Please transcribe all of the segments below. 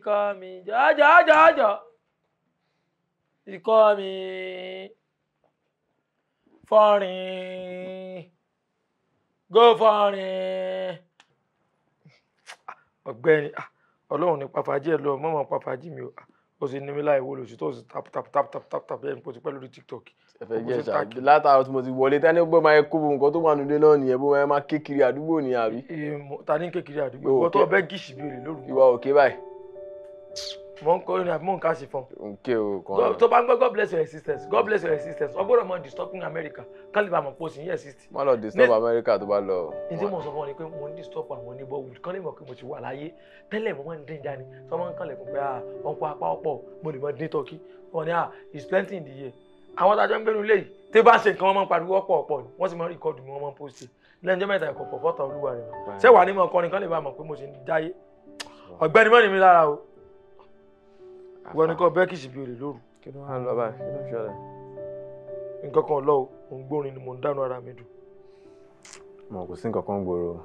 ikọ̀ mi jọ̀ọ́jọ̀ọ́jọ̀ ikọ̀ mi fọ́rin go fọ́rin. ọ̀gbẹ́ni ah, ọlọ́run ní pàfàjì ẹ̀ lọ mọ́mọ́ pàfàjì mi o ah, ó sì ní mi láì wọlé oṣù tó sì tap tap tap tap tap tap ẹni pọ̀ sí pẹ́ lórí tiktok. ẹfẹ jẹ ṣá látàrọ tí mo ti wọlé tani gbọ́ máa kó nǹkan tó wà nílé náà nìyẹn bó máa kékeré àdúgbò nìyàbí. ta ni kékeré àdúgbò ìwọ tó ọbẹ̀ gíṣì mi lóru. ìwà òkè báyìí mo ń kọ mo ń kà sí fún. nke o kan. tó bá ń gbọ́ God bless your existence God bless your existence ọgbọ́dọ̀ mọ disturbing America kán lè bá mọ̀ pé o sì ń exist. má lọ disturb America tó bá lọ. n tí mo sọ fún ọ ni pé mo ń disturb àwọn neighborhood kán lè mọ̀ pé mo ti wà láyé tẹ́lẹ̀ mo máa ń dín jáde tí wọ́n máa ń kàn lẹ́kùn pé wọ́n ah, kó apá ọ̀pọ̀ mo lè mọ dín tọ́kí wọ́n ní ah, is plenty in the year. àwọn tajọ́ ń gbénu léyìí tí bá ṣe nǹkan wọn máa ń pariwo ọ̀pọ̀ ọ̀pọ̀ ni wọ́n sì máa ń rìkọ́dù mi wọ́n máa ń pósìtì e. lẹ́yìn jẹ́ mẹ́ta ìkọ̀kọ̀ fọ́tà olúwa rẹ̀ ṣé wàá ní mọ̀ ọkọrin kan lè bá mọ̀ pé mo ṣe ń dáyé ọ̀gbẹ́ni mọ́ni mi lára o wọ́n ní kọ́ bẹ́kìsì bí olè lóru. kí ló wà lọ báyìí kí ló ṣẹlẹ̀. nǹkan kan lọ o mò ń gbórin ni mò ń dánú ara mi dùn. mo kò sí nǹkan kan gbòòrò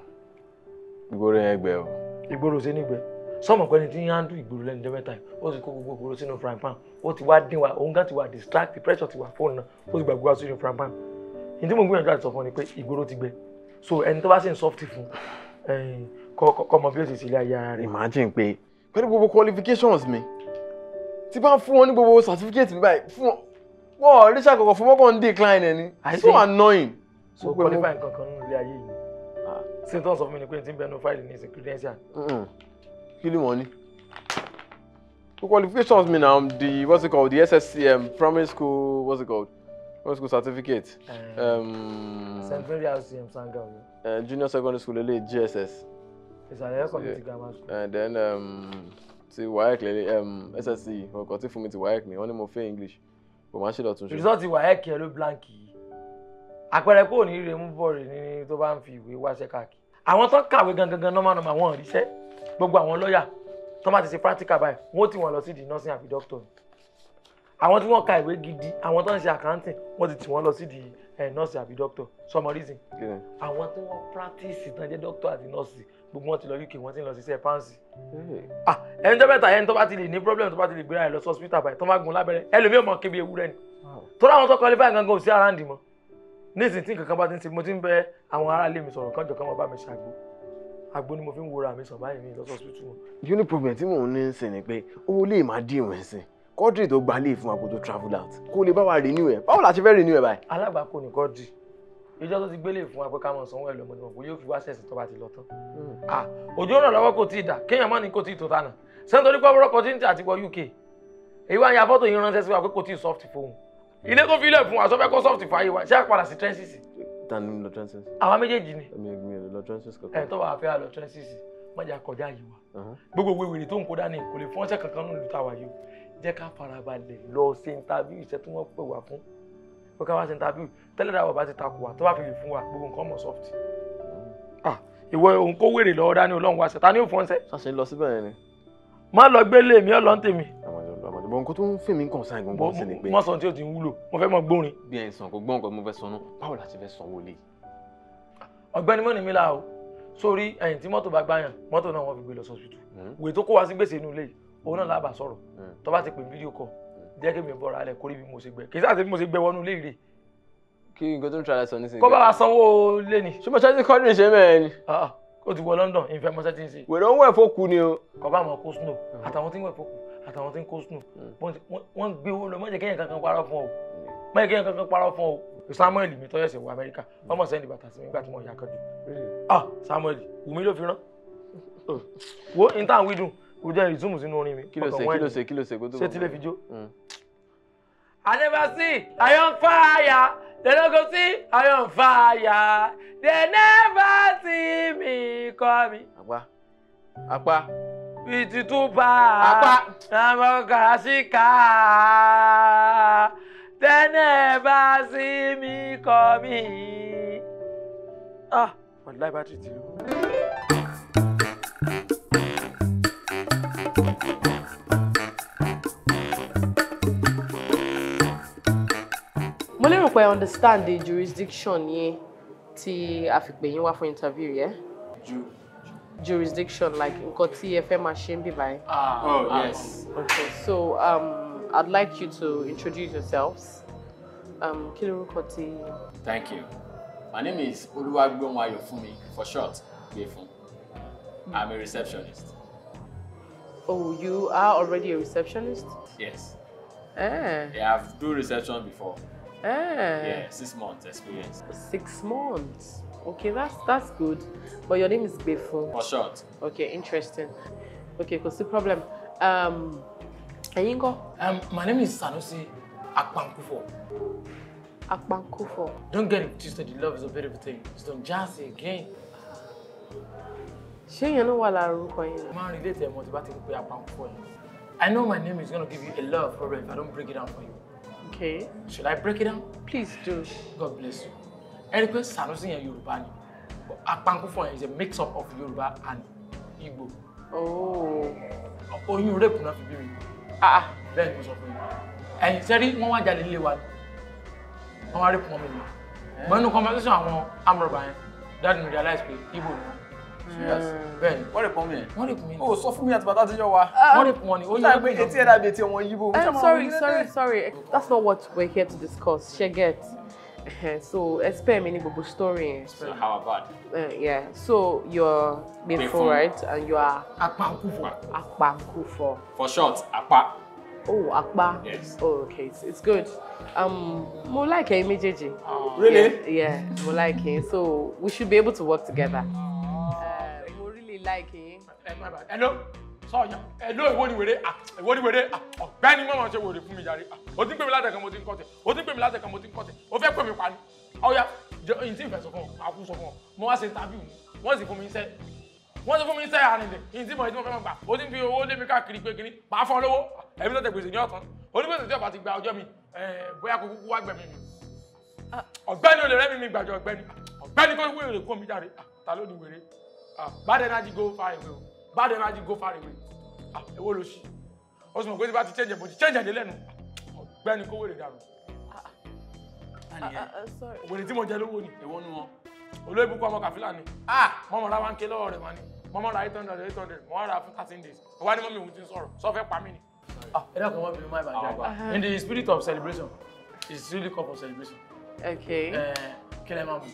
ìgboro yẹn gbẹ o. ìgboro sí nígbẹ sọmọ pẹni tí ń dún ìgboro lẹ́nu jẹmẹta yìí ó ti kó gbogbo ìgboro sínú frying pan ó ti wá dín wa òun gán ti wà distract pressure ti wà fóònù náà ó ti gbàgbé wa sínú frying pan ìdí mò ń gbìyànjú àti sọ fún ni pé ìgboro ti gbẹ so ẹni tó bá sì ń sọ́fìtì fún kọ́ ọmọ bí ó ti sílé ayé ara rẹ̀. imagine pé pẹ̀lú gbogbo qualifications mi tí bá fún wọn ní gbogbo certificate mi báyìí fún wọn wọn rí sàkọkọ fún wọn kàn ń decline ẹni so annoying. so qualify nǹkan kan nínú ilé ayé yìí ah. symptoms of mini pain ti ń bẹnu fáìlì ní ìsìn credential. kí ni wọ́n ní. so qualifications mean um, the what's it called the SSCM um, primary school what's it called primary school certificate. Eh, um, St. Mary RCM Sangam. Uh, junior secondary school lele JSS. ìsàlẹ̀ ẹ̀kọ́ mi ti grammar school. and then. Um, ti waec lẹ́lẹ́ ssc ọkọ̀ tí fún mi ti waec ni wọ́n ní mo fẹ́ english kò máa ṣe lọ́tún ṣe. result waec yẹn ló blank yìí àpẹẹrẹ kò ní rè mú bọ̀rẹ̀ ní tó bá ń fi ìwé wáṣẹ́ káàkiri àwọn tó ń kàwé gangan normal normal wọn ríṣẹ́ gbogbo àwọn lọ́ọ̀yà tó máa ti ṣe practical báyìí wọ́n ti wọ́n lọ sí di nursing àfi doctor ni àwọn tí wọ́n ka ìwé gidi àwọn tó ń ṣe accounting wọ́n ti tì wọ́n lọ sí di eh, nurse àbí doctor some reason àwọn tí wọ́n practice tán jẹ́ doctor àti nurse gbogbo wọn ti lọ UK wọn ti lọ ṣiṣẹ́ pánsì. Ah, ẹni tó bẹ́ta ẹni tó bá ti lè ní problem tó bá ti lè gbéra ẹ̀ lọ sí hospital báyìí tó má gun lábẹ́rẹ́ ẹlòmíì mọ̀ kébi ewúrẹ́ ni. tó láwọn tó kọlé báyìí gangan ò sí aráàndì mọ́ nísìnyí tí nǹkan kan bá ti ń ṣe mo ti ń bẹ àwọn ará ilé mi sọ̀rọ̀ kan jọ kan wọn bá mi ṣàgbo agbo ni mo fi ń wora mi sàn báyìí mi lọ́sọ̀ tútù wọn. uni problem tí mò ń ní ń sìn ni pé owó lè máa dín ìwọ̀n ẹ̀sìn kọ́dìrì tó gbalé fún wa tó travel out kó lè bá wa renew ẹ̀ báwo la ṣe fẹ́ renew ẹ̀ báyìí. alágbàkọ ni kọ́dìrì ìjọ tó ti gbélé fún wa pé ká máa sanwó ẹ lọmọdé mọ bóyá ó fi wá ṣẹ̀sì tó bá ti lọ tán. Hmm. òjò ràn lọ́wọ́ kò tí ì dà kéèyàn má ní kò tí ì tó tánà sẹ́ńtọ́rí pọ́ bọ́rọ́ opportunity àti wọ UK èyí wá ní afọ́tò yìí ránṣẹ́ sí wa pé kò tí ì soft fóun ilé tó fi ilẹ̀ fún wa sọfẹ́ kó soft fàyè wa ṣé àpàdà sí trenches. tani mi lọ trenches. àwa méjèèjì ni. èmi èmi ò lọ trenches kankan. ẹ tó wàá fẹ́ lọ trenches mọ̀jà kọjá yìí wa uh-huh. gbogbo wèrè tó ń kó dání kò lè fọ́nṣẹ́ kankan nínú ìlú táwa yìí jẹ́ ká farabalẹ̀ lọ ṣe interview iṣẹ́ tí wọ́n pè wá fún pé ká wá ṣe interview tẹ́lẹ̀ dáwọ̀ bá ti takò wá tó bá fi lè fún wa gbogbo nǹkan mọ̀ soft. Ah. Ah, ìwọ òun kó wèrè lọ́wọ́ dání ọlọ́run wá ṣe ta ni ò fọ́nṣẹ́. ṣàṣẹ lọ síbẹ̀ yẹn ni. má lọ gbé lé mi ọlọ́run tèmi. àmọ̀ nǹkan tó ń fẹ́ mi ń kàn sáà gbọ̀ngàn sí ni pé. mọ̀ sọ tí o ti ń wúlò mo fẹ́ mọ gbórin. bí ẹ sàn kó gbọ́n nǹkan mo fẹ́ sọnù báwo la ti fẹ́ sanwó lé. ọ̀gbẹ́ni mọ́ni mi la o sórí ẹ̀yìn tí mọ́tò bá gbáyàn mọ́tò náà wọ́n fi gbé lọ sọ́sibítù hmm. wèé tó kó wa sí gbèsè inú ilé yìí òun náà lábàá sọ̀rọ̀ hmm. tó bá ti pè fídíò kọ́ọ̀ jẹ́ kí mi bọ̀ra alẹ̀ kórìí bí mo ṣe gbẹ kì í sáà sí bí mo ṣe gbẹ wọnú ilé ìrè. kí nǹkan tó ń tọ́ra sọ nísìnyí. kó bá wa sanwó lé ni. ṣé mo ṣe ti kọ́ ní ìṣe mẹ́rin ni. Ah, ah. ó ti wọ London ìfẹ́ mọ́ṣẹ́ ti ń ṣe. wèrè ń wẹ̀ fókù ni o. kọ́ bá àwọn kó snow hmm. àtàwọn tí ń wẹ̀ fókù àtàwọn tí ń kó snow hmm. wọ́n gbé owó lọ mọ́jẹ̀ kéèyàn kankan parọ́ fún ọ mọ́jẹ̀ hmm. kéèyàn kankan parọ́ fún ọ Samuel mi tọ́ yẹ̀sẹ̀ wọ Amẹ́ríkà wọ́n mọ̀ sẹ́ni bàtà sí mi nígbà tí mo yà kan jù. ah Samuel wùmí ló fi rán wo n táwọn wí dùn o jẹ́ ìzúmù sínú orin mi. kí ló ṣe kí ló ṣe kí ló ṣe kó tó bọ̀ ṣé tí fi jó. Hmm. I never see I on fire. They don't go see I on fire. They never see me coming. Apa. Apa. Fifty two bar. Apa. I'm a Karashika. They never see me coming. Ah, mo lérò pé understand the jurisdiction yẹn tí a fi pè yín wá fún interview yẹn. jurisdiction like nǹkan tí ẹ fẹ́ máa ṣe ń bí báyìí. ah oh ah, ah. yes. okay so um, I'd like you to introduce yourselves. Um, kí lorúkọ tí. thank you my name is Olúwagbénwáyọ̀ Fúnmi for short Gbéfún I'm a receptionist. Oh, you are already a receptionist? Yes. Eh. Yeah, I've do reception before. Eh. Yeah, six months experience. Six months. Okay, that's that's good. But your name is Befo. For short. Okay, interesting. Okay, because the problem. Um, Ayingo? Um, my name is Sanusi Akpankufo. Akpankufo. Don't get it twisted. Love is a beautiful thing. It's not just again. ṣé èèyàn náà wà lára orúkọ yín máa ń relate ẹ̀ mọ́ tí bá ti ń pe àpapọ̀ fún I know my name is gonna give you a lot of problems if I don't break it down for you. okay should I break it down. please do. God bless you. ẹ pé Sanusi yẹn Yorùbá ni but Apankofo yẹn is a mix up of Yorùbá and Igbo. Oh. oyún rape náà fi bí mi. Ah, ah. bẹ́ẹ̀ ni mo sọ fún yín ẹ̀yìn sẹ́rí wọ́n wá jáde nílé wa wọ́n wá rape wọn mi ni. mo nínú conversation àwọn amúrọ̀bà yẹn dáàdì mi realize pé Igbo ni wọ́n. Hmm. bẹ́ẹ̀ni o sọ fún mi àti bàtà àtijọ́ wa ah. o yẹ pé etí ẹ̀dá bíi etí ọmọ yíbo. Eh, sorry sorry sorry that's not what we're here to discuss she get eh, so expect me ní gbogbo story So how about. Eh, yeah so you're Gbefun right and you are. Apankufo. Apankufo. for short apa. Oh, Akpa. Yes. Oh, okay. It's, it's good. Um, mo like ẹ méjèèjì. Really? Yeah, yeah mo like ẹ. So we should be able to work together láìkì yín. hello sọ̀yàn hello ìwọ ni wèrè ìwọ ni wèrè ọ̀gbẹ́ni mọ́mọ́ ṣe wèrè fún mi jàre o ti ń pè mí látẹ̀kan mo ti ń kọ́tẹ̀ o ti ń pè mí látẹ̀kan mo ti ń kọ́tẹ̀ o fẹ́ pè mí pa ni ọ̀ya ìyìn tí ìfẹ́ sọ fún ọ àkú sọ fún ọ mo wá ṣe interview wọ́n sì fún mi iṣẹ́ wọ́n ti fún mi iṣẹ́ àrìndẹ̀ ìyìn tí mo ìdí mo fẹ́ máa gbà o ti ń fi owó lé mi káàkiri pé kiri màá fún ọ lówó ẹ̀mí tó tẹ gbèsè ní ọ̀tán onígbèsè tí ọba ti gba ọjọ́ mi bóyá kó kúkú wá gbẹ̀mí mi ah. ọ̀gbẹ́ni olè rẹ́mi mi gbàjọ ọ̀gbẹ́ni ọ̀gbẹ́ni kó wéèrè kó mi jáde ta ló ní wèrè Ah, bad energy go far away o bad energy go far away ah èwo ló ṣì ó sì mọ̀ pé tí bá ti change ẹ̀bùn e, ti change ẹ̀dẹ́ lẹ́nu ọ̀gbẹ́ni kó wèrè dànù. Ah, ah, wèrè tí mo jẹ lówó ni èwo ni wọn olóyìnbó kọ́ ọmọ kàfílà ni mọ́mọ́ ra wá ń ké lọ́wọ́ rẹ̀ wá ni mọ́mọ́ ra eight hundred eight hundred mọ́ ra fún thirteen days wá ní mọ́mí òun ti ń sọ̀rọ̀ sọ fẹ́ pa mí ni. ẹ dákun wọn bínú má ìbàjẹ́ àgbà in the spirit of celebration it's really call for celebration. okay. Eh, kí lẹ máa mú.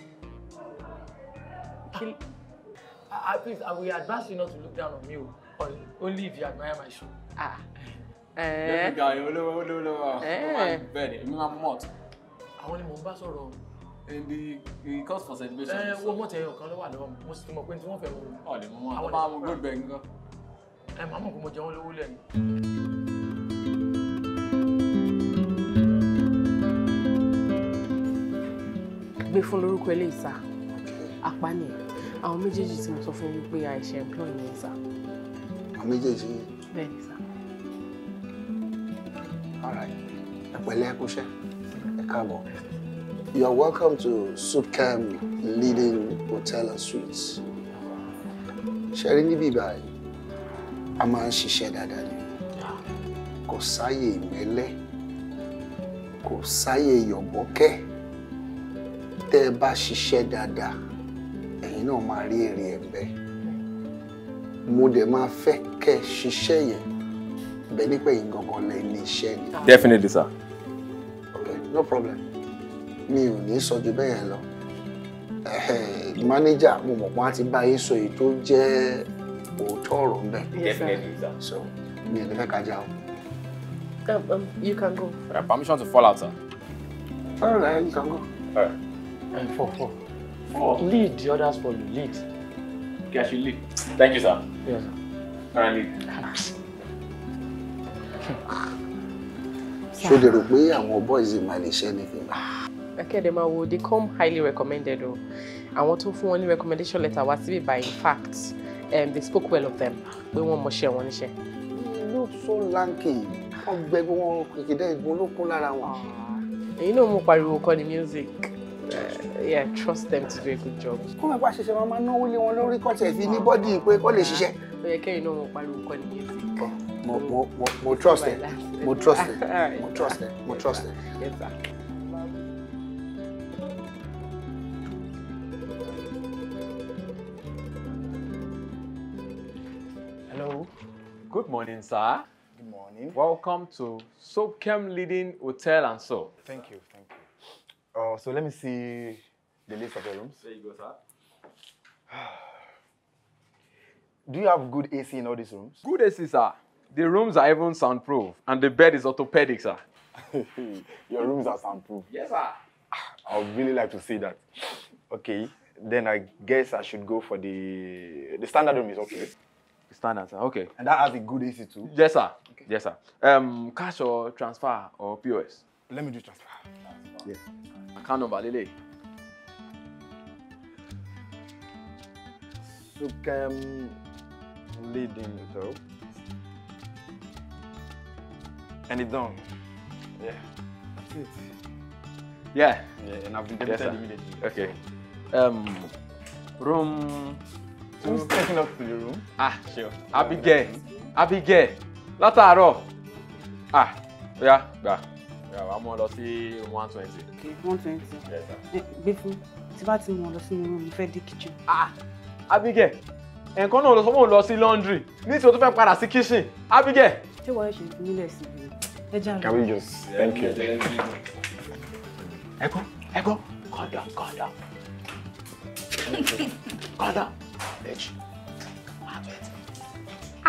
I, I, please, I will advise you not to look down on me, oh, only if you admire my shoe. Ah. Eh. eh. Bẹ́ẹ̀ni, mi máa mọ̀t. Àwọn ni mò ń bá sọ̀rọ̀. Ebi cost for celebration. Ẹ eh, wo mọ̀tì ẹyọ kan ló wà lọ́wọ́ mi, mo sì ti mọ̀ pé tí wọ́n fẹ́ mu. Ọ̀lẹ̀ mo mọ̀, àwọn máa gbé gbẹ̀ nǹkan. Ẹ máa mọ̀ pé mo jẹ wọ́n lówó lẹ́yìn. Gbé fún lórúkọ eléyìí sá, apá nìyẹn àwọn méjèèjì tí mo sọ fún wípé àìṣe employ ni sà. àwọn méjèèjì yìí. bẹ́ẹ̀ ni sà. ara ẹ pẹ̀lẹ́ ẹ káàbọ̀ you are welcome to Supcam leading hotel and suites ṣẹ́rí níbí báyìí a máa ń ṣiṣẹ́ dáadáa ni kò sáyè ìmẹ́lẹ́ kò sáyè yọ̀bọ̀kẹ́ tẹ́ ẹ bá ṣiṣẹ́ dáadáa ẹ̀yin náà máa rí èrè ẹ̀ bẹ́ẹ̀ mo dẹ̀ máa fẹ́ kẹ́ ṣiṣẹ́ yẹn bẹ́ẹ̀ nípa ẹ̀yin gangan lẹ ní iṣẹ́ ni. definitely sir. okay no problem mi ò ní sọ ju bẹ́ẹ̀ lọ manager mo mọ̀ pé a ti bá yín sọ èyí tó jẹ́ òótọ́ ọ̀rọ̀ ń bẹ̀. sir. so mi ò ní fẹ́ kájà o. Um, you can go. I permission to fall out, sir. All right, you can go. All right. four, four. Oh. Lead the others for you. Lead. Okay, I should lead. Thank you, sir. Yes. Can I lead? so they rò and àwọn boys ma lè anything. Okay, ma wo they come highly recommended o. And what fún wọn ní recommendation letter wá síbí by in fact um, they spoke well of them We pé share, mọṣẹ́ share. níṣẹ́. Look so lanky. Wọ́n gbẹ one? wọn kìkìdá ìgbón ló kún lára wọn. Èyí náà mo pariwo music uh, yeah, trust them to do a good job. kó mi pa ṣiṣẹ́ máa máa náwó lé wọn lórí kọ́tẹ̀ fi ní bọ́dì pé kó lè ṣiṣẹ́. ó yẹ kẹ́yìn náà mo pariwo kọ́ ní yẹn mo mo mo mo trust it. mo trust it. mo trust it. mo trust it. Hello. Good morning, sir. Good morning. Welcome to Soapcam Leading Hotel and Soap. Thank you. Oh, so let me see the list of the rooms. There you go, sir. Do you have good AC in all these rooms? Good AC, sir. The rooms are even soundproof, and the bed is orthopedic, sir. Your rooms are soundproof? Yes, sir. I would really like to see that. Okay, then I guess I should go for the... The standard room is okay. Standard, sir. Okay. And that has a good AC too? Yes, sir. Okay. Yes, sir. Um, cash or transfer or POS? Let me do transfer. transfer. Yeah. account number lélẹ̀. Sukem leading so. And it's done. Yeah. That's it. Yeah. Yeah, and I've been debited Okay. Um, room. Who's taking up to the room? Ah, sure. Abigail. Abigail. Látàárọ̀. Ah, yeah, yeah. Yeah, ọmọ lọ sí one twenty. ok one twenty. gbé fún tí bá ti mú ọ lọ sínú room mo fẹ́ kitchen. ah Abigail ẹ̀ǹkan náà lọ sọ́mọ́ lọ sí laundry ní tí o tún fẹ́ padà sí kitchen Abigail. ṣé wọ́n ṣe ìfúnilẹ̀ sí i ẹ já lọ. can we just thank you. ẹ gbọ́ ẹ gbọ́ kọ̀dọ̀ kọ̀dọ̀ kọ̀dọ̀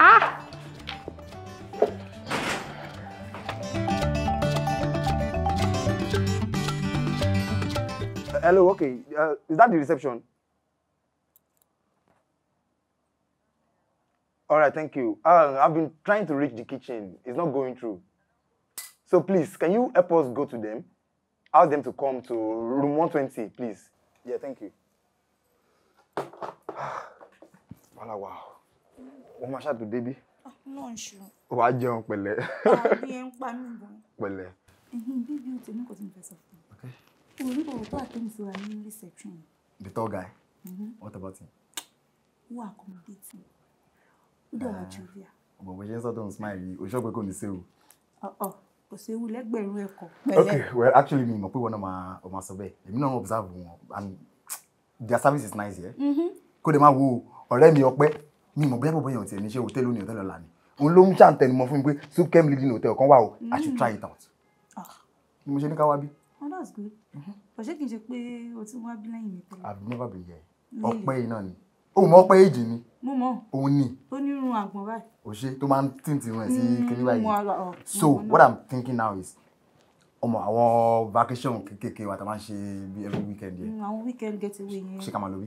ah. hello, okay. Uh, is that the reception? All right, thank you. Uh, I've been trying to reach the kitchen. It's not going through. So please, can you help us go to them? Ask them to come to room 120, please. Yeah, thank you. Wala wa. O ma ṣáà tó débí. Náà ah, ń ṣe. Wàá jẹun pẹ̀lẹ́. Àbí ah, ẹ ń pa mí the tall guy? Mm-hmm. What about him? Who accommodates him? Who do the uh, Juvia? But when she saw them smile, o sọ pé kò ní séwu. Uh-uh. Kò séwu lẹ́gbẹ̀rún ẹ̀kọ́. Okay, well actually mi mọ̀ put one of o máa sọ bẹ́ẹ̀. Èmi náà observe wọn and their service is nice here. Yeah? Mm-hmm. Kó dẹ̀ máa wo ọ̀rẹ́ mi Ọpẹ́ mi mọ̀ bóyá bóyá ti ní ṣe hotel oni hotel la ni. Òun ló ń ṣàǹtẹnumọ́ fún mi pé Sukem leading hotel kan wà o, I should mm. try it out. Ah. Mo ṣe ní ká wá bí that's good. Mm-hmm. but ṣé kì í ṣe pé o ti wá bí lẹ́yìn mi tẹ́lẹ̀. àbí never been here ọpẹ́ yìí náà ni òun mọ ọpẹ́ èjì ni. mo mọ òun ni. ó ní irun àgbọ̀n báyìí. o ṣe tó máa ń tìǹtì rẹ̀ sí mm, kiri báyìí. Oh, so what i'm thinking now is ọmọ àwọn vacation kékèké wa ta máa ń ṣe bí every weekend yẹn. Mm, àwọn weekend get away yẹn. ṣé ká máa lọ bí.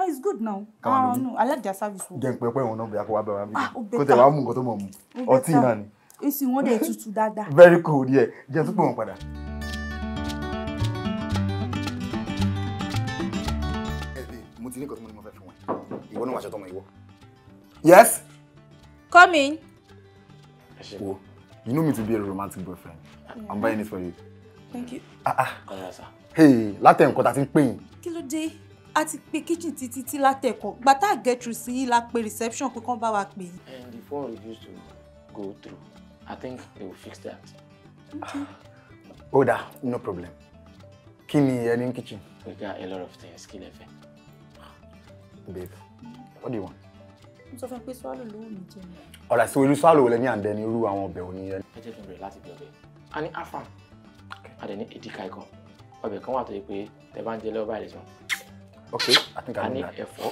ah it's good now. ká máa lọ ah, bí i like their service. jẹ́ n pẹ́ pẹ́ wọn náà bẹ̀rẹ̀ kó wá bẹ̀rẹ̀ wá bí. Ah, kó tẹ̀ wá mú nǹkan tó mọ̀ mu ọtí náà ni. èsì wọn dẹ̀ tutù dáadáa. very cool yẹ jẹ́ tó pè wọ́n padà. ìwọ náà wàá ṣètọ́mọ ìwọ. yes. come in. wo you know me to be a romantic boyfriend mm. i'm buying this for you. thank you. ah ah hey látẹ̀ nǹkan tá a ti ń pè yín. kí ló dé a ti pe kitchen títí tí látẹ̀kọ̀ gba tá a get through sí yìí la pe reception pé kán bá wa pè yín. and the phone refused to go through i think they will fix that. okay. oda no problem kí ni ẹni kitchen. we got a lot of things kí lè fẹ́. babe What do you want? Mo sọ fún pé swallow ló wù mí jẹ. Ọ̀la sí irú swallow lẹ́ni àǹdẹ ni irú àwọn ọbẹ̀ òní yẹn. Ẹ jẹ́ kí n bẹ̀rẹ̀ láti bí ọbẹ̀. A ní afam, a dẹ̀ ní edika ikan. Ọbẹ̀ kan wà tó yẹ pé tẹ bá ń jẹ lọ́wọ́ báyìí Okay, I think I know that. A ní ẹ̀fọ́,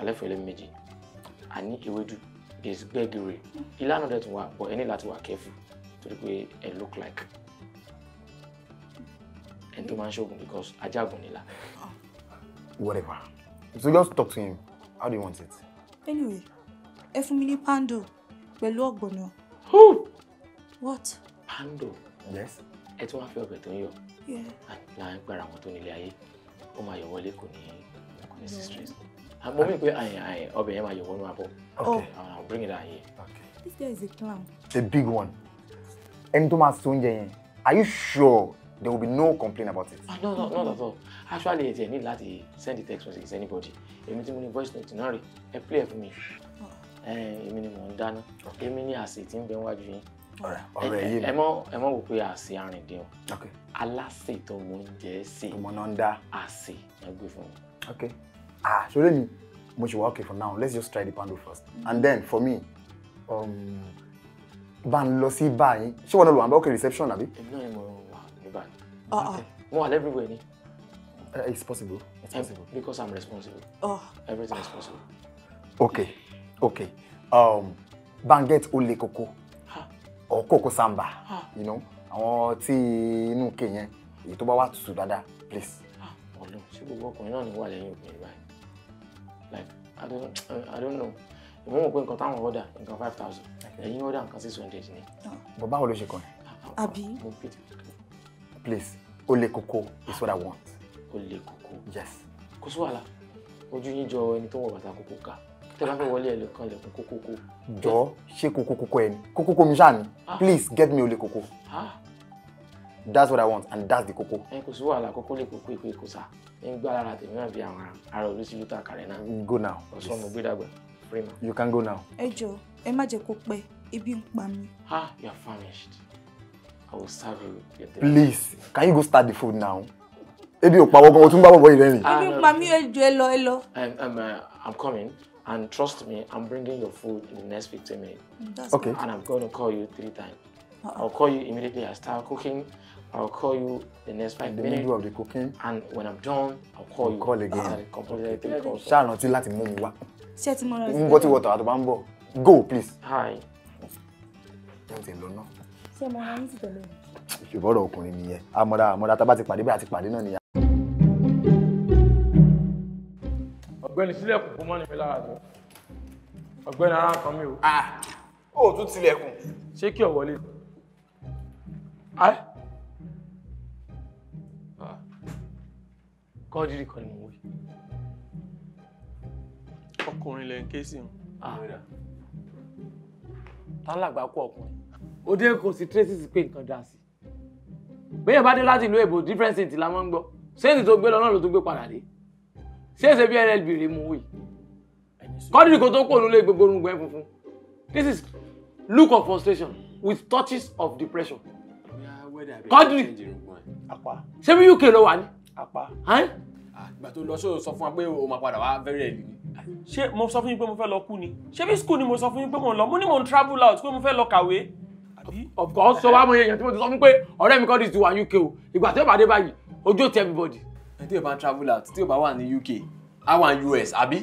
alẹ́fọ̀ ẹlẹ́mi méjì. A ní ewédú, is gbẹ̀gìrì. Ìlànà dẹ̀ tún wà bọ̀ ẹni láti wà kẹ́fù torí pé look like And to man show ṣoògùn because ajagun nílà. Whatever. So just talk to him. How do you want it? Anyway, ẹ fún mi ní pando pẹ̀lú ọ̀gbọ̀nọ̀. What? Pando? Yes. Ẹ tún wá fẹ́ ọbẹ̀ tó ń yọ. Àgbà ń gbára àwọn tó nílé ayé. Ó máa yọ wọlé kò ní kò ní sí stress. Mo mí pé ọbẹ̀ yẹn máa yọ wọnú abọ́. Okay. I'll oh. ah, bring it out here. Okay. This guy is a clown. The big one. Ẹni tó máa sọ oúnjẹ yẹn. Are you sure? there will be no complaint about it. Oh, no, no, not at all. Actually, it's a need láti send the text message to anybody èmi tí mo ní voice note náà rè ẹ play ẹ fún mi ah. èmi ni mò ń dáná èmi ní àsè tí ń bẹ wájú yín ẹ mọ ẹ mọ wò pé àsè arìndín o aláṣè tó mò ń jẹ ẹ àsè ẹ gbé fún mi. okay ah ṣọlẹ mi mo ṣe wá okay for now let's just try the pandol first mm-hmm. and then for me um, bá ń lọ sí báyìí ṣé wọn náà lò wọn bá okay reception àbí. èmi náà ni mo wà ní báyìí ah, ah. mo wà lẹ́bùrú ni. Uh, it's possible. It's possible. Because I'm responsible. Oh. Everything is possible. Okay. Okay. Um, Banget Ole Koko. Huh? Or Koko Samba. Huh? You know? Àwọn tí inú Kenya. yẹn. Èyí tó bá wà tútù dáadáa, please. Ọlọ́run on. gbogbo ọkùnrin náà ni wà lẹ́yìn obìnrin Like, I don't, I don't know. Ìmọ̀ mọ̀ pé nǹkan order? ọ̀dà nǹkan five thousand. Ẹ̀yin ọ̀dà nǹkan six hundred ni. Ah. Bọ̀ báwo ló ṣe kàn yín? Àbí? Please, Ole Koko is what I want ó le koko. yes. kò sí wàhálà ojú yín jọ ẹni tó wọ bàtà kókó ká tẹ bá fẹ́ wọlé ẹ lè kan ilẹ̀kùn kókókó. jọ ṣé kókókókó ẹ ni kókókó mi ṣáà ah. please get me olè kókó ah. that's what i want and that's the kókó. ẹ kò sí wàhálà kókó lè kókó ìpè kò sá ẹ ń gbá lára tèmi náà bí àwọn ará olùsílù tá a kàrẹ náà. go now. ọsàn mo gbé dàgbà free ma. you can go now. ẹ jọ ẹ má jẹ kó pẹ́ ebi ń pa mi. ah you are famished i will serve you. please can you go start the food now ebi ò pawọ́ gan o tún bá bọ̀bọ̀ ìrẹ́rìn. ebi ah, pa mí ojú ẹ lọ ẹ lọ. Uh, I'm coming and trust me I'm bringing your food in the next 15 minutes. okay. and I'm going to call you three times. Uh -oh. I'll call you immediately I start cooking. I'll call you the next five minutes. In the middle of the cooking. And when I'm done, I'll call you. Call again. After the completed okay. three calls. Ṣá rántí láti mú mi wá. Ṣé ẹ ti mọ àti bá ń bọ̀. Go please. Hi. Ṣé ẹ ti lọ náà? Ṣé ẹ mọ ara yín ti tẹ̀lé? Ìṣòbọ̀rọ̀ ọkùnrin nìyẹn. Amọ̀ra àmọ̀ra tá a bá ti pàdé bẹ́ẹ̀ àti pàdé náà nìyẹn. ọ̀gbẹ́ni sílẹ̀kùn kó mọ́ ní mi lára jọ ọ̀gbẹ́ni ara kan mi o. Ah, ó tún tilẹ̀kùn. ṣé kí ọ wọlé. Ah. kọ́ọ̀dìrì kan ni mo wí. ọkùnrin lẹ́yìn kéésì ń. Ah. tálàgbà kú ọkùnrin. ó dé kò sí tracy pé nǹkan dá sí. bẹ́ẹ̀ bá dé láti ìlú èbò different city la máa ń gbọ́ sẹ́yìn tó gbé lọ náà ló tún gbé padà dé ṣé ẹsẹ̀ bí nlb rè mú wì kọ́dìrì kò tó kò nílé gbogbo orun gbẹ́ funfun this is look of frustration with touches of depression kọ́dìrì ṣé bí uk ló wà ní. àgbà tó lọ sọ fún wa pé o máa padà wá very early ni ṣé mo sọ fún yín pé mo fẹ́ lọ kú ni ṣé bí school ni mo sọ fún yín pé mo lọ mo ní mo ń travel out pé mo fẹ́ lọ kàwé. ọ̀gá sọ wá mo yẹ èèyàn tí mo ti sọ fún pé ọ̀rẹ́ mi kọ́ di ti wà UK o ìgbà tí ó bá dé báyìí ojú ò ti everybody ẹni tí yóò bá travel out tí yóò bá wà ní UK I wà ní US àbí.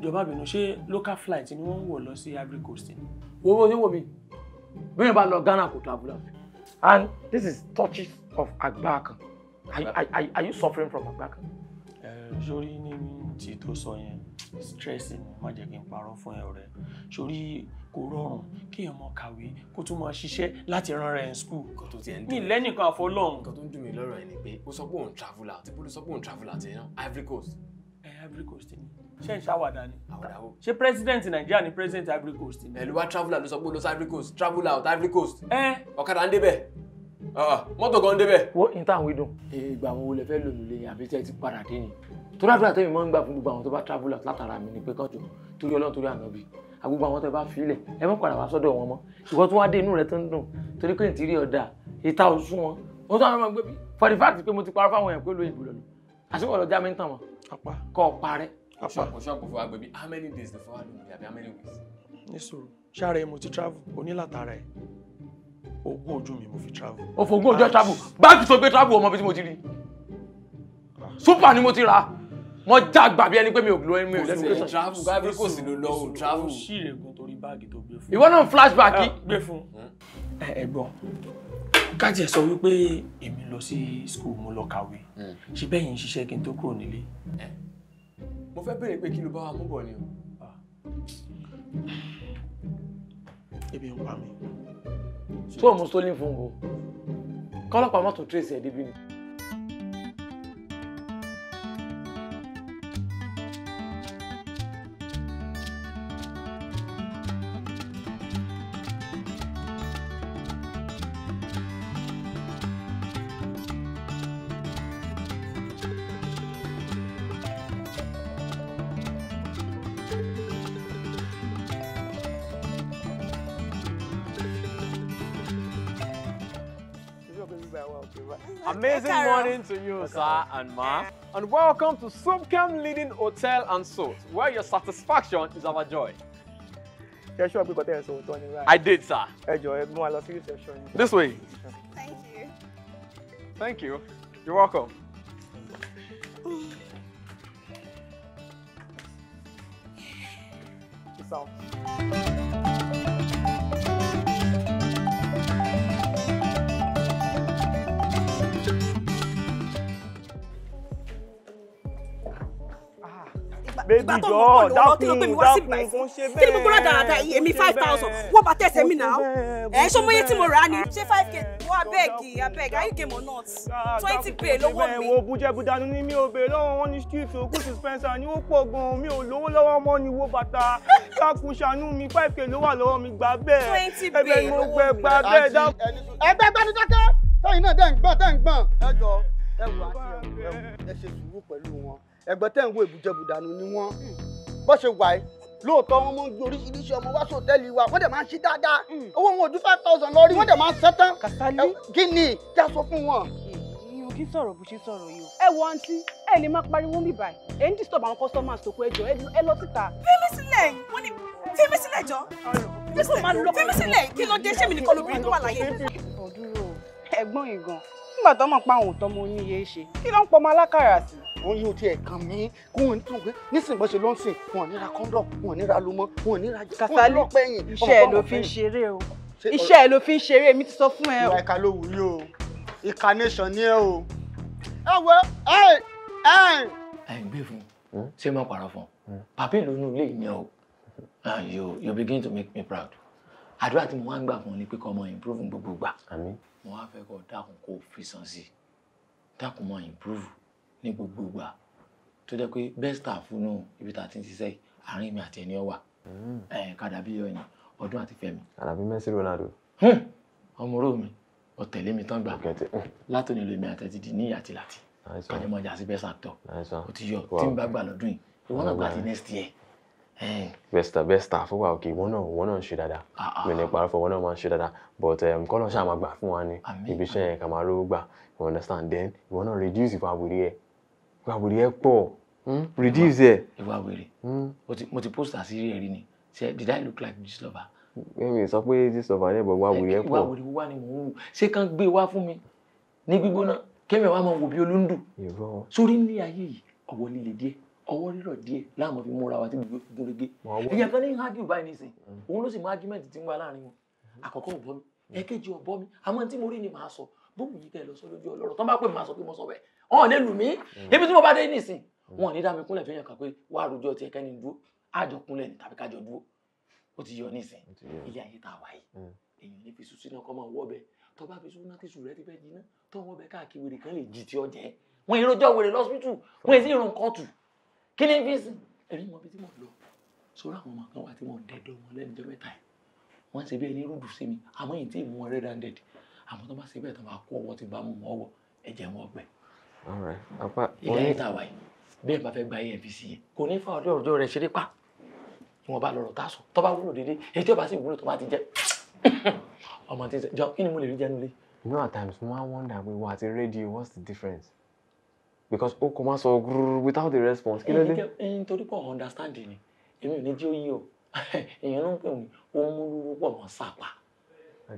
ìjọba bínú ṣé local flight ni wọ́n ń wọ̀ lọ sí Ivory Coast ni. wo wo ni wo mi bí yóò bá lọ Ghana kò travel out. and this is touches of agbakan are, you, are, are, you suffering from agbakan. sórí ní ti tó sọ yẹn stress ni má jẹ́ kí n parọ́ fún ẹ ọ̀rẹ́ sórí kò rọrùn kéèyàn mọ kàwé kó tún mọ ṣiṣẹ́ láti ran rẹ̀ ní skul. nǹkan tó ti ẹ̀ ń dùn mí lẹ́nìkan àfọlọ́run. nǹkan tó ń dùn mí lọ́rọ̀ ẹ̀ ni pé ó sọ pé òun travel out bó ló sọ pé òun travel out yẹn náà Ivory Coast. ẹ Ivory Coast ni ṣé ń ṣàwàdà ni. àwàdà o. ṣé president Nàìjíríà ni president Ivory Coast ni. ẹ̀lú wa travel out ló sọ pé ó lọ sí Ivory Coast travel out Ivory Coast. ẹ ọ̀kadà ń débẹ̀ ah, mọ́tò kan débẹ̀. wo n táwọn idun. ìgbà wo lè fẹ́ lòlù lè àbí tẹ́ ti padà dé ni. torí àdúrà tẹ́mi máa ń gbà fún gbogbo àwọn tó bá travel out látara mi ni pé kọ́jọ torí Ọlọ́run torí ànábì àgbogbo àwọn tó bá fi ilẹ̀ ẹ mọ̀ padà wá sọ́dọ̀ wọn mọ́ ìwọ tó wá dé inú rẹ tó ń dùn torí pé ìtìrí ọ̀dà ìta òsùn wọn wọn tó àwọn ọmọ gbé bí for the fact pé mo ti parọ́ fáwọn èèyàn pé lóyìnbó lọ́nu àṣìwọ̀ lọ já mi ń tàn wọn kọ́ ọ parẹ́. ṣọ́ọ̀pù ṣọ́ọ̀pù fún agbègbè how many days the fowl don be àbí how many weeks. ní sòrò ṣáàrẹ̀ mo ti travel onílàtàrà ẹ̀ ogún ojú mi mo fi travel. o fògún ojú ẹ travel báàgì tó gbé travel ọmọ bí mo ti rí ah. super ni mo ti rà á mo já gbàbí ẹni pé mi ò lo ẹni mi ò lẹ́sìn kẹsàn. travel gbàbí kò sí ló lọ o travel. sí ìrègùn torí báàgì tó gbé fún. ìwọ náà flashback yìí. Ah, gbé fún. Hmm. ẹ ẹ gbọ́ káàtì ẹ sọ wípé èmi lọ sí school mo lọ kàwé hmm. ṣe bẹ́ẹ̀ yìí ń ṣiṣẹ́ kí n tó kúrò nílé. Eh. mo fẹ́ béèrè pé kí ló bá wa mú bọ̀ ni o. Ah. ebi ń pa mi. tó o mú sólín fún o kọ́lọ́pàá mọ́tò tracy ẹ̀ débi ni. Amazing morning to you, sir and ma. And welcome to Subcamp Leading Hotel and Suites, where your satisfaction is our joy. we got there, so I did, sir. Hey, This way. Thank you. Thank you. You're welcome. Peace out. ìgbà tó mọ̀ pọ̀ lọ́wọ́ kí ló gbé mi kí ni gbogbo rẹ̀ dáadáa yìí èmi five thousand wọ́n bá tẹ̀sẹ̀ mi náà ẹ̀ ṣọ́ mọ́yé tí mo rà ni ṣé five k wọ́n abẹ́ẹ̀gì abẹ́ẹ̀gì ayé game not twenty k lọ́wọ́ mi. ẹ̀wọ̀n bùjẹ̀bù ni mi ò bèrè lọ́wọ́ wọn ní street òkú dispenser ni ó pọ̀ gan-an mi ò lówó lọ́wọ́ mọ́ ni wo bàtà dákun ṣàánú mi five k ló wà lọ́wọ́ mi gbà bẹ́ẹ̀ twenty k lọ́wọ́ mi. ẹgbẹ́ gbẹ́dúdákẹ́ tọ́yìn náà dẹ́ ń gbọ́n dẹ́ ń gbọ́n. ẹ jọ ẹ wà á ṣe sùúrù pẹ̀lú wọn ẹ̀gbọ́n tẹ́ ń wo ìbújẹbùdànù ni wọ́n hmm. bọ́ ṣe wà yìí lóòótọ́ wọn mọ ń gbé oríṣiríṣi ọmọ wá sòtẹ́ẹ̀lì wa wọ́n dẹ̀ máa ń ṣí dáadáa hmm. owó wọn ò ju five thousand lọ rí wọ́n dẹ̀ máa ń sẹ́tán kí ni kí a sọ fún wọn. ìyó kí sọ̀rọ̀ bó ṣe sọ̀rọ̀ yìí o. ẹ wo àǹtí ẹ lè máa pariwo mi báyìí ẹ ń disturb àwọn customers tó kú ẹjọ ẹ lọ síta. fẹ́mi sílẹ̀ wọ́n ní fẹ́mi sílẹ̀ jọ fẹ́mi sílẹ̀ kí ló dé ṣé mi nìkan lóbìnrin tó wà láyé. ọ̀dúró ẹ̀gbọ́n ìgàn nígbà tó mọ̀ pa àwọn òtọ́ mo ní iye ṣe kí ló ń pọ ọmọ alákàrà sí wọn yóò tiẹ̀ kàn mí kó wọn tún pé nísìnyí bó ṣe ló ń sìn wọn ò ní ra kọ́ńdọ̀ wọn ò ní ra lumọ wọn ò ní ra jẹ wọn ò ní iṣẹ́ ẹ ló fi ń ṣeré o iṣẹ́ ẹ ló fi ń ṣeré èmi ti sọ fún ẹ o. ìwà ìka ló wù o ìka nation ni ẹ o. ẹ wọ ẹ ẹ. ẹ gbé fún un ṣé máa pààrọ̀ fún un pàbí ìlú inú ilé ìyẹn o ah, you you begin to make me proud àdúrà tí mo wá ń gbà fún ọ ni pé kó ọmọ improve gbogbo gbà mo wá fẹ́ kó dákun kó fi improve ní gbogbo ìgbà tó jẹ́ pé best staff nù ibi tá a ti ń ṣiṣẹ́ àárín mi àti ẹni ọwà hmm. kàdàbí ọyìn ọdún àti fẹmi. àdàbí Messi Ronaldo. ọmọ oró mi ọ̀tẹ̀lé mi tán gbà látòní lèmi àtẹ̀tìdì ní àti láti kàdé mọ́jà sí best actor ó ti yọ tí n bá gbà lọ́dún yìí ìwọ náà gbà ti next year. besta besta fún wa òkè ìwọ náà ìwọ náà ń ṣe dáadáa ah, ah. mi ní parọ́ fún ìwọ náà máa ń ṣe dáadáa but um, kọ́lọ́ ṣáà máa gbà fún wa ní ibi iṣẹ́ yẹn kà máa lówó gbà you understand then ìwọ náà reduce ìfọ̀ àwòrán ìwà wèrè ẹ pọ̀ hmm? reduce ẹ. ìwà wèrè hmm? mo ti post àṣírí ẹ rí ni ṣe did I look like this lover. èmi sọ pé this lover yẹn bọ̀ ìwà wèrè ẹ pọ̀. ìwà wèrè wà ní wòwò ṣé kàn gbé wá fún mi ní gbígbóná kẹ́mi àwa máa wò bí olóńdù sórí ní ayé yìí ọ̀wọ́ líle díẹ̀ ọwọ́ rírọ̀ díẹ̀ láàmú fi múra wa tí gbogbo èèyàn kan ní ń hágìrì báyìí nísìn hmm. òun ló sì mú ágímẹ́ǹtì tí ń wá láàrin wọn àkọ́kọ́ ọ̀bọ mi ẹ̀kejì ọ̀bọ mi àmọ́ tí mo rí ni màá sọ bóun yìí kẹ́ lọ sọ lójú ọlọ́rọ̀ tó bá pè máa sọ pé mo sọ bẹ́ẹ̀ ọ̀hún lè lù mí ibi mm. tí mo bá dé nìsín mm. wọn ò ní dá mi kúnlẹ̀ fẹ́yàn kan pé wà á rojọ́ tiẹ̀ kẹ́ni dúró àjọ kúnlẹ̀ ní tàbí kájọ dúró ó ti yọ nìsín ilé ayé tá a wáyé mm. èyàn ní fi sùsù náà kọ́ máa wọ́ bẹ tó bá fi sùsù náà tí sùrẹ́ ti fẹ́ jiná tó wọ́n bẹ káàkiri kan lè jì tí ọ jẹ́ wọn ìrọjọ́ wèrè lọ́sítù wọn ì àmọ́ tó bá ṣe bẹ́ẹ̀ tó máa kó ọwọ́ tí bá mú mọ́ ọwọ́ ẹ̀jẹ̀ wọn gbẹ. ilé ayé tàwa yìí bẹ́ẹ̀ bá fẹ́ gba efcc yẹn kò ní fa ọjọ́ ọjọ́ rẹ̀ ṣeré pa tí wọ́n bá lọ́rọ̀ tá a sọ tó bá wúlò déédéé èyí tí ó bá sì wúlò tó bá ti jẹ́ ọmọ tí jọ kí ni mo lè rí jẹ́nu lé. you know at times mo wonder pé wà á ti what's the difference because o kò máa sọ gúrúrú without the response kí ló dé. nítorí pọ̀ understand ni èmi ò ní jí ó yí o èèyàn ló ń pè mí ó múlùú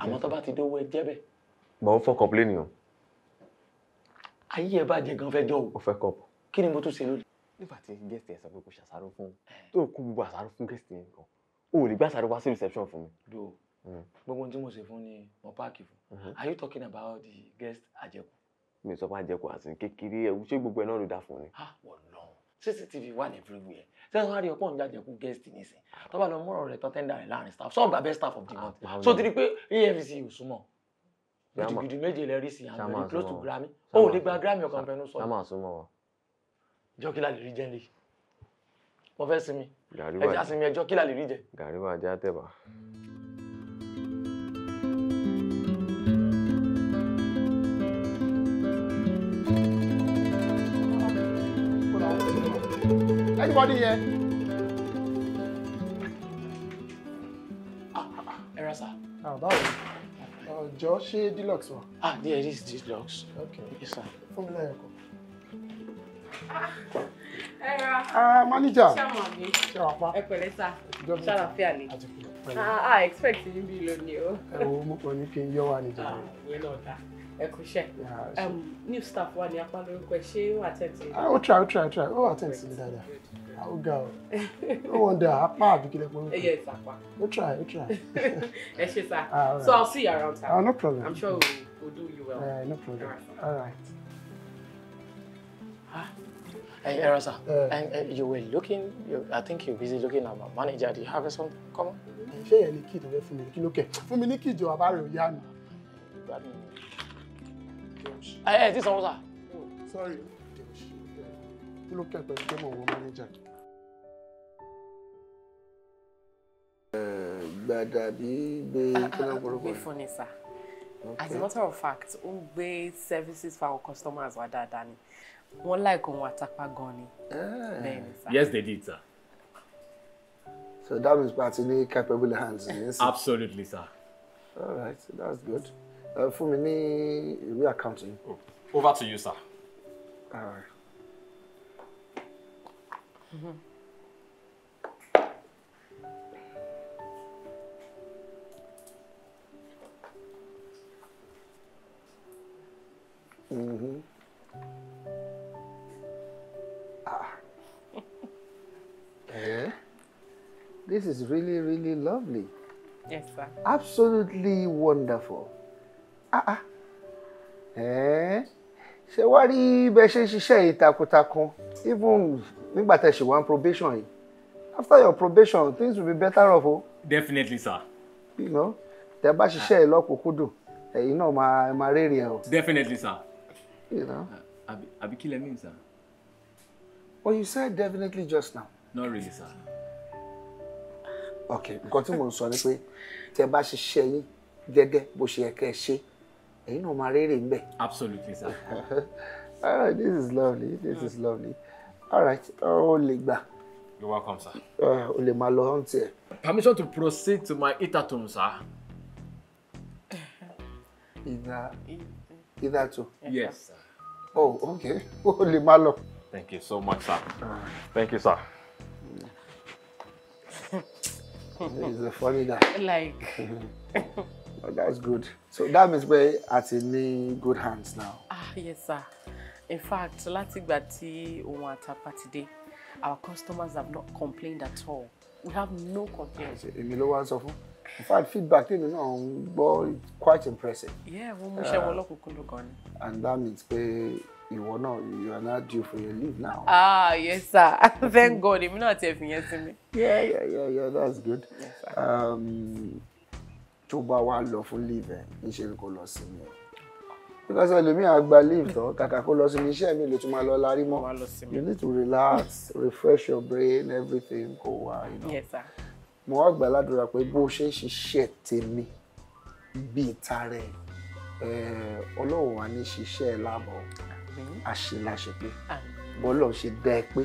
àmọ́ tó bá ti dé owó ẹjẹ́ bẹ́ẹ̀ bọ̀ ń fọ́ kọ́pléènì o. ayé ẹ bá jẹ gan fẹ́ jọ o. ó fẹ́ kọ́pù. kí ni mo tún ṣe lórí. nígbà tí gẹ́sì ẹ sọ pé kò ṣàṣàrò fún tó kú gbogbo àṣàrò fún gẹ́sì yẹn kan o ò lè gbé àṣàrò wá sí reception fún mi. do mm. gbogbo ohun tí mo ṣe fún ni mo páàkì fún mm-hmm. are you talking about the guest àjẹkù. mi sọ fún àjẹkù àti kékeré ẹ ṣé gbogbo ẹ náà ló dá fún ni. ah wọ́n lọ cctv wà ní everywhere sẹ́yìn wá rí ọpọ́n ní àjẹkù guest nísìn tó bá lọ mọ́rọ̀ rẹ̀ tọ́tẹ́ńdà rẹ̀ láàrin staff sọ́ọ̀gbà best staff of the ah, month so ti di pé efcc ò súnmọ́ gidigidi méje lè rí sí àwọn ẹni close to grammy òun lè gba grammy ọkàn fẹnu sọ. sámà súnmọ́ wa. jọ kí la lè rí jẹ lè mo fẹ́ sinmi ẹja sinmi ẹjọ́ kí la lè rí jẹ. gàríbà ajá tẹ̀bà. anybody here? Ah, ah, ah. Era, ah, báwo ọjọ́ uh, ṣé deluxe wa. ah there is deluxe. okay yes sir. fún mi láyọ̀ kan. ẹ ra. ah manager. ṣàmọ̀ mi ẹ pẹ̀lẹ́ sá ṣàlàfíà ni. ah ah expect yín bí lónìí o. ẹ wo mo kàn ní kí n yọ wa níjà. ah ìwé náà dá ẹkúṣẹ́ um, new staff wa ní apá lórúkọ ẹ ṣé ó attend. Ah, ó try ó try ó try ó attend sí mi dáadáa. I'll go. No wonder. Apa, Bikile Kumi. Yes, Apa. We'll try, we'll try. yes, sir. Ah, right. So I'll see you around town. Ah, no problem. I'm sure we'll, we'll do you well. Uh, no problem. All right. Huh? Hey, Erasa, uh, and, uh, you were looking, you, I think you're busy looking at my manager. Do you have something common? Ṣé ẹni kí ìdọ̀wẹ́ fún mi ní kí ló kẹ̀? Fún mi ní kí ìjọ àbá rẹ̀ ò yá Sorry. Look ló kẹ̀ pẹ̀lú pé manager? gbàdàbí gbé ah, kọ́lọ́kọ́lọ́kọ́. gbé fún ni as a matter of fact ó ń gbé services for our customers wa dáadáa ni wọ́n láìkó wọn àtàpá gan ni. Ah. yes they did sir. so that means party ní capable hands ni. absolutely sir. all right that's good. Uh, fún mi ní ìwé àkáǹtì. Oh, over to you sir. all right. Mm-hmm. Ah. eh? This is really, really lovely. Yes, sir. Absolutely wonderful. Ah, ah. Eh? ṣe wá rí bẹ ṣe ń ṣiṣẹ́ yìí takuntakun even nígbà tẹ̀ ṣì wá probation yìí after your probation things will be better off o. definitely sir. you know tẹ bá ṣiṣẹ́ yìí lọ́kùnkúndùn ẹ̀yin náà máa máa rèrè ẹ̀ o. definitely sir. You know? Uh, Abi, Abi kí sir? Well, you said definitely just now. Not really, sir. Okay, continue tí mò ń sọ ni pé tẹ́ bá ṣiṣẹ́ yín gẹ́gẹ́ bó ṣe Absolutely, sir. All right, this is lovely, this is lovely. All right, ó lè gbà. You're welcome, sir. O lè máa lọ Permission to proceed to my itatum, sir. Ìdá. Either too Yes. Oh, okay. Holy malo. Thank you so much, sir. Thank you, sir. He's a funny guy. Like. well, that's good. So that means we're at in good hands now. Ah, yes, sir. In fact, láti ìgbà tí ohun àtàpá ti dé, our customers have not complained at all. We have no complaints. Èmi ló wá sọ in fact feedback tèmi náà ń gbọ́ quite impressive. yeah wọ́n mú iṣẹ́ wọn uh, lọ́kùnkúndùn kan ni. and that means pé ìwọ náà you are not due for your leave now. ah yes sir thank god èmi náà tiẹ̀ fi yẹn sí mi. yeah yeah yeah yeah that's good. Um, tó bá wá lọ fún leave ẹ níṣẹ́ ni kò lọ sí mi because ẹlòmíràn àgbà leave tán kàkà kó lọ sí ní iṣẹ́ mi lè tún máa lọ larí mọ́ you need to relax refresh your brain everything kò wá. You know? yes sir mo wá gbà ládùúrà pé bó ṣe ń ṣiṣẹ́ tèmi bíi tààrẹ ọlọ́run wa ní ṣiṣẹ́ lábọ̀ àṣeláṣepé bọ́lọ̀ ṣe dá ẹ pé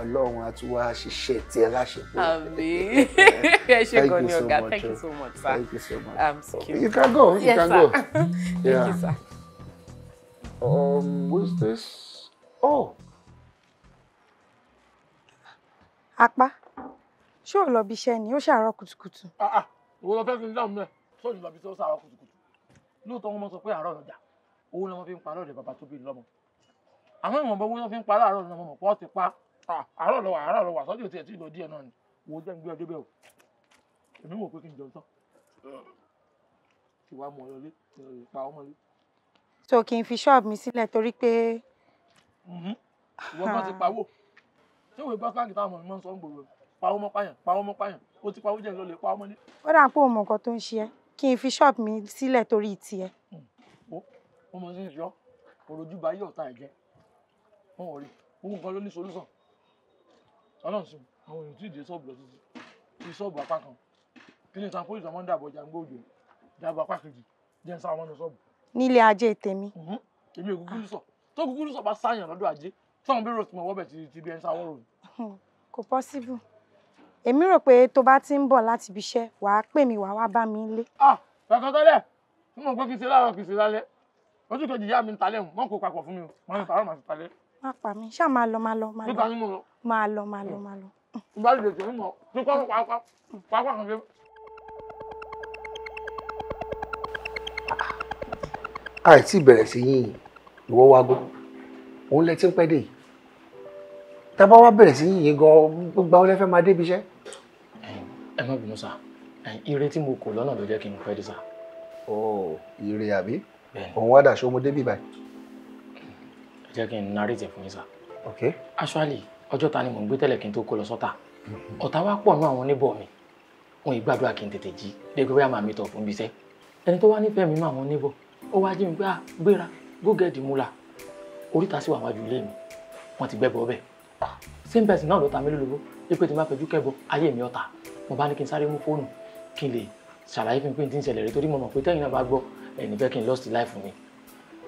ọlọ́run á tún wá ṣiṣẹ́ tí ẹ láṣepé. àmín ẹ ṣe gan ni ọ̀gá thank you so much sir thank you so much i'm secure you can go you yes, can sir. go thank yeah. Um, this? oh. apá ṣé ò lọ bí iṣẹ́ ni ó ṣàárọ̀ kùtùkùtù. Ah, ah. ìwọ lọ fẹ́ fi dáhùn mẹ́ ṣó ni lọ́bí tó ṣàárọ̀ kùtùkùtù lóòótọ́ wọn sọ pé àárọ̀ lọ́jà owó ni wọ́n fi ń pa lọ́ọ̀dẹ̀ bàbá tó bí lọ́mọ àwọn ìwọ̀nba owó ni wọ́n fi ń pa láàárọ̀ lọ́mọ mọ̀ pọ́ ti pa ah, àárọ̀ lọ́wọ́ àárọ̀ lọ́wọ́ àsọ́jú ti ẹ̀tí lọ díẹ̀ náà ni wo jẹ́ ń gbé ọdẹ bẹ́ẹ̀ o èmi wò pé kí n jẹun tán kí wàá mọ ọlọ́lé pa ọmọ lé. so kí n fi ṣọ́ọ̀bù mi sílẹ̀ torí pé. Mm-hmm. ìwọ bá ti pawó ṣé ìwé bá káàkiri táwọn ọmọ mi máa ń sọ ń gbòòrò rẹ pawó mọ́ pààyàn pawó mọ́ pààyàn ó ti pawó jẹ́ ló lè pawó mọ́lé. ó o mọ nǹkan tó ń ṣe ẹ́ kí n fi ṣọ́ọ̀bù mi sílẹ̀ torí tiẹ̀. Hmm. ó o sí ìṣọ́ òròjú bá yí ọ̀tá ẹ̀ jẹ́ wọn ò rí gbogbo nǹkan ló ní solúsàn ọlọ́run sùn àwọn èèyàn tí ì dé ṣọ́ọ̀bù lọ títí ti ṣọ́ọ̀bù apá kan kí ni sanfó ìjọba ń dàbọ̀ jàǹgbó òjò dàbọ̀ apá kejì jẹ́ ń sá wọn lọ ṣọ́ọ̀bù. nílé ajé tèmi. Mm-hmm. èmi ò kúkúrú sọ tó kúkúrú sọ bá sáyàn lọ́dọ̀ ajé táwọn bí rò tí mo wọ́bẹ̀ ti bí ẹ ń sáwọ́ rò. Hmm. kò possible èmi rò pé tó bá ti ń bọ̀ láti ibi iṣẹ́ wà á pè mí wà wá bá mi lé. kankan tọ́lẹ̀ fún mi pé kì í ṣe láàárọ̀ kì í ṣe lálẹ́ ojú kejì ìyá mi ń talẹ̀ wọn kò papọ̀ fún mi o wọn ń tààrọ̀ màá ti talẹ̀. má pa mi ṣáà máa lọ máa lọ máa lọ máa lọ máa lọ máa lọ. ìbálòpọ̀ tèmi mọ̀ tó kọ́ pàápàá kan fẹ́. àìsí ìbẹ̀rẹ̀ sí yín ìwọ́ òun lẹ ti ń pẹ́ dé yìí tá a bá wá bẹ̀rẹ̀ sí yìnyín gan gbogbo àwọn ẹlẹ́fẹ́ máa débi iṣẹ́. ẹ má bínú sá ire tí mo kò lọ́nà ló jẹ́ kí n pẹ́ dé sá. ọ ire àbí òun wá dàṣọ ọmọdé bíbá ẹ. jẹ́ kí n narrate fún yín sá. ok. actually ọjọ́ ta ni mò ń gbé tẹ́lẹ̀ kí n tó kó lọ sọ́tà mhm. ọ̀tá wa pọ̀ náà àwọn oníbọ̀ mi wọn ì gbàdúrà kí n tètè jí dẹ́gbẹ́ bá máa mi tọ̀ fún bíṣẹ́ ẹni tó wá nífẹ̀ẹ́ mi máa wọn oníbọ̀ ó wá jí mi pé à ah, gbéra gógẹ́ẹ̀dì múlà oríta sì wà wájú ilé mi wọ́n ti gbẹ́bọ̀ bẹ́ẹ̀ same person náà ló ta mí lólobó wípé tí n bá fẹjú kẹbọ ayé mi ọ̀tá mo bá ní kí n sáré mú fóònù kí n lè ṣàlàyé fún mi pé n ti ń ṣẹlẹ̀ rí torí mo mọ̀ pé tẹ́yìn náà bá gbọ́ ẹni fẹ́ kí n lost life mi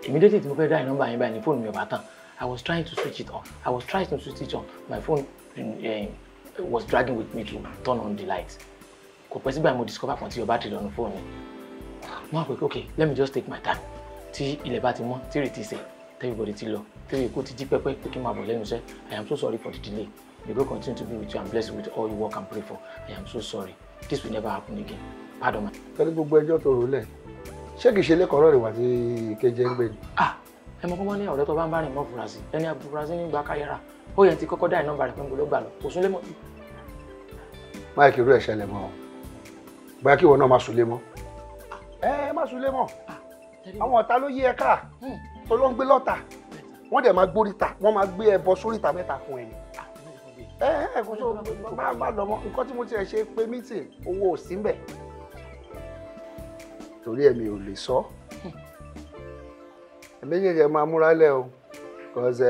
immediately tí mo fẹ́ dá ìnọ́mbà yẹn báyìí ní fóònù mi ò bá I was trying to switch it on I was trying to switch it on my phone um, was dragging with me to turn on the light kò pẹ́ sígbà mo discover kan tí your battery lọ́nu fóònù mo wá pé okay let me just take my time tí ilẹ̀ bá ti mọ́ tí rètí sẹ̀ everybody ti lọ tó yẹ ti jí pẹ́pẹ́ pé kí n máa bọ̀ lẹ́nu I am so sorry for the delay may God continue to be with you and bless you with all you work and pray for I am so sorry this will never happen again pardon me. pẹ̀lú gbogbo ẹjọ́ tó rò lẹ̀ ṣé kìí ṣe lẹ́kọ̀ọ́ rẹ̀ wà sí kejì ẹgbẹ́ ni. ah ẹ mọ kọ́kọ́ ní ọ̀rẹ́ tó bá ń bá rìn mọ́ furasi ẹni afurasí ní gbà káyẹ́ra ó yẹn ti kọ́kọ́ dá ìnọ́mbà rẹ̀ pẹ́ńgbó ló gbà lọ kò sún lé mọ́. máìkì irú ẹ̀ ṣẹlẹ̀ mọ́ gbà kí ìwọ náà má sùn lé mọ́. Ah. ẹ má sùn lé mọ́ ah, àwọn ọ̀tá ló yí ẹ ká tó hmm. ló ń gbé lọ́ta wọ́n dẹ̀ máa gbóríta wọ́n máa gbé ẹbọ sóríta mẹ́ta fún ẹni. ẹ ẹ kò tó bá bá lọ mọ nǹkan tí mo tiẹ̀ ṣe pé mítìn owó ò sí mbẹ̀ torí ẹ̀mí ò lè sọ hmm. ẹ̀mẹ́yẹ rẹ̀ máa múra lẹ̀ o cause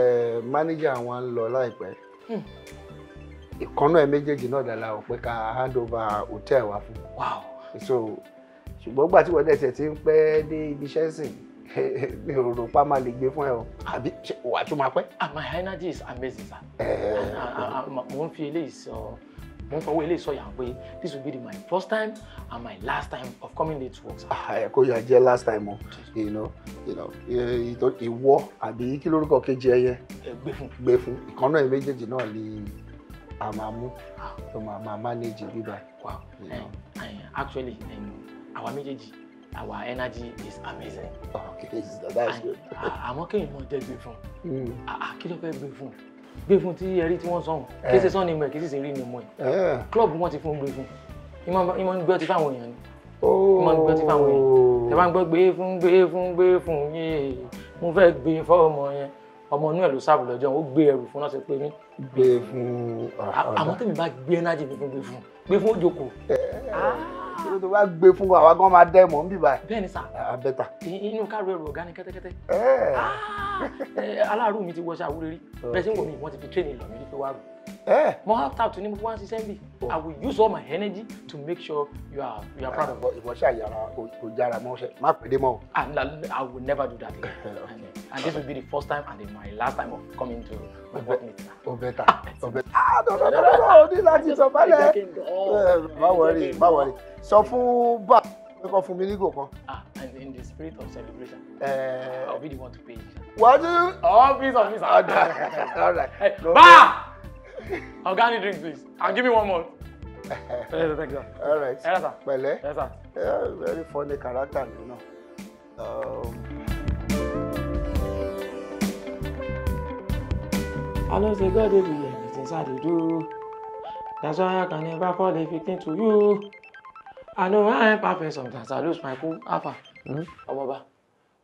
manager wọn ń lọ láìpẹ́ hmm. ìkànnà ẹ̀ méjèèjì náà dàda ò pé ká hand over hotel wa fún. wow so ṣùgbọ́n gbà tí wọ́n dẹ̀ tẹ̀ ti ń pẹ́ dé ibiṣẹ́ sìn mi ò rò pa máa lè gbé fún ẹ o àbí wàá tún máa pẹ́. Ah, my energy is amazing sir. Ah, ah, mo ń fi eléyìí sọ mo ń fọwọ́ eléyìí sọ̀yà pé this will be my first time and my last time of coming late to work sir. ẹ kó yà jẹ́ last time o ìwọ àbí kí lórúkọ kejì ẹ yẹ. gbé fún. gbé fún ìkànnà ẹ méjèèjì náà ni a máa mú tó máa manage e bíbá. actually um, àwa méjèèjì our energy is amazing. okay that's and, good. I'm kéèyàn mọ̀ jẹ́ gbé fún un hmm. kí ló fẹ́ gbé fún un gbé fún tí ẹrí tí wọ́n sọ̀hún eh. kí ṣe sọ́ni mọ̀ ẹ̀ kí eh. club wants to fún gbé fún ìmọ̀ ń gbé ọtí fáwọn with ni ìmọ̀ ń gbé ọtí fáwọn èèyàn ẹ bá ń gbọ́ gbé fún gbé fún gbé fún yéé mo fẹ́ gbé fọ́ọ̀mọ yẹn ọmọ inú ẹ̀ ló sáàbù lọ́jọ́ ó gbé ẹrù fún náà pé mí. gbé fún ah, ọ̀dà àmọ́ tèmi bá gbé ẹnájì mi fún gbé fún gbé fún òjòkó. Ah. kí ló tó bá gbé fún wa gan máa dẹ́ mọ̀ ń bì báyìí. bẹ́ẹ̀ni sà abẹta. Ah, inú káàró ẹrù ọ̀gá ni kẹ́tẹ́kẹ́tẹ́. Eh. Ah, eh, aláàrú mi ti wọṣẹ àwúrẹ́rí bẹ́ẹ̀ tí ń wọ̀ mí wọ́n ti fi tírénì lọ mí ní pé wàá rù. Eh. mo have time to ní gbogbo one sixty bi i will use all my energy to make sure you are you are proud of me. ìwọ ṣe àyàrá òjàrà mọ ṣe má pèdé mọ. and i will never do that again and, and this will be the first time and my last time of coming to my work meeting. o bẹta o bẹta ah no no no no o ní láti sọ balẹ̀ eh, má wọrí má wọrí sọ fún bá kọ́ fún mi nígò kan. ah and in the spirit of celebration. Uh, eh. i will be the one to pay. wàá ní. office office. all right. bá. Organic drink, please. And give me one more. thank you. All right. Yes, sir. Pẹ̀lẹ́. Yes, sir. Yeah, very funny character, you know. Um... I know say God dey be everything I do. That's why I can never fall a victim to you. I know I ain't perfect sometimes. I lose my cool. Alpha. Hmm? Ọmọ ọba,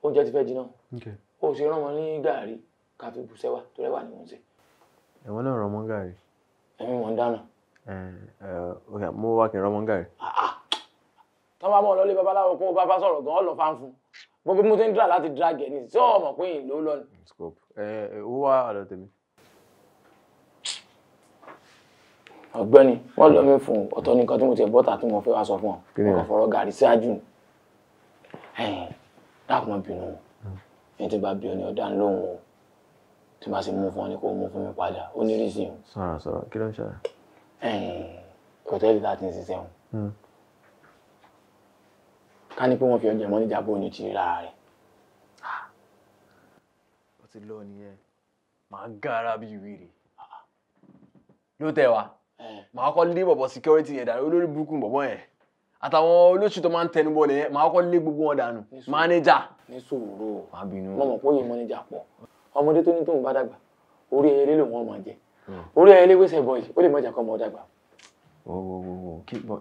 oúnjẹ ti fẹ́ jiná. O ṣe rán ọmọ ní gàárì ká fi bù sẹ́wà tó rẹwà ni mo ń ṣe. Ìwọ náà rọ mọ́ngàrí. Èmi mò ń dáná. Mo wá kí n rọ mọ́ngàrí. Tọ́ bá mọ̀ lọ́lé babaláwo kó o bá bá sọ̀rọ̀ gan-an lọ fáńfún. Gbogbo mo ti ń dúrà láti dra gẹ̀ ni tí ó mọ̀ pé ìlú lọ ni. Ó wá ọ̀dọ̀ tèmi. Ọ̀gbẹ́ni, wọ́n lọ mí fún ọ̀tọ̀ nìkan tí mo ti bọ́ta tí mo fẹ́ wá sọ fún ọ. Mo fọ̀rọ̀ gàrí síájú ni. Dákun ọbìnrin, hmm. ẹni tí bá bí ọ ni ọ̀dà ń lóhùn o tí bá ṣe mú fún ọ ní kó mú fún mi padà ó ní rí sìn. sọ̀rọ̀ sọ̀rọ̀ kí ló ń ṣẹlẹ̀. hòtẹ́ẹ̀lì láti ń ṣiṣẹ́ wọn. ká ní pé wọ́n fi ọjà mọ́ níjà bó ní tìrí lára rẹ̀. Ah. ó ti lọ nìyẹn màá gára bí wèrè ah. ló tẹ wa màá kọ́ lé bọ̀bọ̀ security yẹn dàrú olórí burúkú bọ̀bọ̀ yẹn àtàwọn olóṣù tó máa ń tẹnubọ nìyẹn màá kọ́ lé gbogbo wọn dànù manager. ní sùúrù màá bínú mọ̀mọ́ kó yẹ manager pọ̀ ọmọdé tó ní tóun bá dàgbà orí ẹyẹlé lòun ọmọ jẹ hmm. orí ẹyẹlé wẹsẹ bọ yìí ó lè mọjà kọ ọmọ dàgbà.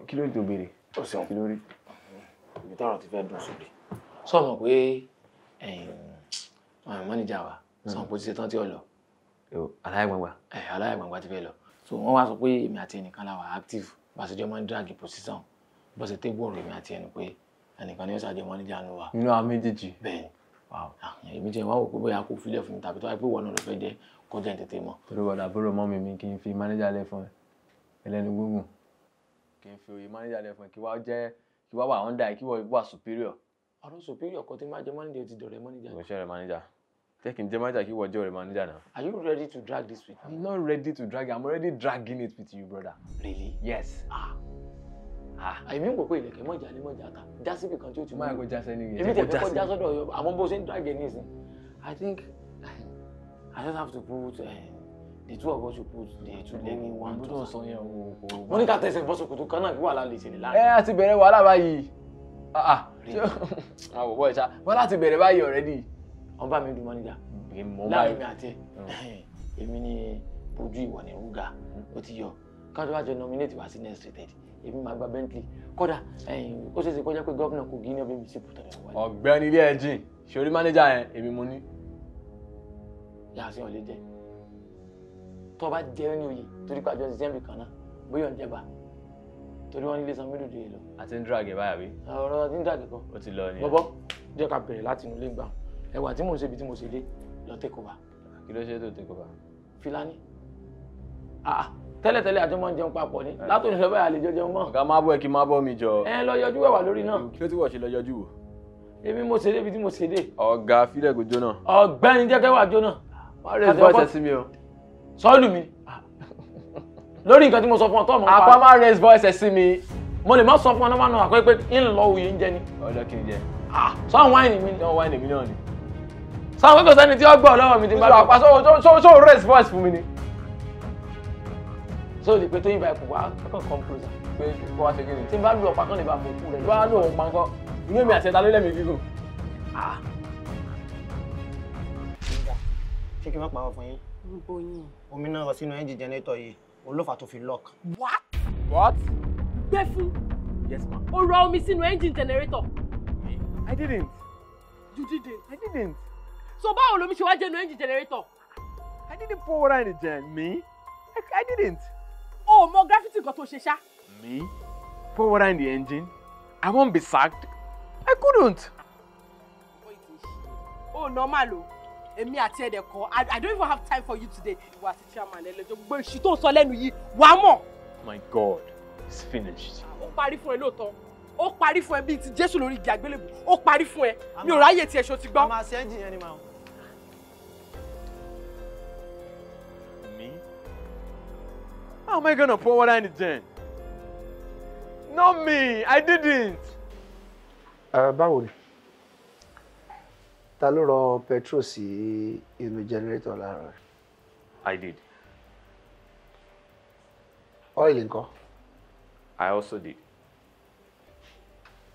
kí ló dé obìnrin ó sì hàn kí ló rí. ibi táwọn ti fẹ́ dùn sóde. sọmọ pé mọ́nìjà wa hmm. sọmọ pé ó ti ṣe tán tí ó lọ. aláyàgbọ̀ngbà. aláyàgbọ̀ngbà ti fẹ́ lọ so wọ́n wá sọ pé èmi àti ẹnìkan la wà active bá a ṣe jọ máa ń dragi position bó ṣe tébù ọ̀rọ̀ èmi àti ẹnu pé ẹnìkan ni ó ṣàjọ mọ́nìjà ń lò wá. nínú àwọn méjèèjì. Ah, èmi jẹ́ ìwáwò pé bóyá kò filẹ̀ fún mi tàbí tó wáyé pé ìwọ náà ló fẹ́ jẹ́ kó jẹ́ tètè mọ̀. torí wọ́n àbúrò mọ́ mi mi kí n fi mánéjà lẹ̀ fún ẹ ẹlẹ́nu gúngùn kí n fi oyè mánéjà lẹ̀ fún ẹ kí wá jẹ́ kí wá wà ọ̀ndà kí wọ́n wà superior. ọ̀rọ̀ superior kan tí máa jẹ mánéjà ti dọ̀rẹ́ mánéjà. ìwọ ṣẹ́ rẹ̀ mánéjà jẹ́ kí n jẹ́ mánéjà kí wọ́n jẹ́ ọ̀rẹ́ mánéjà náà. are you ready to drag this with me? i'm not ready to drag you i'm already dragging it with you brother. really? yes. ah èmi ń pè pé ìlẹ̀kẹ̀ mọ̀jà ní mọ̀jà ta já síbi kan tí ó ti mú mi. máa kó já sẹ́ni yẹn. èmi tẹ̀fẹ́ kọjá sọ́dọ̀ yọ àmọ́ bó ṣe ń drag ẹ̀ nísìn I think I just have to put uh, the two of us to put the two leg in one trouser. gbọ́dọ̀ sọ yẹn o. wọ́n ní ká tẹ̀sẹ̀ bọ́ sòkòtò kan náà kí wàhálà lè ṣẹlẹ̀ láàrin. ẹ a ti bẹ̀rẹ̀ wàhálà báyìí àwòbọ̀ ìṣá wàhálà ti bẹ̀rẹ̀ báyìí already. wọ́n bá mi dùn mọ́nìjà láàrin mi àti ẹ̀ oh. èmi ni ojú ìwọ̀ ni rúgà hmm. ó ti yọ kájọ́ wájú nominate wá sí next rated èmi máa gba bentley kódà ó ṣeéṣe kó jẹ́ pé gómìnà Kogi ní ọbẹ̀ mi sí pùtàdé wà. ọ̀gbẹ́ni ilé ẹ̀jìn ṣorí mánéjà yẹn èmi mo ní. yàrá sí ọ̀lẹ́ jẹ́ tó bá jẹ́ ní oyè torí pé àjọ ṣiṣẹ́ mi kan náà bóyá ọ̀jẹ̀bà torí wọ́n nílé san mílùú dòye lọ. àti ń dúràgì báyà bí. ọ̀rọ̀ àti ń dúràgì kọ. ó ti lọ ni. bọ́bọ́ jẹ́ ká bẹ̀rẹ̀ láti inú ilé gbà ẹ̀wà tí mò ń ṣe ibi tí mo ṣe dé lọ filani ah, ah tẹ́lẹ̀tẹ́lẹ̀ àjọ máa ń jẹun papọ̀ ni látòní sọ báyà àlejò jẹun mọ́. ọ̀gá máa bọ́ ẹ kí n máa bọ́ mi jọ. ẹ lọ yọjú wẹ̀wà lórí náà. kí ló ti wọ̀ ṣe lọ yọjú wò. èmi mo ṣeré ibi tí mo ṣeré. ọ̀gá filẹ̀ kò jóná. ọ̀gbẹ́ni jẹ́kẹ́ wà jóná. wà á rẹ̀ ẹ̀sìn voice sí mi o. sọ́ọ̀lù mi lórí nǹkan tí mo sọ fún ọ tó ọmọ pa. àpá máa raise voice sí mi. mo lè má sọ fún ọ náà náà àpẹ́ pé ń lọ òye ń jẹ ni. ọjọ́ kí n jẹ. sọ wáìnì mi. sọ wáìnì mi náà ni. sọ àwọn kò sẹ́ni tí ó gbọ́ lọ́wọ́ mi ti bá mi. sọ àpá sọ raise voice fún mi so the pé tó yìnbọn ẹkùn wá kọ́kàn kan closer pé kó wá ṣe kí ni tí n bá lu ọ̀pá kan lè bá mọ̀ ikú rẹ̀ ló wá lò ó máa ń kọ́ inú mi àti ẹ̀ta ló lẹ́mìí gígùn. Ah. ṣé kí n má pàrọ̀ fún yín. gbogbo yín. omi náà rọ sínú ẹ́ńjìn jẹnẹrétọ̀ yìí to tó fi lock. what. what. gbé fún. yes ma. o rọ omi sínú ẹ́ńjìn jẹnẹrétọ̀. i didn't. you didn't. i didn't. so báwo lomi ṣe wá jẹnu ẹ́ńjìn jẹnẹrétọ̀. i didn't pour water in the gen me. I, I didn't. Oh, more graffiti got tó ṣe me pour water in the engine i won't be sacked i couldn't. o normal o èmi àti ẹ̀dẹ̀ kan i don't even have time for you today ìwà àti chairman ẹlẹ́jọ́ gbogbo èsì tó ń sọ lẹ́nu yìí wàá mọ̀. my god it's finished. Ah, ó parí fún ẹ lóòótọ́ ó parí fún ẹ bíi ti jésù lórí igi àgbélébù ó parí fún ẹ mi ò ráyè tiẹ̀ ṣo ti gbọ́. àmà ṣẹ́ǹjì yẹn ni màá. How am I gonna pour water in the jar? Not me. I didn't. Uh, báwo ni? Ta ló rọ petrol sí generator lára I did. Oil ńkọ́? I also did.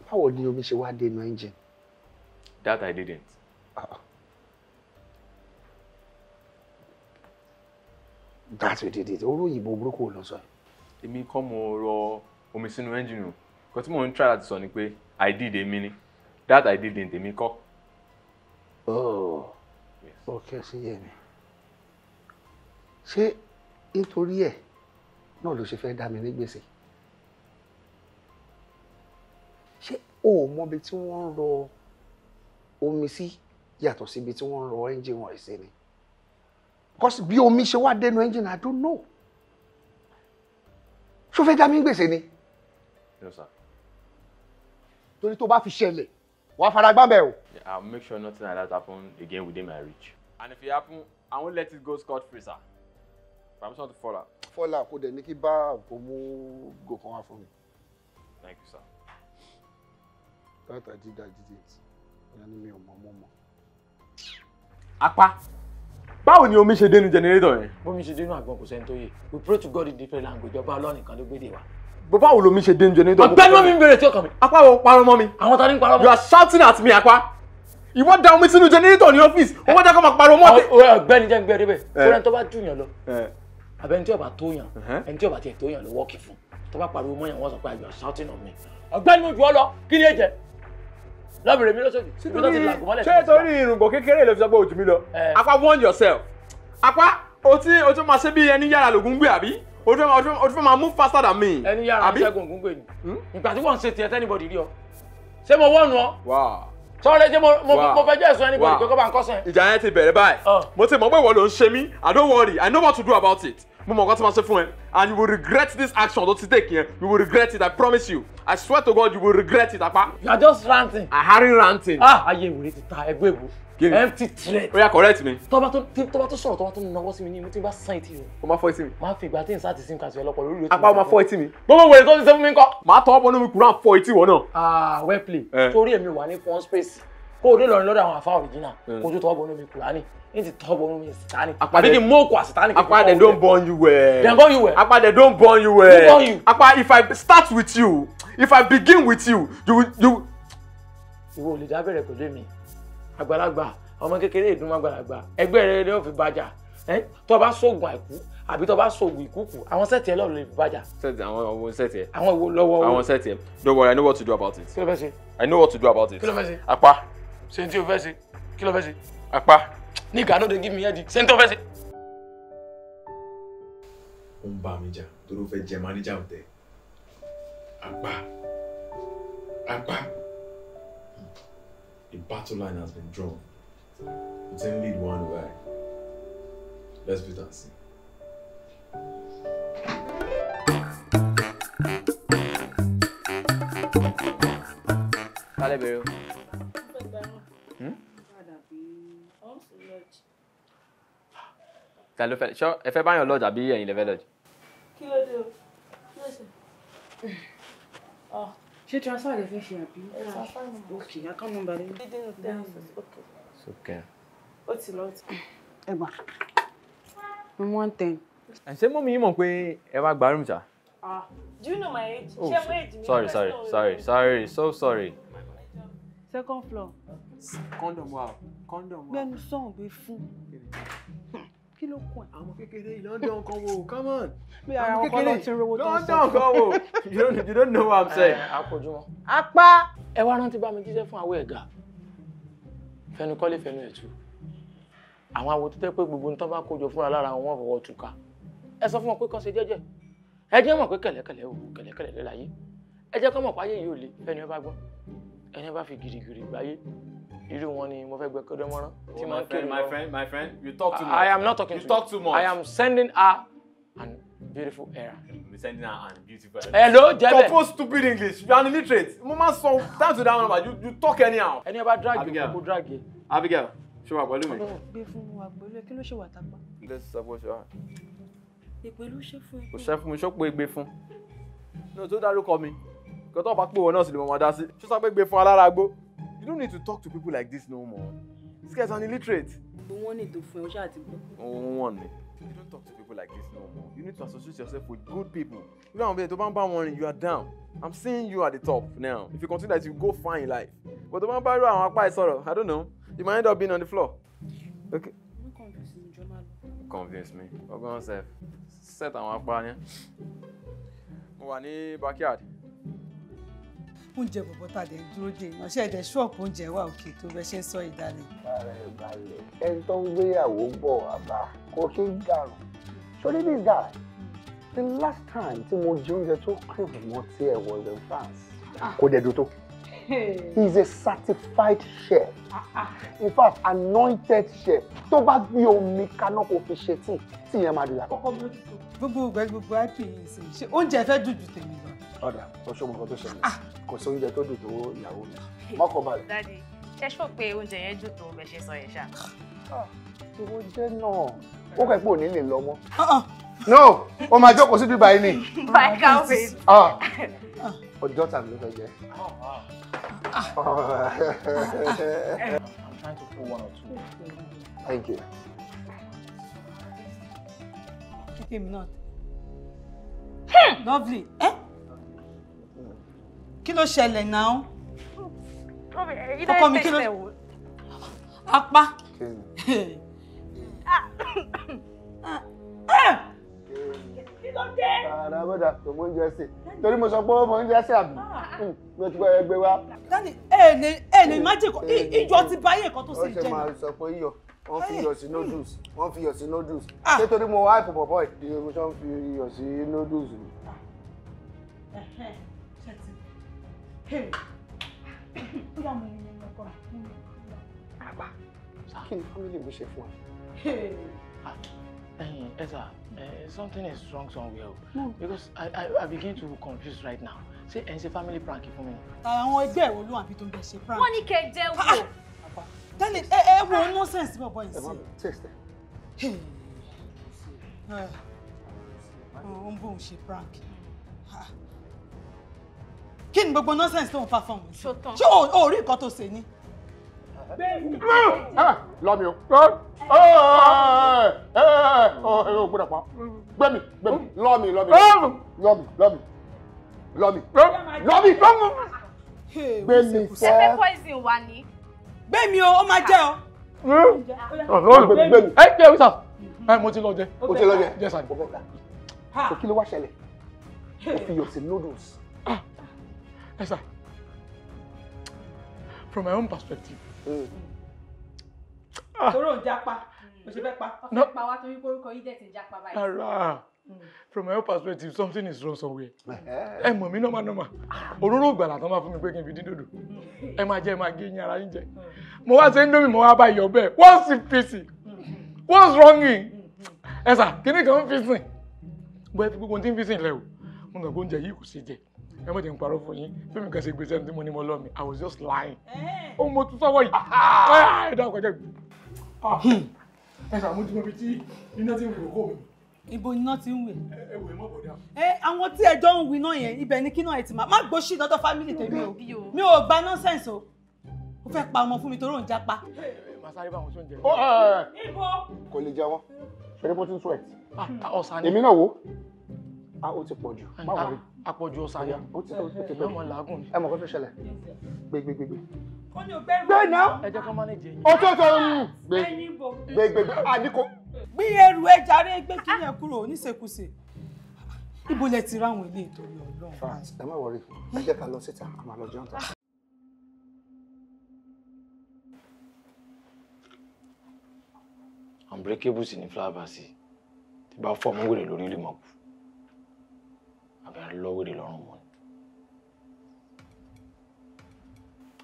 Báwo ni omi ṣe wá dé inú engine? That I didn't. Uh -uh. that's what it is oró òyìnbó burúkú ló sọ. èmi kọ́ mo rọ omi sínú ẹ́ńjìnì o nǹkan tí mò ń try láti sọ ni i did èmi ni that i did èmi kọ́. oh Yes. ṣe yẹ mi ṣé nítorí ẹ náà ló ṣe fẹ́ dá mi ní gbèsè ṣé o ò mọbi tí wọ́n ń rọ omi sí yàtọ̀ síbi tí wọ́n ń rọ ni cause bí omi ṣe wá dénú engine I don't know So fẹ́ dá mi gbèsè ni. Yes, sir. torí tó bá fi ṣẹlẹ̀ wàá fara gbá bẹ́ẹ̀ o. I will make sure nothing like that happen again within my reach. And if it happen, I won't let it go scot-free, sir. Permission to fall out. Fall out, kò dẹ̀ ní kí bá òmù gò kan wá fún mi. Thank you, sir. That I did, I did it. Ìyá ni mi ò mọ̀ mọ́ mọ́ báwo ni omi ṣe dénú jẹnẹrétọ̀ yẹn. bómi ṣe dénú àgbọn kò sẹ́ni tó yẹ we pray to God in different language ọba ọlọ́ọ̀nì kan ló gbé dè wá. bó báwo lomi ṣe dénú jẹnẹrétọ̀. ọgbẹ́ni wọn mi ń bèrè tí ọkàn mi. apá wo parọ́ mọ́ mi. àwọn tani ń parọ́ mọ́. you are shouting at me apá. ìwọ da omi sínú jẹnẹrétọ̀ ní ọ́fíìsì ó wọ́n jẹ́ kó máa parọ́ mọ́ tẹ. ọgbẹ́ni jẹ́ ń gbé débẹ̀ eh. fúnra tó bá dùnyàn lọ eh. àbẹ̀ni tí ọba tóyàn ẹni tí ọba uh-huh. tiẹ̀ tóyàn ló wọ́ọ̀kì fún tó bá pariwo mọ́yàn wọ́n sọ pé you are shouting on me ọgbẹ́ni mo jù ọ lọ kí ni ẹ jẹ lọ́bìnrin mi ló sòdì èmi ló ti làgùn mọ́lẹ̀. ṣé torí irùngbọ̀n kékeré ló fi sọ pé o lọ apá warn yourself apá o ti o ti máa ṣe bí ẹni yàrá lògùn gbé àbí o ti o ti fẹ́ máa move faster than me. ẹni yàrá ṣẹ́gun ògùn gbé ni hmm? ìgbà tí wọ́n ń ṣe tiẹ̀ tẹ́nibọ̀dì rí ọ ṣé mo wọ́n nu ọ sọ́ọ́rẹ́ jẹ́ mo fẹ́ jẹ́ ẹ̀sùn ẹni bọ̀dì pé bá ń kọ́sẹ̀. ìjà yẹn ti bẹ̀rẹ̀ báyìí oh. mo ti mọ̀ pé ìwọ ló ń ṣe mí I don't worry I know what to do about it mo mọ̀ nǹkan tí mo ṣe fún ẹ and you will regret this action tó ti take yẹn you will regret it i promise you i swear to god you will regret it apa. you are just ranting. I ahari ranting. ah ayé ìwúrí ti ta ẹgbẹ́ ìwò gini empty threat. oya correct mi. tọ́ba tó tọ́ba tó sọ̀rọ̀ tọ́ba tó nawọ́ sí mi ní imú tí n bá sàn etí rẹ̀. o ma fọ etí mi. máa fi ìgbà tí n sá ti sim kàṣí ọlọ́pàá lórí rẹ̀. apá o ma fọ etí mi. gbogbo wèrè tó ti sẹ́ fún mi kọ́. màá tọ́ ọ̀pọ̀ nínú kúrán fọ etí wọn náà. ah well played. Eh. torí èmi wà ní one space kó o dé lọrin lọ́dọ̀ àwọn àfa original eh. kó o tó tọ́ ọ̀pọ̀ nínú kúrán ni into trouble when we satanic. Akpa they more kwa satanic. Akpa they don't born you well. They born you well. Akpa they don't born you well. Who born you? Akpa if I start with you, if I begin with you, you you. Ìwọ lè dábẹ̀rẹ̀ pẹ̀lú èmi. Àgbàlagbà ọmọ kékeré ìdúnmọ́ àgbàlagbà ẹgbẹ́ rẹ ni ó fi bàjá. Tó o bá sóògùn àìkú àbí tó o bá sóògùn ìkúkù àwọn sẹ́ẹ̀tì ẹ lọ́ọ̀ lè fi bàjá. Sẹ́ẹ̀tì àwọn ọmọ sẹ́ẹ̀tì ẹ. Àwọn ìwo lọ́wọ́ owó. Àwọn sẹ́ẹ̀tì ẹ. Don't worry, I know what to do about it. Kí ló fẹ́ ṣe? I know what to do about it. Kí ló fẹ́ ṣe? Apá. Ṣé n tí o fẹ́ ṣe? Kí ló fẹ́ ṣe? Apá. Nigga, no dey give me headache. Ṣé n tó fẹ́ ṣe? Ó ń bá mi jà torí ó The battle line has been drawn. It's only lead one way. Let's be dancing. see. ta ló fẹ́ ṣọ́ ẹ fẹ́ báyọ̀ lọ́jà bí ẹ̀yin lè fẹ́ lọ́jà. kí ló dé o kí ló ṣe. Ah, ṣé transfer lè fi ṣe àbí. ok account number rẹ. dídínú ten ok. sókè. ó ti lọ ti. ẹ gbà mo one ten. ẹ ṣé mọ́mí yín mọ̀ pé ẹ wá gba rúmù ah do you know my age. oh sorry sorry sorry sorry so sorry. second floor. condom wa o condom wa. gbẹnusọ̀n gbé fún kí ló kún ẹ. àwọn kékeré London kan wo come on. bí ara wọn kọ́ lọ ti rówó tó ń sọ. London kan wo you don't know what I'm saying. àpòjù wọn. apá ẹ wá rántí bá mi jíṣẹ́ fún àwọ̀ ẹ̀gà fẹnukọ́lé fẹnu ẹ̀tù àwọn àwo tó tẹ́ pé gbogbo nǹkan bá kójọ fúnra lára wọn fọwọ́ túká ẹ sọ fún wọn pé kàn ṣe jẹ́jẹ́ ẹ jẹ́ mọ̀ pé kẹ̀lẹ́kẹ̀lẹ́ ò kẹ̀lẹ́kẹ̀lẹ́ láyé ẹ jẹ́ kọ́ mọ̀ páyé yìí ò le ẹni ẹ bá gbọ́ ẹni ẹ bá fi gìrìgìrì gbáyé irú wọn ni mo fẹ́ gbẹ kọ́dọ̀ mọ́rán. Oh, tí máa kiri lọ my friend my friend you talk too much. I am not talking you to you. you talk too much. I am sending her an beautiful era. I'm sending her an beautiful era. hello jẹbẹ. compose stupid english you are illiterate mo ma sọ time to that one but you you talk anyhow. ẹni ọba drag you kò drag you. Abigail ṣé wà pẹ̀lú mi. ọ̀dọ̀ gbé fún wa pẹ̀lú kí ló ṣe wà tápá. ilé sísá bó ṣe wà. ìpè ló ṣe fún ẹgbẹ́. kò ṣe fún mi ṣó pé gbé fún. ní o tó dárúkọ mi kò tó bá pè wọ́n náà sì lè mọ̀ mọ́ dá sí. ṣó sọ pé gbé fún alára gbó. You don't need to talk to people like this no more. This guy's an illiterate. Gbogbo wọn ní ètò fún ẹ, ó ṣáà ti You don't talk to people like this no more. You need to associate yourself with good people. You àwọn bẹ́ẹ̀ tó bá ń bá you are down. I'm seeing you at the top now. If you continue that, you go fine in life. But tó bá ń bá irú àwọn apá I don't know. You might end up being on the floor. Okay. No convince me, Jonah. Convince me. Ọgbọ́n sef. Set our apartment. We're in the backyard oúnjẹ bọ̀bọ̀ tá a dẹ̀ ń dúró dé ìránṣẹ́ ẹ̀dẹ̀ ṣọ́ọ̀pù oúnjẹ wà òkè tó bẹ ṣe ń sọ ìdálẹ̀. bàrẹ̀ balẹ̀ ẹni tó ń gbéyàwó bọ̀ àbá kò kí ń dàrú sórí bí guy hmm. the last time tí mo jẹ oúnjẹ tó crave mọ́ tí ẹ wọ ilẹ̀ France ah. kò dẹ̀ dùn tó he is a certified chef ah, ah. in fact anointed chef tó bá gbé omi kaná kó fi ṣe tíì tíì yẹn máa dùn yàtọ̀. gbogbo ìgbà gbogbo àpè yìí ṣe oúnjẹ fẹ́ dùn ju tèmi lọ ọ̀dà ọṣọ́gun kan tó ṣẹlẹ̀ ah. kò sí oúnjẹ tó dùn tó ìyàwó mi mọ́kọ̀ balẹ̀. dadi ṣe ṣó pé oúnjẹ yẹn dùn tó bẹ ṣe sọ yẹn ṣá. owó ah, jẹ́ náà ó kẹ́ pé òní lè lọ mọ́. Ah, no o máa jókòó síbi báyìí ni. bye calvin. ọjọ́ tàbí ló fẹ́ jẹ. I'm trying to pull one or two. Thank you. Take him not. Hmm. Lovely. Eh? kí ló ṣẹlẹ̀ náà. ọkọ mi kí ló apá. Eh! kí ló dé. ara bọ́dà kò mọ oúnjẹ sè torí mo sọ pé ó mọ oúnjẹ sè àbí ah. hmm, mo ti gbọ́ ẹgbẹ́ wa. dani ẹ lè ẹ lè má jẹ ìjọ ti báyé nǹkan tó sì jẹ. ó ṣe máa sọ pé iyọ̀ wọ́n fi iyọ̀ sí noodles wọ́n fi iyọ̀ sí noodles ah. ṣé torí mo wá ìpòpọ̀ bọ́ọ̀ ìdílé mo ṣe ń fi iyọ̀ sí noodles bóyá mo yẹn mọ ọkọ mi. àgbà kí ni family mi ṣe fún ẹ. Hey, mm, Ezra, eh, something is wrong somewhere. No. Because I, I, I begin to confuse right now. Ṣé ẹ̀ ń ṣe family prank fún mi? Àwọn ẹgbẹ́ ìwọ ló wà bí tó ń bẹ ṣe prank. Wọ́n ní kẹ́ ẹ jẹ́ eh, Tẹ́lẹ̀ ẹ ẹ wo nonsense bọ̀bọ̀ yìí sí. Ah. Ó ń bóun ṣe prank kí ni gbogbo nonsense tó ń perform ṣé o rí nǹkan tó ṣe ni. Ah! lọ́mi eh, eh, eh, o gbọ́dọ̀ pa gbẹ̀mí gbẹ̀mí lọ́mi lọ́mi lọ́mi lọ́mi lọ́mi lọ́mi gbẹ̀mí fọ́. ẹ fẹ́ poison wa ni. gbẹ̀mí o ó máa jẹ́ o. gbẹ̀mí ẹ jẹ́ wíṣà ẹ mo ti lọ jẹ. o ti lọ jẹ jẹ sàn. kò kí ló wá ṣẹlẹ̀ o fi yọ̀ sí noodles. Ah. Yes, From my own perspective. Toro japa, o From my own perspective, something is wrong somewhere. Eh. Ẹ mọ̀ mí nọ́mà nọ́mà. Òróró ìgbàlà tán máa fún mi pé kí n fi dín dòdò. Ẹ máa jẹ́ ẹ máa ara yín jẹ. Mm. Mo wa ṣe ń mo wa ba yọ bẹ́ẹ̀. What's in pacing? Mm-hmm. What's wrong in? Mm-hmm. Ẹ sà, kíní kan ń fi sìn. Bọ́ ẹ fi gbogbo ohun tí ń fi sìn lẹ̀ o. Mo gbàgbọ́ oúnjẹ yìí kò ṣe jẹ ẹ mọ̀ tí fún yín bí mi kàn ṣe gbèsè tí mo ní mo lọ́ mi I was just lying. Eh. ó mo tún sọ́wọ́ yìí ah. ah, ẹ dá ọkọ̀ jẹ́ ah, ẹ ṣàmójú mọ́ bí tí iná ti ń wò kó mi. ibo iná ti ń wè. ẹ wò ẹ mọ̀ bọ̀dá. ẹ eh, àwọn tí ẹjọ́ ń wí náà yẹn ibẹ̀ ni kí náà ẹ ti máa má gbóṣì lọ́dọ̀ fámìlì tèmi o mi ò gba nọ́sẹ̀nsì o ó fẹ́ pa ọmọ fún mi torí òun jápa. Eh, màá sáré bá àwọn sóúnjẹ. ibo. jẹ a ah, ó ti pọ̀jù má wọlé. àpọ̀jù ọ̀sán yá ó ti tẹ̀ bẹ́ẹ̀ ọmọ làágùn ni. ẹ mọ̀ kó fẹ́ ṣẹlẹ̀ gbégbégbé. gbé náà ẹ jẹ́ kó má ah, ní jẹ́ yín. ọjọ́ tó ń gbé gbégbégbé àdínkù. gbé ẹrù ẹ jàre gbé kí yẹn kúrò níṣekúṣe ibo lẹ ti ráwọn ilé ìtòrí Ọlọ́run. france ẹ má wọrí ẹ jẹ́ ká lọ síta àmà lọ jẹun tán. unbreakable sì ni flower sí tí bá fọ́ ọmọ wèrè lórí ìlú mọ̀kù àbí à ń lọ wèrè lọ́rùn mọ́ ni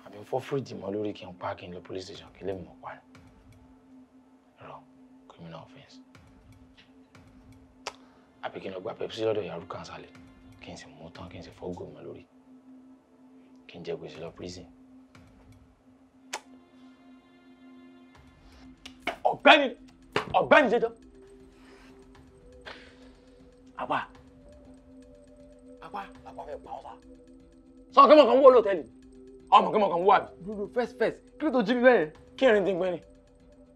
àbí ń fọ́ fíríjì mọ́ lórí kí n pa kí n lọ police station kí lèmi mọ̀ pa ni rọ criminal offence àbí kí n lọ gba pepsi lọ́dọ̀ yàrá kansalẹ̀ kí n sì mú tán kí n sì fọ́ gòmọ̀ lórí kí n jẹ gbèsè lọ prison. ọ̀gbẹ́ni ọ̀gbẹ́ni jẹjọ́ àwa apá apá fẹ́ pa ọ́ sá. sọ kí mo kàn ń wó lóòtẹ́ẹ̀lì ọmọ kí mo kàn ń wó àbí. dúró first first kí ló tó jí mi bẹ́ẹ̀. kí erin ti gbẹ́ni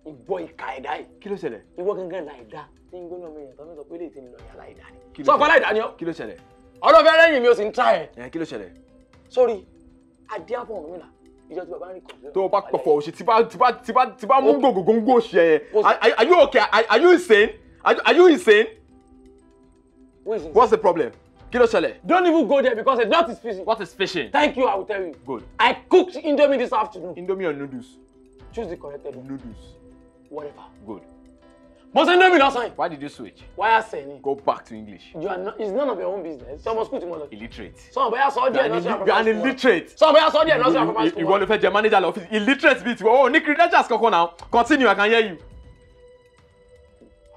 ìgbọ́ ìka ẹ̀dá yìí. kí ló ṣẹlẹ̀. ìwọ gangan la ẹ̀dá tí ń gbóná mi yàn tó ń sọ pé lè ti lọ yà láìdá ni. sọ pé láìdá ni ọ. kí ló ṣẹlẹ̀. ọlọ́fẹ́ lẹ́yìn mi ò sì ń ta ẹ̀. ẹ kí ló ṣẹlẹ̀. sórí adé àbọ̀ ọ̀run mi là ìjọ tí bàbá ń rí kọ̀ọ̀dọ̀. tó o bá pọ̀fọ̀ òṣì tí bá tí bá tí bá tí bá mú gògògó ń gò ṣe yẹn are you okay are you insane are you insane what's the problem kí ló don't even go there because it's not his fishing. what is fishing. thank you i will tell you. good. i cooked indomie this afternoon. indomie or noodles. choose the correct one. noodles. whatever. good. mo ṣe indomie last night? why did you switch. Why wáyà sẹ́yìn. go back to english. you are not it's none of your own business. sọmọ school ti mọ lọ. illiterate. sọmọ bóyá sọ díẹ̀ nọ́ọ̀sì àpapọ̀. you are an illiterate. sọmọ bóyá sọ díẹ̀ nọ́ọ̀sì You want to fetch your manager lọ office illiterate bíi Oh, o let's just go now continue i can hear you.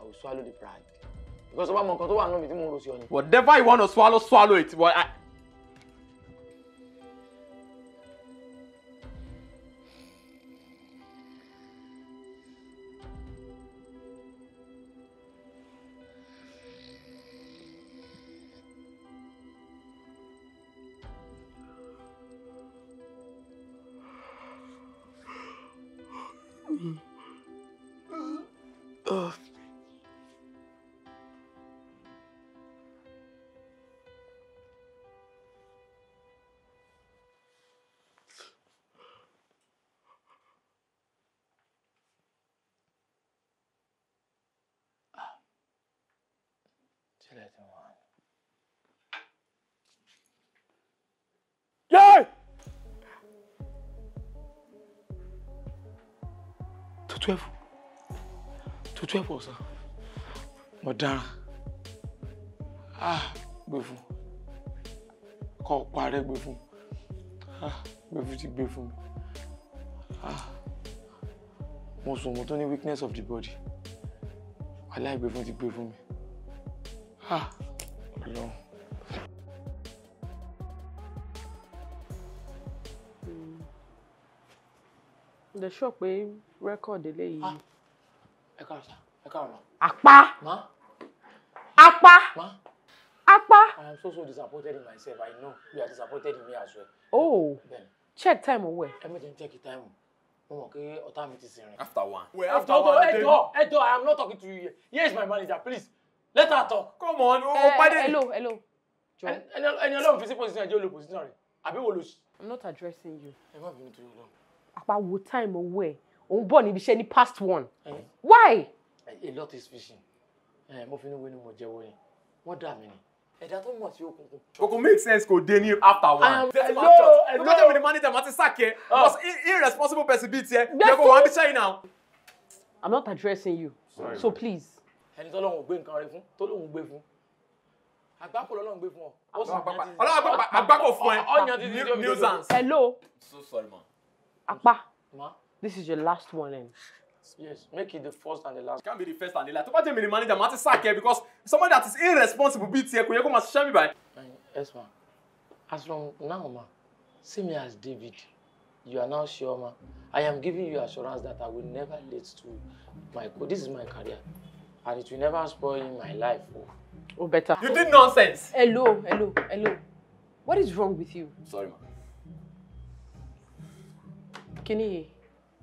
i will swallow the pride because ọba mọ nǹkan tó wà nínú mi whatever you wanna swallow swallow it but I. Ugh. Oh. Sledding one. Yay! To twelve. To twelve also. But dára. Ah, gbé call Kọ́ parẹ́ gbé Ah, gbé fún ti gbé Ah, most sùn mo tún weakness of the body. I like ti gbé fún mi. Ah. lọ. Hmm. ǹjẹ́ sọ pé rẹ́kọ̀dì eléyìí. Ah. ẹ káàrọ̀ sá ẹ káàrọ̀ ma. apá apá apá. I am so so disappointed in myself I know you are disappointed in me as well. oh ben. check time owó ẹ. ẹ méjì ń check time mo mọ̀ pé ọ̀tá mi ti sìn after one. Well, after, one ẹjọ́ ẹjọ́ I am not talking to you here here is my manager please let her talk. come on o eh, pàdé. hello hello jọ. ẹni ọlọ́run fi sí position ẹjọ́ lo position rẹ̀ àbí wo lo ṣe. i'm not addressing you. ẹ má bínú torí ọlọ́run. àpá wo time owó ẹ òun bọ̀ níbi iṣẹ́ ní past one. why. a lot is fishing mo fi ní wo ni mo jẹ́wọ́ yẹn wọ́n dà mí ni ẹ̀dá tó mọ̀ sí òkùnkùn. òkùnkùn make sense kò dé ní after one. hello hello lókè mi ni manager ma ti sàkẹ́ ah. because irresponsible person bíi tiẹ̀ yẹ kó wọ́n á bí sẹ́yìn náà. i'm not addressing you Sorry, so please ẹni tó lóun gbé nǹkan rẹ fún tó lóun gbé fún àgbákò lọ́lọ́run gbé fún ọ. ọlọ́run àgbákò fún ẹ ọyàn hello. so this is your last one then. Yes, make it the first and the last. It can't be the first and the last. Tó bá jẹ́ mi manager, màá ti sack ẹ because someone that is irresponsible bíi tiẹ̀ kò yẹ kó máa ṣiṣẹ́ mi báyìí. Yes ma, as from now ma, see me as David. You are now sure ma. I am giving you assurance that I will never late to my goal. This is my career and it will never spoil my life. Oh, oh better. You did nonsense. Hello, hello, hello. What is wrong with you? Sorry, ma. Kini,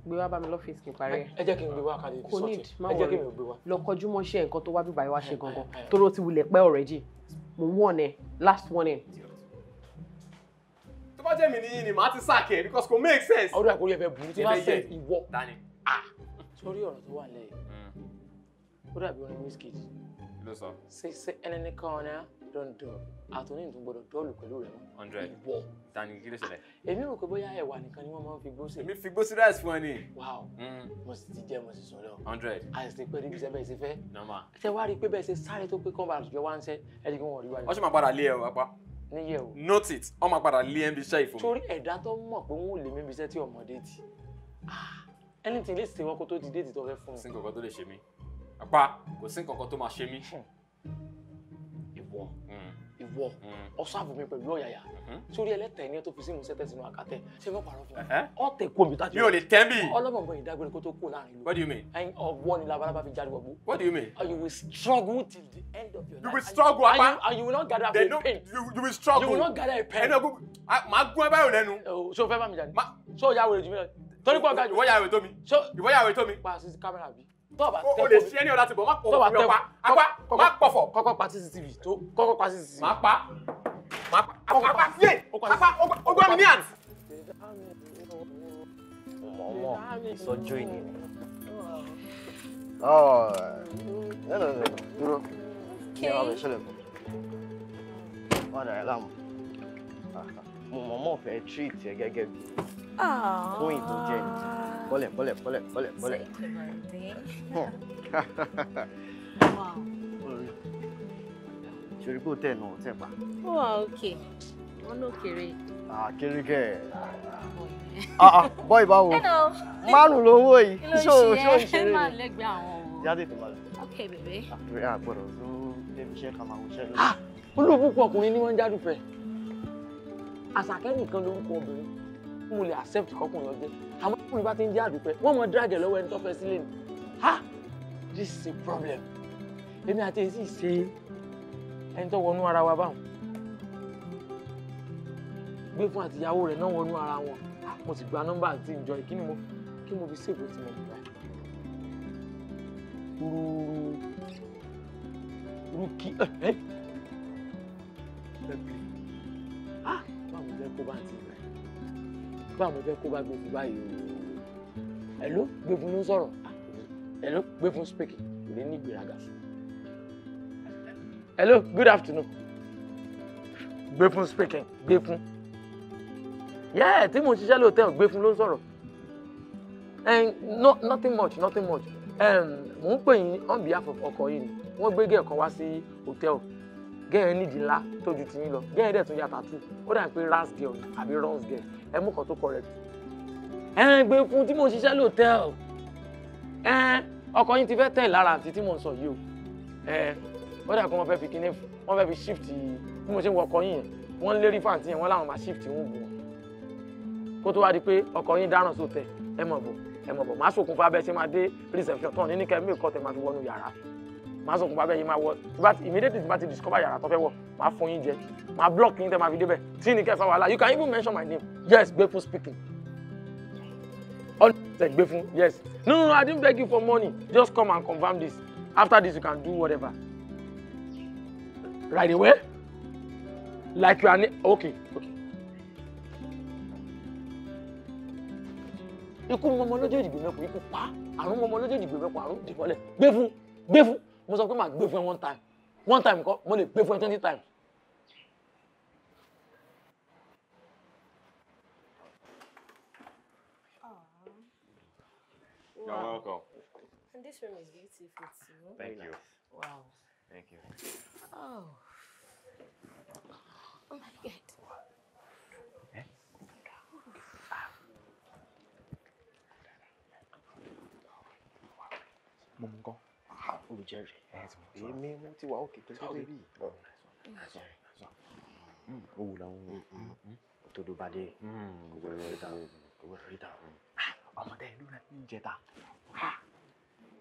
we wá bá mi lọ́fíìsì kí n parí ẹ̀. Ẹ jẹ́ you n gbé wá káàdì ìdí sọ́ọ̀tì. Ẹ jẹ́ kí n gbé wá. Lọ kọjú mọ́ṣẹ́ nǹkan tó wá bíbá yìí wá ṣe gangan. Tóró ti wulẹ̀ pẹ́ already. Mo warn last warning. Tó bá jẹ́ mi níyìn ni màá ti because kò make sense. Ọdún àkórí ẹ fẹ́ burú tí ẹ fẹ́ yẹ ìwọ. Sórí ọ̀rọ̀ tó wà ó dàbí wọn ní Wizkid. kí ló sọ. ṣe ẹnìní kan náà dọ̀ndọ̀ àtúní do gbọdọ̀ dọ́ọ̀lù pẹ̀lú rẹ̀ mọ́. hundred ìwọ. ta ni kí ló ṣẹlẹ̀. èmi rò pé bóyá ẹ̀wà you want wọ́n máa ń fi gbó ṣe. èmi fi gbó sí rice fún ẹ wow mm. mo sì ti jẹ mo sì sùn lọ. hundred. I ti pẹ́ níbi iṣẹ́ bẹ́ẹ̀ ṣe fẹ́. normal. ṣé wàá i say sorry to sáré tó pé kọ́ńbà àtúnjọ wá ń ṣẹ́ ẹ̀ẹ́dì kí wọ́n rí wa. wọ́n ṣì máa padà lé ẹ o apá níyẹ o. note it ọmọ padà lé ẹnbi iṣẹ́ ìfowó. torí ẹ̀dá tó mọ̀ pé wọ́n lè mí ibi iṣẹ́ tí ọmọdé ti ah, ẹni tí ilé ìsìnkú ọkọ tó ti déètì tó fẹ́ fún mi. sí nǹkan kan Apa? kò sí nǹkan kan tó máa ṣe mí. Hmm. ìwọ hmm. ìwọ ọsàbù hmm. mi pẹ̀lú ọ̀yàyà sórí ẹlẹ́tẹ̀ ni tó fi sínú sẹ́tẹ̀ sínú àkàtẹ́ ṣé mo pàrọ̀ fún ọ ọ tẹ kó mi tájú. mi ò lè tẹ́ mi. ọlọ́mọbìnrin ìdágbére kó tó kú láàrin ìlú. what do you mean. ẹyin ọwọ́ ni labalábá fi jáde wọ̀gbó. what do you mean. you will struggle till the end of your life. you will struggle apá. and you, will not gather a pain. You, will struggle. you will not gather a pain. ẹnu ogun máa gún ẹ báyọ̀ lẹ́nu. so oh, fẹ́ bá mi jáde. so yà wèrè jù mí lọ. torí pọ̀ ga jù. ìwọ yà wèrè tó mi. ìwọ yà wèrè tó mi. pa sí kámẹ́rà bíi o lè ṣe ẹni ọ̀dà tìbọn má pọ̀ fún ọ̀pá apá má pọ̀ fọ̀. kọ́kọ́ pa cctv tó kọ́kọ́ pa cctv. má pa má pa apá yé apá ogún mi ní àná. mọ̀mọ́ ìsọjú ènìyàn. dúró kí ni wọ́n fi ṣẹlẹ̀ kù. wọ́n dàrẹ́ láàmú mo mọ̀ mọ̀ fẹ́ treat ẹ gẹ́gẹ́ bí queen tó jẹ́ ni bọ́lẹ̀ bọ́lẹ̀ bọ́lẹ̀ bọ́lẹ̀ bọ́lẹ̀. ṣòrí kò tẹ̀ nù tẹ̀ pa. ó wà òkè wọn ló kéré. kéré kẹ bọ́ì ah, ah, báwo márùn-ún lówó yìí ṣó ṣó ìṣeré rẹ jáde tó bá lọ. ok bèbè. àpẹẹrẹ ah, àgbọ̀dọ̀ tó débi iṣẹ́ kàmáwó iṣẹ́ lórí. olùkùkù ọkùnrin ni wọ́n ń jádùfẹ́ àṣàkẹ́ nìkan ló ń kọ obìnrin mo lè accept kọkùnrin ọjẹ́ àwọn ọkùnrin bá ti ń jẹ́ àdúpẹ́ wọ́n mọ drag ẹ̀ lọ́wọ́ ẹni tó fẹ́ sílé ni ha this is a problem èmi àti èsì ṣe ẹni tó wọnú ara wa báwọn gbé fún àtìyàwó rẹ̀ náà wọnú ara wọn mo sì gba nọ́mbà àti ìjọ ìkíni mo kí mo fi ṣèbò tí mo gbà rúrú rúkì ẹ ẹ ẹ kó bá ti rà yìí báwo fẹ́ kó bá báyìí o hello gbégun ló ń sọ̀rọ̀ ah, hello gbégun spake lè ní ìgbéraga hello good afternoon gbégun speaking gbégun yẹ́ẹ̀ tí mo ṣiṣẹ́ lóòótọ́ gbégun ló ń sọ̀rọ̀ no nothing much nothing much mo um, ń pè yín on behalf of ọkọ yìí ni wọ́n gbé gẹ̀ẹ́kan wá sí hòtẹ́ẹ̀lì gẹ́yẹn nídìí ńlá tó ju tiyín lọ gẹ́yẹn dẹ̀ tún ya tàtú ó dà pé rans girl àbí runs girl ẹ mú kan tó correct. ẹ ẹ gbé fún tí mo ṣiṣẹ́ lòtẹ́ẹ̀lì ẹ ọkọ yín ti fẹ́ tẹ̀ lára àti tí mo ń sọ yìí o ẹ ó dà pé wọ́n fẹ́ fi kíní wọ́n fẹ́ fi shift bí mo ṣe ń wọ ọkọ yín yẹn wọ́n lérí fàǹtì yẹn wọ́n láwọn máa shift ń wù kó tó wá di pé ọkọ yín dáràn sóòtẹ́ ẹ mọ̀ bọ̀ ẹ mọ̀ bọ̀ máa ṣokùnfà bẹ́ẹ̀ ṣe máa dé reception tán ní ní kẹ́mí ìkọ́tẹ̀ máa fi wọnú yàrá máa sọ kùnbà bẹ́ẹ̀ yìí máa wọ immediately tí bá ti discover yàrá tó fẹ́ wọ̀ máa fún yín jẹ máa block yín tẹ́ máa fi débẹ̀ tí ní kẹfà wàhálà you can even mention my name yes gbẹ́fún speaking ọ̀nà gbẹ́fún yes no no I didn't beg you for money just come and confirm this after this you can do whatever right away like you are okay okay. ikú mọmọ lójú ìdìgbò mẹ́kọ̀ọ́ ikú pa àrùn mọmọ lójú ìdìgbò mẹ́kọ̀ọ́ àrùn dìbọ́lẹ̀ gbẹ́fún gbẹ́fún mo sọ pé màá gbé fún one time one time kọ́ mo lè gbé fún twenty times. You're wow. welcome. And this room is beautiful too. Thank you. Wow. Thank you. Oh. Oh my God. Eh? Mum kok. olùjẹ́rìí èmi mo ti wà òkè tó délé rí o hmm. hmm, wù láwọn hmm, òtòdó bá dé gbogbo ẹ̀rọ ìta ọmọdé ìlú náà ń jẹta ah,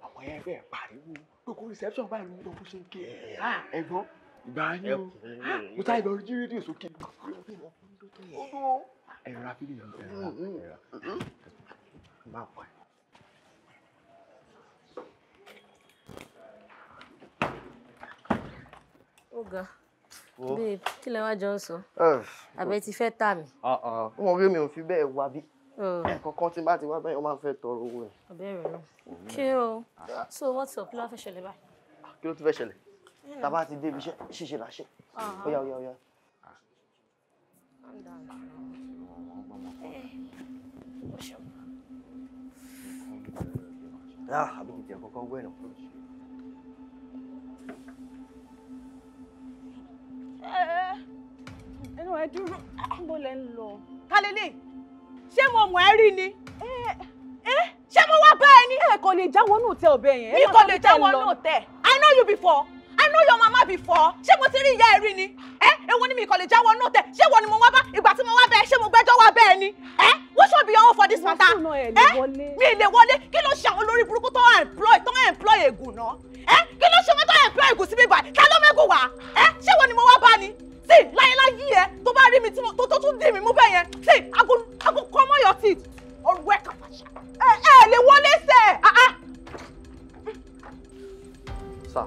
ọmọ yẹn fẹ́ pariwo gbogbo reception báyìí ló ń lọ bó ṣe ń ké ah, ẹ̀gbọ́n ìgbà yín o ah, mo sáré lọ rí rédíò sókè ọdún ẹ̀rọ afírí ẹ̀rọ ẹ̀rọ máa pa ẹ̀. ó ga bíi kí lẹ wá jọ ń sọ eh, àbẹ ti fẹ́ tà mí. Ah, ah. wọn rí mi ò fi bẹ́ẹ̀ wá bí kankan oh. tí bá ti wá bẹ́ẹ̀ wọ́n máa fẹ́ tọrọ owó ẹ̀. ọ̀bẹ́rẹ̀ náà kí o so what's up kí ló fẹ́ ṣẹlẹ̀ báyìí. Ah, kí ló tún fẹ́ ṣẹlẹ̀ tá a bá ti dé ibi iṣẹ́ ṣíṣe làṣẹ uh-huh. óyá óyá óyá. Ah, àbí kìtì àkọ́kọ́ wẹ̀ náà ẹnu eh, eh. ẹ dúró ah, mo lẹ ń lọ. kálílì ṣé mo mọ̀ ẹ́ rí ni. Eh, ṣé mo wá bá ẹ ní. ẹ kò lè jáwọ́ nù tẹ ọbẹ̀ yẹn. mi kò lè jáwọ́ nù tẹ. I know you before I know your mama before ṣé mo ti rí ìyá ẹ rí ni. ẹ ewu ni mi kò lè jáwọ́ nù tẹ ṣé wo ni mo wá bá ìgbà tí mo wá bẹ ẹ ṣé mo gbẹ́jọ́ wá bẹ ẹ ni. ẹ wọ́n ṣọ́ bí ọwọ́ for this matter. ẹ mi lè wọlé kí ló ṣe àwọn olórí burúkú tó ń employ tó ń employ ègùn náà. ẹ kí ló ṣe wọn tó ń employ ègùn síbí báyìí ta ló mẹ́gùn wá. ẹ mi tí mo tó tún dì mí mú bẹ́ẹ̀ yẹn ṣe ago ago kọ́ mọ́ your teeth ọ̀rọ̀ ẹ̀ kàfàṣà ẹ ẹ lè wọlé sẹ́ ẹ̀ ah, ah. sà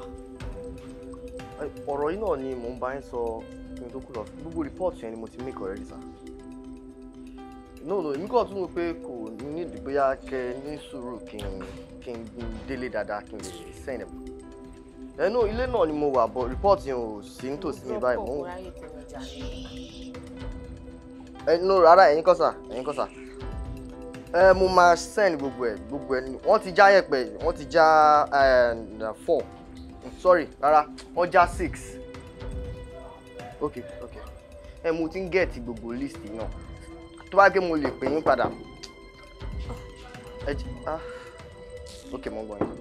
ọ̀rọ̀ yìí náà ni mò ń bá yín sọ kí n tó kú lọ gbogbo rìpọ́ọ̀tù yẹn ni mo ti make already sà no no èmi kàn tún mọ̀ pé kò ní ìdìbòyà kẹ ní sùúrù kí n kí n délé dáadáa kí n lè sẹ́yìn ẹ̀bùn ẹnu ilé náà ni mo wà bọ̀ rìpọ́ọ̀tù yẹn ò sí nítòsí mi báyìí mò ń ẹ eh, no rárá ẹ̀yin kọ́ sà ẹ̀yin kọ́ sà ẹ eh, mo máa send gbogbo ẹ gbogbo ẹ wọ́n ti já yẹ̀pẹ̀ wọ́n ti já eh, four sorry rárá wọ́n já six ok ok ẹ mo ti ń gẹ̀ẹ́tì gbogbo list náà tó bá gé mo lè pè yín padà ẹ ah ok mo gbọ́ yín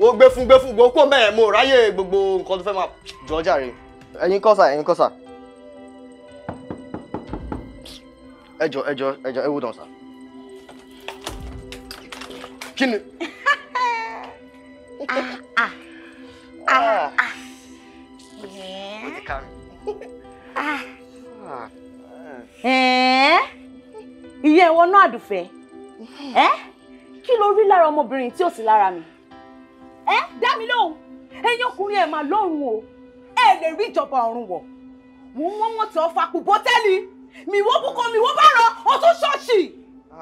o gbé fún gbé fún gbó kó mẹ́ẹ̀ mo ráyè gbogbo nǹkan tó fẹ́ máa jọjà rè ẹ̀yin kọ́ sà ẹ̀yin ẹjọ ẹjọ ẹjọ ewu dọ̀sà kí ni. ìyá ẹ̀wọ̀n náà àdùfẹ́ eh? Eh? kí ló rí lára ọmọbìnrin tí ò sì lára mi eh? dá mi lóhùn ẹ̀yin ọkùnrin ẹ̀ máa lọ́rùn o ẹ̀ lè rí ìjọba ọ̀run wọ̀ wọ́n wọ́n wọ́n tẹ̀ fa pò bọ́tẹ́lì. mìwó kúkọ mìwó bá rọ o tún ṣọ́ọ̀ṣì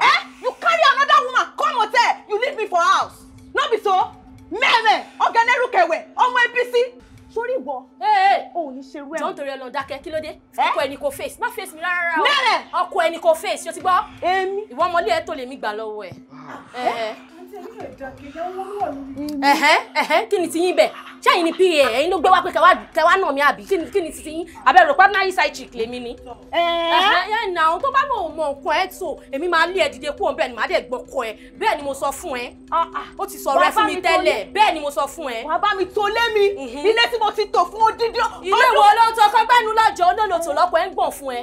ẹ you carry another woman come hotel you leave me for house no be so mẹ́ẹ̀mẹ́ ọ̀gẹ́nẹ́rùkẹ̀wẹ̀ ọmọ APC sórí ìwọ Eh. ò ní ṣerú ẹ̀. jọ́ nítorí ọ̀nà dákẹ́ kí ló dé eh? ọkọ ko kò face má face mi rárá o mẹ́rẹ̀ ọkọ ẹni kò face ṣó ti gbọ́. èmi ìwọ ọmọlé ẹ tó lè mí gbà lọ́wọ́ ah. Eh. eh ẹ̀hẹ́ ẹ̀hẹ́ kí ni tiyín bẹ̀ ṣé ẹ̀yin ni pa ẹ̀yin ló gbé wá pé kẹwàá náà mi àbí kí ni tiyín abẹ́rẹ́ pátánárì side chick lèmi ni. ẹ̀hẹ́ ẹ̀nà àwọn tó bá mọ̀ ọ́ mọ̀ nǹkan ẹ̀ tó èmi máa lé ẹ dìde kúrò bẹ́ẹ̀ ni màá dẹ̀ gbọ́kọ ẹ bẹ́ẹ̀ ni mo sọ fún ẹ ah, ah. ó ti sọ̀rọ̀ ẹ fún mi tẹ́lẹ̀ bẹ́ẹ̀ ni mo sọ fún ẹ. wàá bá mi tó lé mi mhm. ilé tí mo ti tò fún odidi ọdún. ilé wo ló ń tọkọ gbẹ́nu lọ́jọ́ olóòtò lọ́pọ̀ ẹ̀ ń gbọ̀n fún ẹ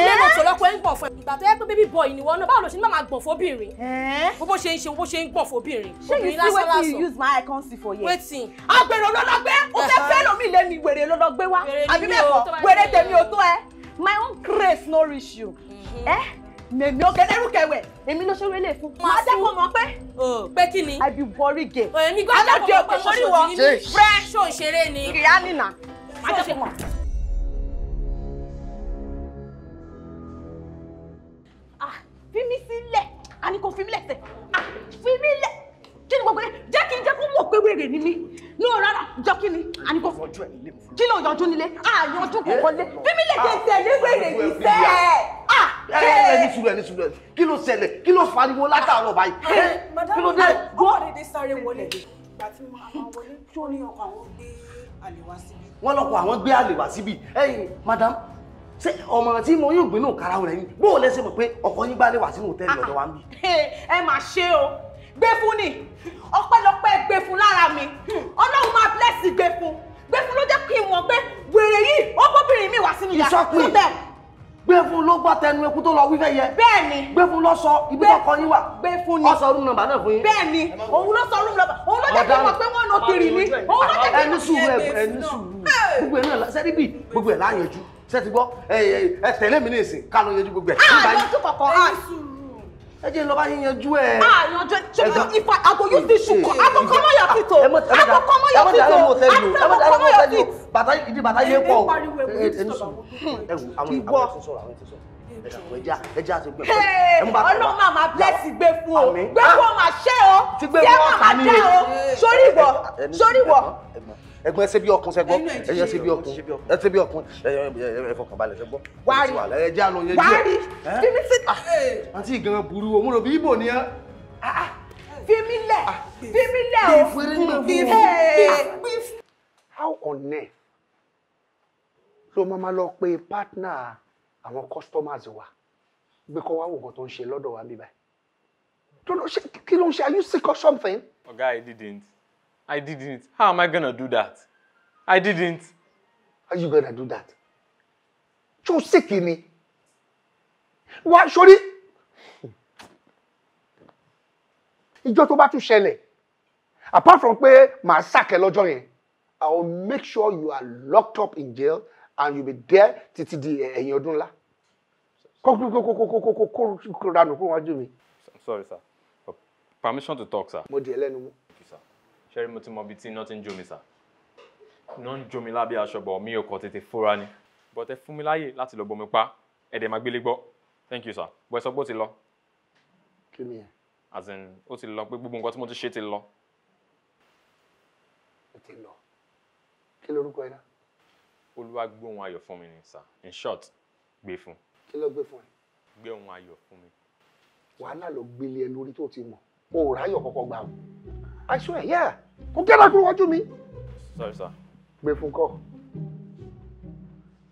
ilé olóòtò lọ́pọ̀ ẹ̀ ń gbọ̀n fún ẹ ìgbà tó yẹ pé bébí bọ̀ ìníwọ́ náà báwo ló ṣe ní máa gbọ̀n fóbìnrin bó ṣe ń pọ̀ fóbìnrin. ṣé you see wetin you use my icon see for here. wetin. agbèrò ló lọ gbé o fẹ́ fẹ́ lómi lẹ́mi wèrè ló lọ gbé wá àbí bẹ́ẹ̀ kọ́ wèrè tèmi ò tó ẹ my own grace no reach you. Eh? Mm-hmm. mèmí òkè lẹ́rùkẹ̀wẹ̀ èmi ló ṣeré lè fún máa dẹ́kun mọ́ pé. pé kí ni. i be worry gay. èmi gbọ́dọ̀ kọ́ mọ́ pé mo ṣòdì ní mi. ṣé ṣòṣèré ni. ìyá nìna. ṣòṣèré. yanjú ẹ̀ nílé mi fún mi. kí ló yanjú nílé àyanjú eh? kò wọlé bíbí lè jẹ tẹ̀lé wèrè yìí sẹ́ ẹ̀. ẹ ẹ ní eh. sùúrù ẹ ní sùúrù ẹ kí ló ṣẹlẹ̀ kí ló fariwo látàárọ̀ báyìí. Eh, kí ló dé. bọ́ọ̀dẹ̀dẹ̀ ah, sáré wọlé ìgbà mo máa wọlé tó ní ọkọ̀ àwọn gbé àlè wá síbí. wọ́n lọ́kọ̀ madam ṣé ọmọ tí mo yóò gbé náà kára rẹ̀ ni bó o lẹ́sẹ̀ mọ̀ pé ọkọ̀ yín bá lè wá sínú hòtẹ́ẹ̀lì ọ̀dọ̀ wa ń bì. Ah, ẹ mà ṣe o gbé fún ni ọpẹ́lọpẹ́ gbé fún lára mi Ọlọ́run máa bless gbé fún gbé fún ló jẹ́ kí n mọ̀ pé wèrè yìí ó bóbìnrin mi wá sínú yàrá ìsọkùn gbé fún ló gbọ́ tẹnu eku tó lọ wí fẹ́ yẹ gbé fún ló sọ ibi tó kọ yín wà gbé fún ni ó sọ rúùmù náà fún yín bẹ́ẹ̀ni òun ló sọ rúùmù nọ́mbà òun ló jẹ́ kí n mọ̀ pé wọ́n nà kiri ni òun ló jẹ́ kí n mọ̀ pé wọ́n nà kiri ni ẹni sùúrù gbogbo ẹ̀ náà sẹ́ni bíi gbogbo ẹ̀ láàyànjú sẹ́ti gbọ́ ẹ tẹ̀lé mi ní ìsìn ẹ jẹ́ lọ́ba yín yanjú ẹ̀. a yanjú ẹ ṣùgbọ́n if I I go use this shoe I go come on your feet o I go come on your feet I go come on your feet. bàtà ìdí bàtà yé pọ̀ o ẹ ní sùn ẹ wù àwọn àwọn ti sọ̀rọ̀ àwọn ti sọ̀rọ̀ ẹja ẹja ti gbẹ pẹ̀lú. máa ma blẹ́sì gbé fún o gbé fún o o tí ẹ máa ma dá o sórí ìwọ sórí ìwọ ẹ̀gbọ́n ẹsẹ bí ọkùnrin sẹgbọ ẹyẹ ẹsẹ bí ọkùnrin ẹsẹ bí ọkùnrin ẹyẹ ẹfọkànbalẹ̀ sẹgbọ. wárí wárí fífi sílẹ̀. àǹtí ìgan burú bí ibo ni ẹ. Ah, ah. fífi ah, lẹ̀ o fífi how on earth ló máa máa lọ pe partner àwọn customers wa gbé kọ́ wá wò kó tó ń ṣe lọ́dọ̀ wa bíbá kí ló ń ṣe are you sick or something. ọ̀gá I didn't. I didn't. How am I gonna do that? I didn't. How are you gonna do that? Ṣé o Why should he? He just tó to tún ṣẹlẹ̀, apart from pé my sack lọ́jọ́ yẹn, I will make sure you are locked up in jail and you'll be there títí di and ọdún ńlá. Kókókókókókókó I'm sorry sir, permission to talk sir ṣẹ́rí mo ti mọ ibi tí iná ti ń jó mi sà iná ń jó mi lábẹ́ aṣọ bọ̀ mi ò kọ́ tètè fúra ni but ẹ fún mi láàyè láti lọ bomi pa ẹ máa gbélé gbọ́ thank you sir bọ́ ẹ sọ pé ó ti lọ. kí ni ẹ. as in ó ti lọ pé gbogbo nǹkan tí mo ti ṣe ti lọ. ó ti lọ kí lorúkọ ẹ náà. olúwa gbé ohun ayọ̀ fún mi ni sir in short gbé fún. kí ló gbé fún ẹ. gbé ohun ayọ̀ fún mi. wàhálà ló gbélé ẹ lórí tó ti mọ̀ o ò ráyọ̀ kọ́kọ́ gbà o. I swear, yeah. Kò kẹ́dà kúrò wájú mi. Sorry, sir. Gbé fún kọ́.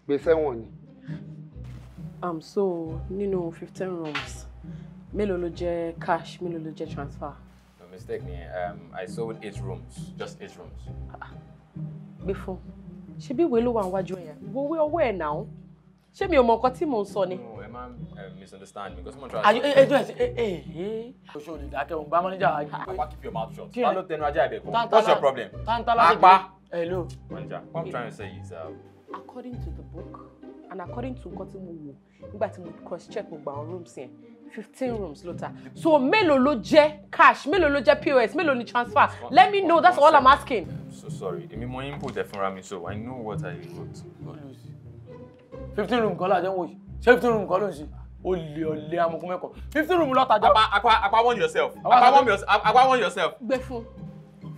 Gbé sẹ́wọ̀n ni. Um, so nínú fifteen rooms, mélòó ló jẹ́ cash, mélòó ló jẹ́ transfer? No mistake ni, um, I sold eight rooms, just eight rooms. Ah, ah. Gbé fún. Ṣé bí ìwé ló wà níwájú ẹ̀yà? Wo owó ẹ̀ náà? ṣé mi ò mọ nǹkan tí mò ń sọ ni. ẹ máa misunderstand me because someone try. ayo ẹ jọ ẹ ẹ ẹ. oṣù òní dákẹ́ òun bá mọ́níjà wa. àwa keep your mouth shut. kí ló tẹnu ajá ẹ̀bẹ̀ kọ́ what's your problem. tantala apá. hello. manager what i'm trying to say is. Uh, according to the book and according to nǹkan tí mo wò nígbà tí mo cross check gbogbo àwọn rooms yẹn fifteen rooms ló so mélòó ló jẹ́ cash mélòó ló jẹ́ pos mélòó ni transfer let me know that's all i'm asking. I'm so sorry èmi mọ input ẹ fúnra mi so i know what i wrote fifteen room kan láàjọ ń wò yìí fifteen room kan ló ń ṣe o lè ọ̀lẹ amukumẹ́kọ̀ fifteen room lọ́tajà. apá apá apá warn yourself apá warn yourself apá warn yourself. gbé fún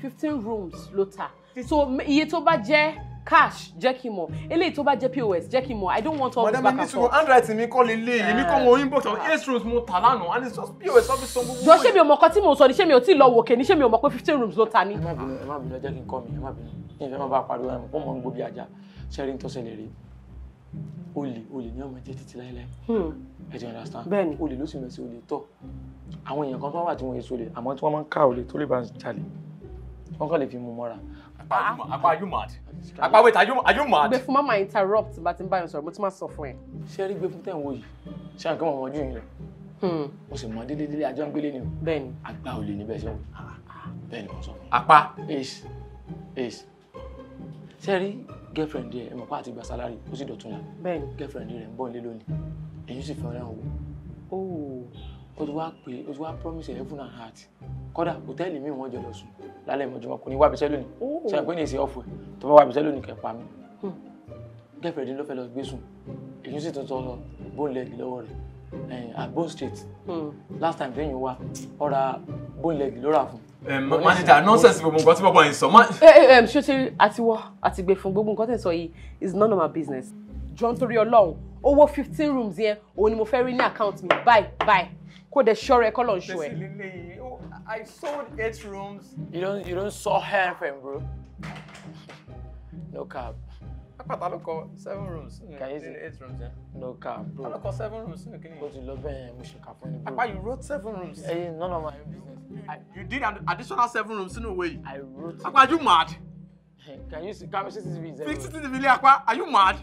fifteen rooms ló ta so iye tó bá jẹ́ cash jẹ́ kí n mọ̀ eléyìí tó bá jẹ́ pos jẹ́ kí n mọ̀ i don't want all this back and forth. madam handwriting mi kọ́ lè lé èmi kọ́ wọn eh. inbox àwọn eight rooms mo tà lánàá and it's just pos office sanwó. jọ ṣé mi ò mọ̀ kan tí mò ń sọ ni ṣé mi ò tí ì lọ wòkè ni ṣé mi ò mọ̀ pé fifteen rooms ló ta ni. ẹ má bínú ẹ má bínú ẹ jẹ́ kí n kọ́ mi ẹ má bínú kí n fẹ́ má bá pariwo ẹ̀ mọ̀ pé mo ń gbóbi ajá ṣẹ́rí ń tó ṣẹlẹ̀ rèé olè olè ni ọmọ jẹ́ títí láéláé hmm. ẹ ti understand bẹ́ẹ̀ni olè ló sì mẹsì olè tọ àwọn èèyàn kan tó wà tí wọn èso olè àmọ́ tí wọn máa ń ká olè tó lè bá jalè wọn kàn lè fi mú mọ́ra. apá are you mad apá wait are you are you mad. gbé fún mama interrupt bá ti ń bá yẹn sọ̀rọ̀ mo ti máa sọ fún ẹ. ṣé rí gbé fún tẹ̀ ń wò yìí ṣé àǹkẹ́ mọ̀ ọmọdé yìí rẹ̀ hmm. mo sì mọ délé délé àjọ ń ni o. bẹ́ẹ̀ni àgbà olè níbẹ̀ ṣe wò ah, ah. bẹ́ẹ̀ni mo sọ. apá ace ace ṣé rí girlfriend rẹ ẹ mọ̀ pé àti gba salary ó sì dọ̀tún yàn bẹ́ẹ̀ni girlfriend rẹ ń bọ̀ nílé lónìí ẹ̀yin sì fẹ́ ọ̀rẹ́ wọn wò oh. ó ti wá pé ó ti wá promise heaven and heart kódà hòtẹ́ẹ̀lì míì wọ́n jọ lọ sùn lálẹ́ ìmọ̀júmọ́ kò ní wá ibiṣẹ́ lónìí oh. ṣe àpé ní ìsìn ọ̀fù ẹ̀ tó bá wá ibiṣẹ́ lónìí kẹ́ pa mí hmm. girlfriend ló fẹ́ lọ gbé sùn èyí sì tuntun lọ bone leg lọ́wọ́ rẹ̀ eh, at bone straight hmm. last time téèyàn wá ọ̀ra bone leg ló rà fún un má ti jà nonsense gbogbo nǹkan tí bọ́bọ́ yìí sọ. Eh, eh, eh, um, ṣé àtiwọ́ àtìgbè fún gbogbo nǹkan tẹ̀ sọ yìí is none of my business. john torí ọlọ́run owó fifteen rooms yẹn òun ni mo fẹ́ rí ní account mi bye bye kó dẹ̀ ṣọ́ra ẹ̀ kọ́ lọ́n ṣọ́ ẹ̀. Oh, I sold eight rooms. You don't you don't saw hair from bro. No cap. Apata ló kọ seven rooms. Hmm, Can you see eight rooms? Yeah. No cap bro. Apata ló kọ seven rooms. Hmm, kí ni? O ti lọ bẹ́ẹ̀ mo ṣe kà fún mi Apá you wrote seven rooms. Ẹyin none of my business. I, you did an additional seven rooms in a way. I wrote Akwa, are you mad? Can you see can you see CCTV is CCTV Akwa, are you mad?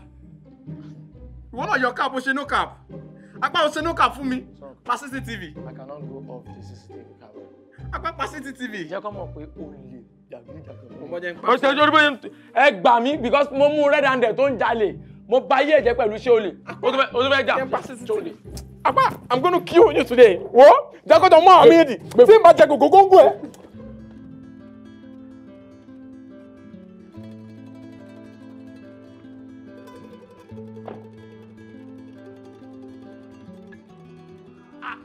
Ìwọ náà your cap o ṣe no cap. Akwa o ṣe no cap fún mi. Pa CCTV. I cannot go off the CCTV camera. Akwa pass CCTV. Jẹ́ kọ́ mọ̀ pé o lè dàbí dàgbà. Mo because mo mú red handed don't ń jalè. Mo bá yé ẹ̀jẹ̀ pẹ̀lú ṣé o lè. O tún fẹ́ jà. Jẹ́ pa CCTV apá i'm gonna kill you today wo jagodo mọ àmì èdè tí n bá jẹ gògó góńgó ẹ.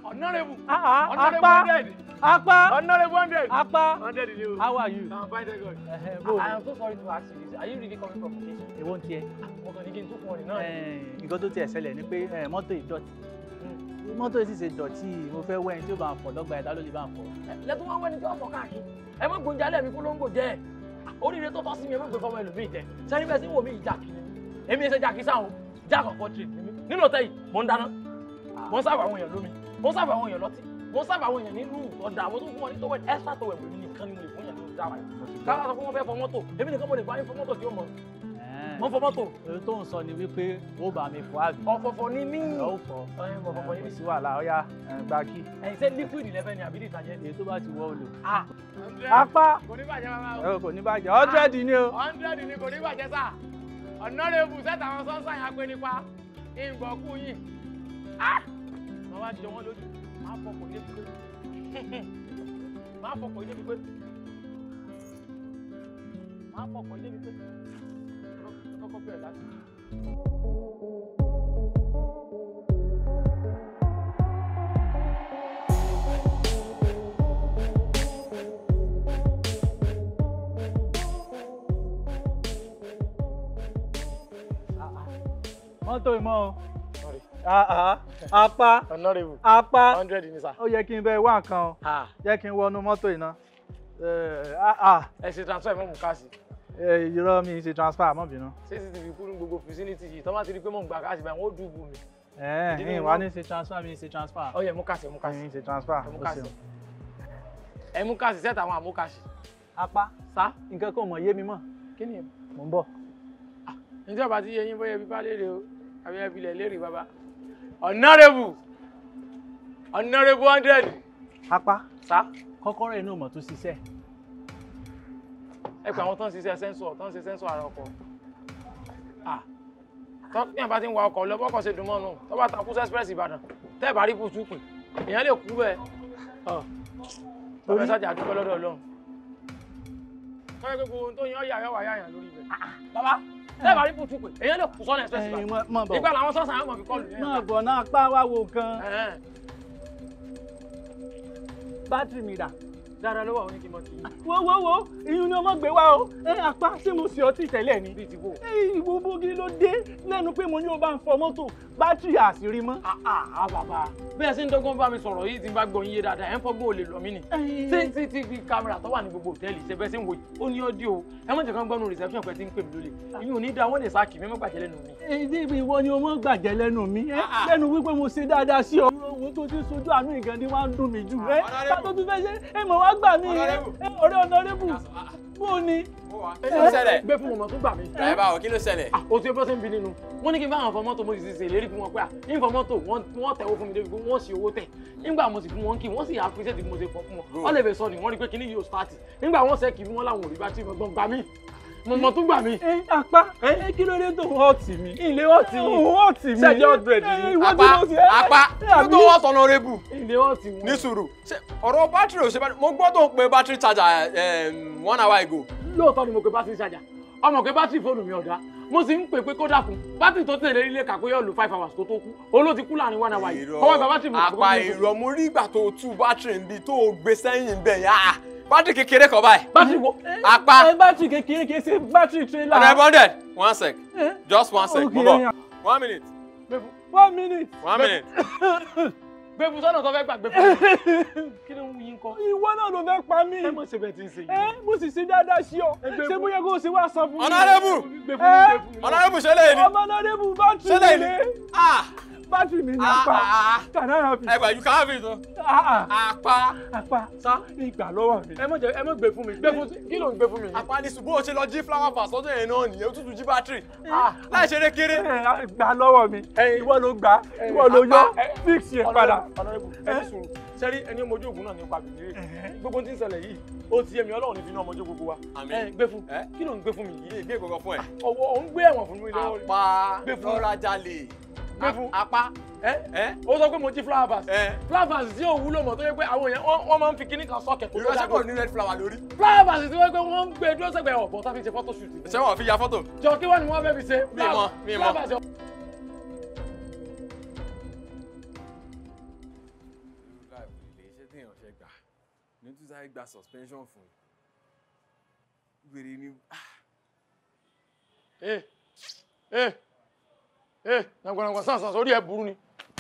honorable ah, ah, honorable hundred apá honorable how are you i'm uh, ah, i am so sorry to ask you this are you really coming from vacation. èwo ń tiẹ̀. mo kàn ní kí n tún fún ọ nínú. Eh, nǹkan tó tiẹ̀ ṣẹlẹ̀ ni pé eh, mọ́tò ìdọ̀tí mọ́tò yìí sì ṣe dọ̀tí mo fẹ́ wẹ́ni tí ó bá fọ̀ lọ́gbà ẹ̀dá ló lè bá fọ̀. lẹ́tọ́ wá wẹ́ni tí wọ́n fọ̀ káàkiri ẹ má gbóúnjẹ alẹ́ mi kó ló oríire tó tọ́ sí mi ẹ má gbé fọmọ ẹlòmíì tẹ sẹ́ni bẹ́ẹ̀ sí wò mí ìjàkì ni èmi ẹsẹ̀ jàkì sáwọn jákọ̀ kọ́tìrì nínú ọ̀tẹ́ yìí mò ń dáná mò ń sáfà àwọn èèyàn lómi mò ń sáfà àwọn èèyàn lọ́tí mò ń sáfà àwọn èèyàn nínú ọ̀dà àwọn tó fún wọn ní tọ́wẹ́ ẹ́sà tọ́wẹ́ mi nìkan ni mo lè fún yàn nínú dáwà yìí káwá sọ fún wọn fẹ́ fọ mọ́tò èmi nìkan mo lè bá yín fọ mọ́tò tí ó mọ̀ Eh, mo fọ mọ́tò. ohun tó ń sọ ni wípé ó bá mi fọ àbí. ọ̀fọ̀fọ̀ ni mí. ọ̀fọ̀ ọ̀fọ̀fọ̀ ni mí. sí wàhálà ọ̀yà gba kí. ẹ̀yin ṣe liquid lẹ́fẹ̀ ni àbí ìtàjẹ́. èyí tó bá ti wọ olò. apá kò ní bàjẹ́ bàbá o. kò ní bàjẹ́ hundred ni o. hundred ni kò ní bàjẹ́ sà ọ̀nàrẹ́bù sẹ́tà àwọn sọ́nsà yẹn apẹ́ nípa ìgbọ̀kú yìí. màá wá jẹ wọn lójú màá fọkàn débi pé màá fọkàn débi pé màá fọkàn débi pé kọ́kọ́ bẹ̀rẹ̀ láti. mọ́tò ìmọ̀ o ah, ah. apá apá ó yẹ kí n bẹ wá nǹkan o yẹ kí n wọnú mọ́tò ìná. Eh, ah, ẹ ṣe transfer mọ́ mú káàsì. Eh, irọ́ mi ṣe transfer mọ́ bínú. cctv kú ní gbogbo facility yìí tó bá ti rí pé mò ń gbà káàsì báyìí wọ́n ó dùbù mi. Eh, ẹ̀ẹ́n ìwà ní ṣe transfer mi ṣe transfer. ó yẹ mú kàṣì mú kàṣì. mi ṣe transfer ó ṣeun. ẹ mú kàṣì sẹ́ẹ̀tì àwọn àmúkàṣì. apá sá nǹkan kan mọ̀ yé mi mọ̀. kí ni mò ń bọ̀. Ah, ǹjẹ́ ọba ti yẹ yín bóyá bíbá léèrè o àbí ẹbí lẹ̀ léèrè bàbá. honorable honorable hundred. apá sá kọ́kọ́rọ́ inú ẹ pé àwọn tó ń ṣiṣẹ́ sẹ́ńsọ̀ ṣe sẹ́ńsọ̀ ara ọkọ̀ tó ní àbá ti ń wa ọkọ̀ lọ bọ́kọ̀ ṣe dùn mọ́nu tó bá takú express Ìbàdàn tẹ́ bá rí bùtù pè èèyàn lè kú bẹ́ẹ̀ ọ̀rẹ́ sájà dúpẹ́ lọ́dọ̀ Ọlọ́run tó yẹ gbogbo ohun tó yan ọ̀yà yọ̀wà yàyàn lórí ibẹ̀ ah, ah. bàbá tẹ́ bá rí bùtù pè èèyàn lè kú sọ́nà express Ìbàdàn ìgbà làwọn sọ́sàn àwọn mọ̀bí kọlù yẹn. náà bọ̀ náà pá wá wo kan bátìrì mi dà lára lọ́wọ́ àwọn oníkìmọ̀ ti. wo wo wo iyún ni ọmọ gbé wá o apá ṣé mo sì ọtí tẹ́lẹ̀ ni. bíi ti wo. ìwọ bógi ló dé lẹ́nu pé mo ní o bá ń fọ mọ́tò bátìrì àṣírí mọ́. àà ah, ah, ah, bàbá bẹ́ẹ̀ ṣe ń dọ́gbọ́n bá mi sọ̀rọ̀ yìí ti bá gbọ́ yín yé dáadáa ẹ̀ ń fọ́gbọ́n olè lọ mí ni. ṣé ti ti fi kámẹ́rà tó wà ní gbogbo hòtẹ́ẹ̀lì ṣe bẹ́ẹ̀ ṣe ń wo yìí ó ní ọ́díò ẹ mọ̀ jẹ́ kán gbọ́nu reception pẹ̀ tí ń pè mí lólè ìyún ní dáwọ́ lè sáà kì mí mọ́ gbàjẹ́ lẹ́nu mi. ìdí ìwọ ni o mọ́ gbàjẹ́ lẹ́nu mi lẹ́nu wípé mo ṣe dáadáa sí ọ. owó tó ti sojú àánú ìgànnì wá ń dùn mí jù ẹ bá tó tún fẹ́ ṣe é mọ̀ wá gbà mí orí ọ̀nàrẹ́bù bó ni. kí ló ṣẹlẹ̀. gbé fún mọ̀mọ́ tó gbà mí. ẹ bá wọ kí ló ṣẹlẹ̀. Ah, o ti bọ́ sí ibi nínú wọ́n ní kí n bá àwọn fọmọ́tò mo sì ti ṣe ìlérí fún wọn pé à ń fọmọ́tò wọ́n tẹ̀wọ́ fún mi débi pé wọ́n sì owó tẹ̀ nígbà mo sì fún wọn kí wọ́n sì àpèsè tí mo ṣe pọ̀ fún wọn. wọ́n lè fẹ́ sọ ni wọ́n rí pé kíní yóò start nígbà wọ́n sẹ́ kí wọ́n láwọn òrìbá tí mo gbọ́n gbà mo mọ tún gbà mí. apá kí ló dé tó họ́ọ̀tì mi. ilé họ́ọ̀tì mi họ́ọ̀tì mi ṣẹ́jọ́ ọ̀dẹ̀dì mi. apá apá kí tó họ́ọ̀tì ọ̀nà rẹ́bù. ilé họ́ọ̀tì wọn. ní sùúrù ọ̀rọ̀ bátìrì ò ṣe bá mo gbọ́ tó ń pe bátìrì charger one hour ago. lóòótọ́ ni mo pe bátìrì charger ọmọ pé bátìrì fóònù mi ọ̀dá mo sì ń pè pé kó dákun bátìrì tó tẹ̀lé ilé kàkó yóò lu five hours tó tó kú òun ló ti kú láàrin one hour yìí kọ́wọ́ gba bátìrì mi. àpá ìrọ̀ mo rí ìgbà tó tú bátìrì ń bi tó gbé sẹ́yìn bẹ́ẹ̀ yá Battery, kékeré kan báyìí. Battery, wo eh, apá. ẹ eh, bátìrì kékeré kìí ṣe bátìrì tírélà. one sec eh? just one sec mo one minute. one minute. one minute. gbé fún sọ́nà tó fẹ́ gbàgbé fún mi kí ló ń wú yín kọ́. ìwọ náà ló fẹ́ pa mí. ẹ mọ̀ ṣe bẹ̀ tí ń ṣe yìí. ẹ mo sì ṣe dáadáa sí ọ ṣé bóyá kó o ṣe wá sọ fún mi. ọ̀nàrẹ́bù ọ̀nàrẹ́bù ṣẹlẹ̀ ni. ọ̀nàrẹ́bù bátìrì mi ni ah! bátìrì mi ni ah, apá tàdára fi. ẹgbà yìí káà fi tán. apá apá sá ìgbà lọ́wọ́ mi. ẹ mọ̀ jẹ ẹ mọ̀ gbé fún mi kí ló ń gbé fún mi. apá ni ṣùgbọ́n o ṣe lọ jí flower pass lọ́dún yẹn náà nìyẹn o tútù jí bátìrì ah, láì ṣeré kéré. Eh, gbà lọ́wọ́ mi ìwọ ló gbà ìwọ ló yọ fix yẹn padà ọ̀nàrẹ́bù eh? ẹni sùúrù sẹ́rí ẹni ọmọjú ògùn náà ní ipa bìnrin rẹ̀ eh? gbogbo tí ń ṣẹlẹ̀ yìí ó ti ẹ̀mí ọlọ́run nífi náà ọmọjú gbogbo wa ẹ eh, gbé fún kí ló ń gbé fún mi yìí. ìgbé ìkọ̀kọ̀ fún ẹ. Ah, ọwọ́ ò ń gbé ẹ̀wọ̀n fún mi lọ́wọ́ rẹ̀. apá lọ́ra jalè apá. ó sọ pé mo jí flowers flowers tí ò wúlò mọ́ tó yẹ pé àwọn èèyàn wọ́n máa ń fi kíní kan sọ́ọ̀kẹ̀ tó dáa. ìrọsẹ́pọ̀ ní red flower lórí. flowers tí wọ́n pé wọ́n ń gbé dúró sẹ́gbẹ̀ẹ́ ọ̀bọ̀ tá fi ṣe photoshoot. ṣé wọn fi ya fọ́tò. jọ kí wọ́n ni wọ́n fẹ́ fi ṣe. mi mọ mi mọ. fẹ́ gbà ní tún sáré gba suspension fún un gbèrè ni. ẹ ẹ ẹ nàgbọ̀nàgbọ̀n sàn sàn sórí ẹ burú ni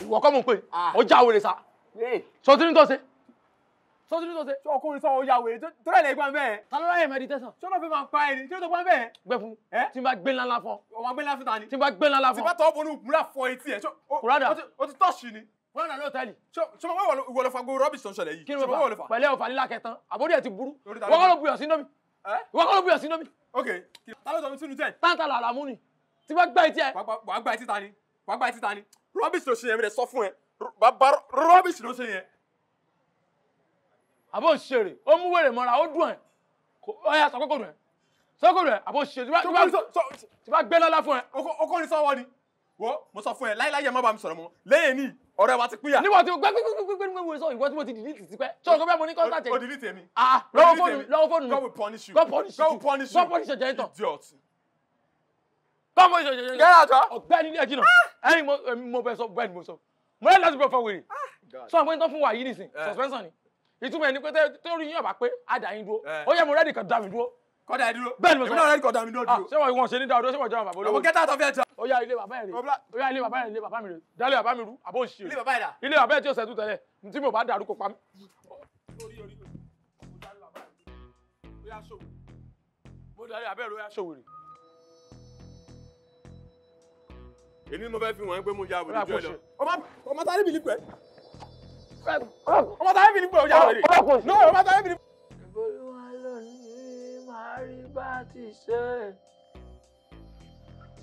ìwọ kọ́ mọ̀ pé ah! ó já wèrè sá eh! sọtí ní tó ṣe sọtí ní tó ṣe. ọkùnrin sọ ọjà wèrè tó rẹ̀ lẹ́gbàá bẹ́ẹ̀. ta ló ráyè meditation. tí ọlọ́fẹ́ máa pa ẹni tí ó tó pa bẹ́ẹ̀. gbẹ fún eh? tí n bá gbé ńlá ńlá fún ọ. ọmọ gbé ńlá fún ta ni. tí n bá gbé ńlá ńlá fún ọ. tí n bá tọ́ wọ́n nà lọ́tẹ̀lì. ṣé mo wá ìwọ lọ fa gbogbo rọ́bìsì tó ń ṣẹlẹ̀ yìí. kí ló fà pẹ̀lẹ́ ọ̀fà nílá kẹtàn àbórí ẹ̀ ti burú. wọ́n kọ́ ló buyọ̀ sí nomi. wọ́n kọ́ ló buyọ̀ sí nomi. ok ta ló sọ mi sínú tẹ̀. táǹtà làrá mú ni tí wọ́n gbá etí ẹ. wàá gbá etí ta ni wàá gbá etí ta ni rọ́bìsì ló ṣe yẹn mi rẹ̀ sọ fún ẹ bàbá rọ́bìsì ló ṣe yẹn. àbó ṣèrè ó mú wèrè mọ́ra ó dùn ẹ̀ ọ̀ya sọ́kòkò rẹ̀ sọ́kòkò rẹ̀ àbó ṣèrè tí wọ́n gbé lọ́lá fún ẹ. okòrin sọ́wọ́ ni wo mo sọ fún ẹ láíláí ẹ má bá mi sọ̀rọ̀ mọ́ lẹ́yìn ní ọ̀rẹ́ wa ti pínyà. níwọ̀n tí mo gbẹ́ gbẹ́gbẹ́gbẹ́ ni mo sọ ìwọ tí mo ti delete ti pẹ́ sọ̀rọ̀ kó bẹ́ẹ̀ mo ní contact yẹn. o delete mi. ah lọ́wọ́ fóònù lọ́wọ́ fóònù mi. God will punish you. God punish you. God punish you. God punish you jẹ́ ìtàn. idiot. God punish you jẹ́ ìtàn. gẹ́gẹ́ àjọ. ọ̀gbẹ́ni ní ẹ̀jìnà ah! ẹ̀yin mo bẹ sọ bẹ́ẹ̀ ni mo sọ mo lẹ́ láti bọ̀ fọ wèrè ah! sọ àwọn tó fún wa yìí nìsín eh. suspension ni ìtumọ̀ ẹ̀ ni pé tó rí yín ọ̀bà pé á dà yín dúró eh. ó yẹ mo rẹ́dì kan dà mí dúró kọ́dà dúró. bẹ́ẹ̀ ni mo sọ ìmúlẹ̀ kọ́dà mi dúró. Ah, ṣé wọ́n wọ́n ṣe ní dáadọ́ ṣé wọ́n jẹ́ bàbá olówó. ọmọ kẹta tó fẹ́ jọ. ó yá ilé bàbá yẹn rè ó yá ilé bàbá yẹn rè bàbá mi rè dálé bàbá mi rú àbó òṣì rè ilé bàbá yẹn dà. ilé bàbá yẹn tí ó sẹ́tù tẹ́lẹ̀ tí mo bá dàrú kó pa mí. èmi mo fẹ́ fi wọ́n pé mo ya àbùdó jọ lọ. ọmọ tá a rí bìlí pẹ́. ọmọ tá a rí bìlí pẹ́ àárí bá ti ṣe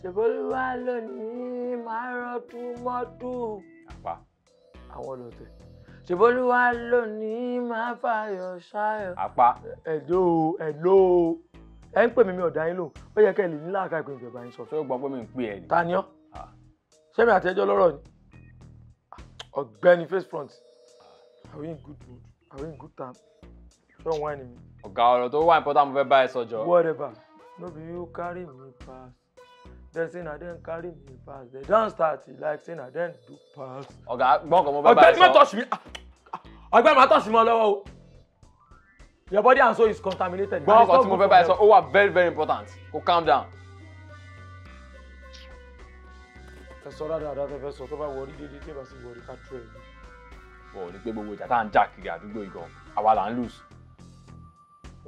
ṣèbólúwá lónìí máa rọtú mọ́tú. àpá. àwọn olóòtú ṣèbólúwá lónìí máa fàyọ̀ ṣayọ̀. àpá. ẹ̀dọ́ ẹ̀dọ́ ẹ ń pè mí mi ọ̀dà yín lò ó yẹ kẹ́ ẹ lè ní láàká ìpè ìjọba yín sọ. ṣé o gbọ́ pé mi ń pè ẹ ni. ta ni ọ́ ah. ṣé mi àti ẹjọ́ lọ́rọ̀ ni ọ̀gbẹ́ni face front are we in good mood are we in good time ṣé òun wá ẹni mi ọ̀gá ọ̀rọ̀ tó wà important mo fẹ́ bá ẹ sọ whatever no be you carry me pass Then, say na dem carry me pass dem don start like say na dem do pass. ọ̀gá gbọ́n kan mo fẹ́ bá ẹ sọ. ọ̀gbẹ́ni mo touch mi ọ̀gbẹ́ni mo touch mi lọ́wọ́ o your body and soul is contaminated. gbọ́n kan tí mo fẹ́ bá ẹ sọ ó wà very very important kò calm down. ẹ sọ dáadáa tẹ fẹ́ sọ tó bá wọrí déédéé tí ẹ bá sì wọrí ká tú ẹ. wọ́n ò pé gbogbo ìjà tá à ń jà kiri àdúgbò ìgàn àwa là ń lose.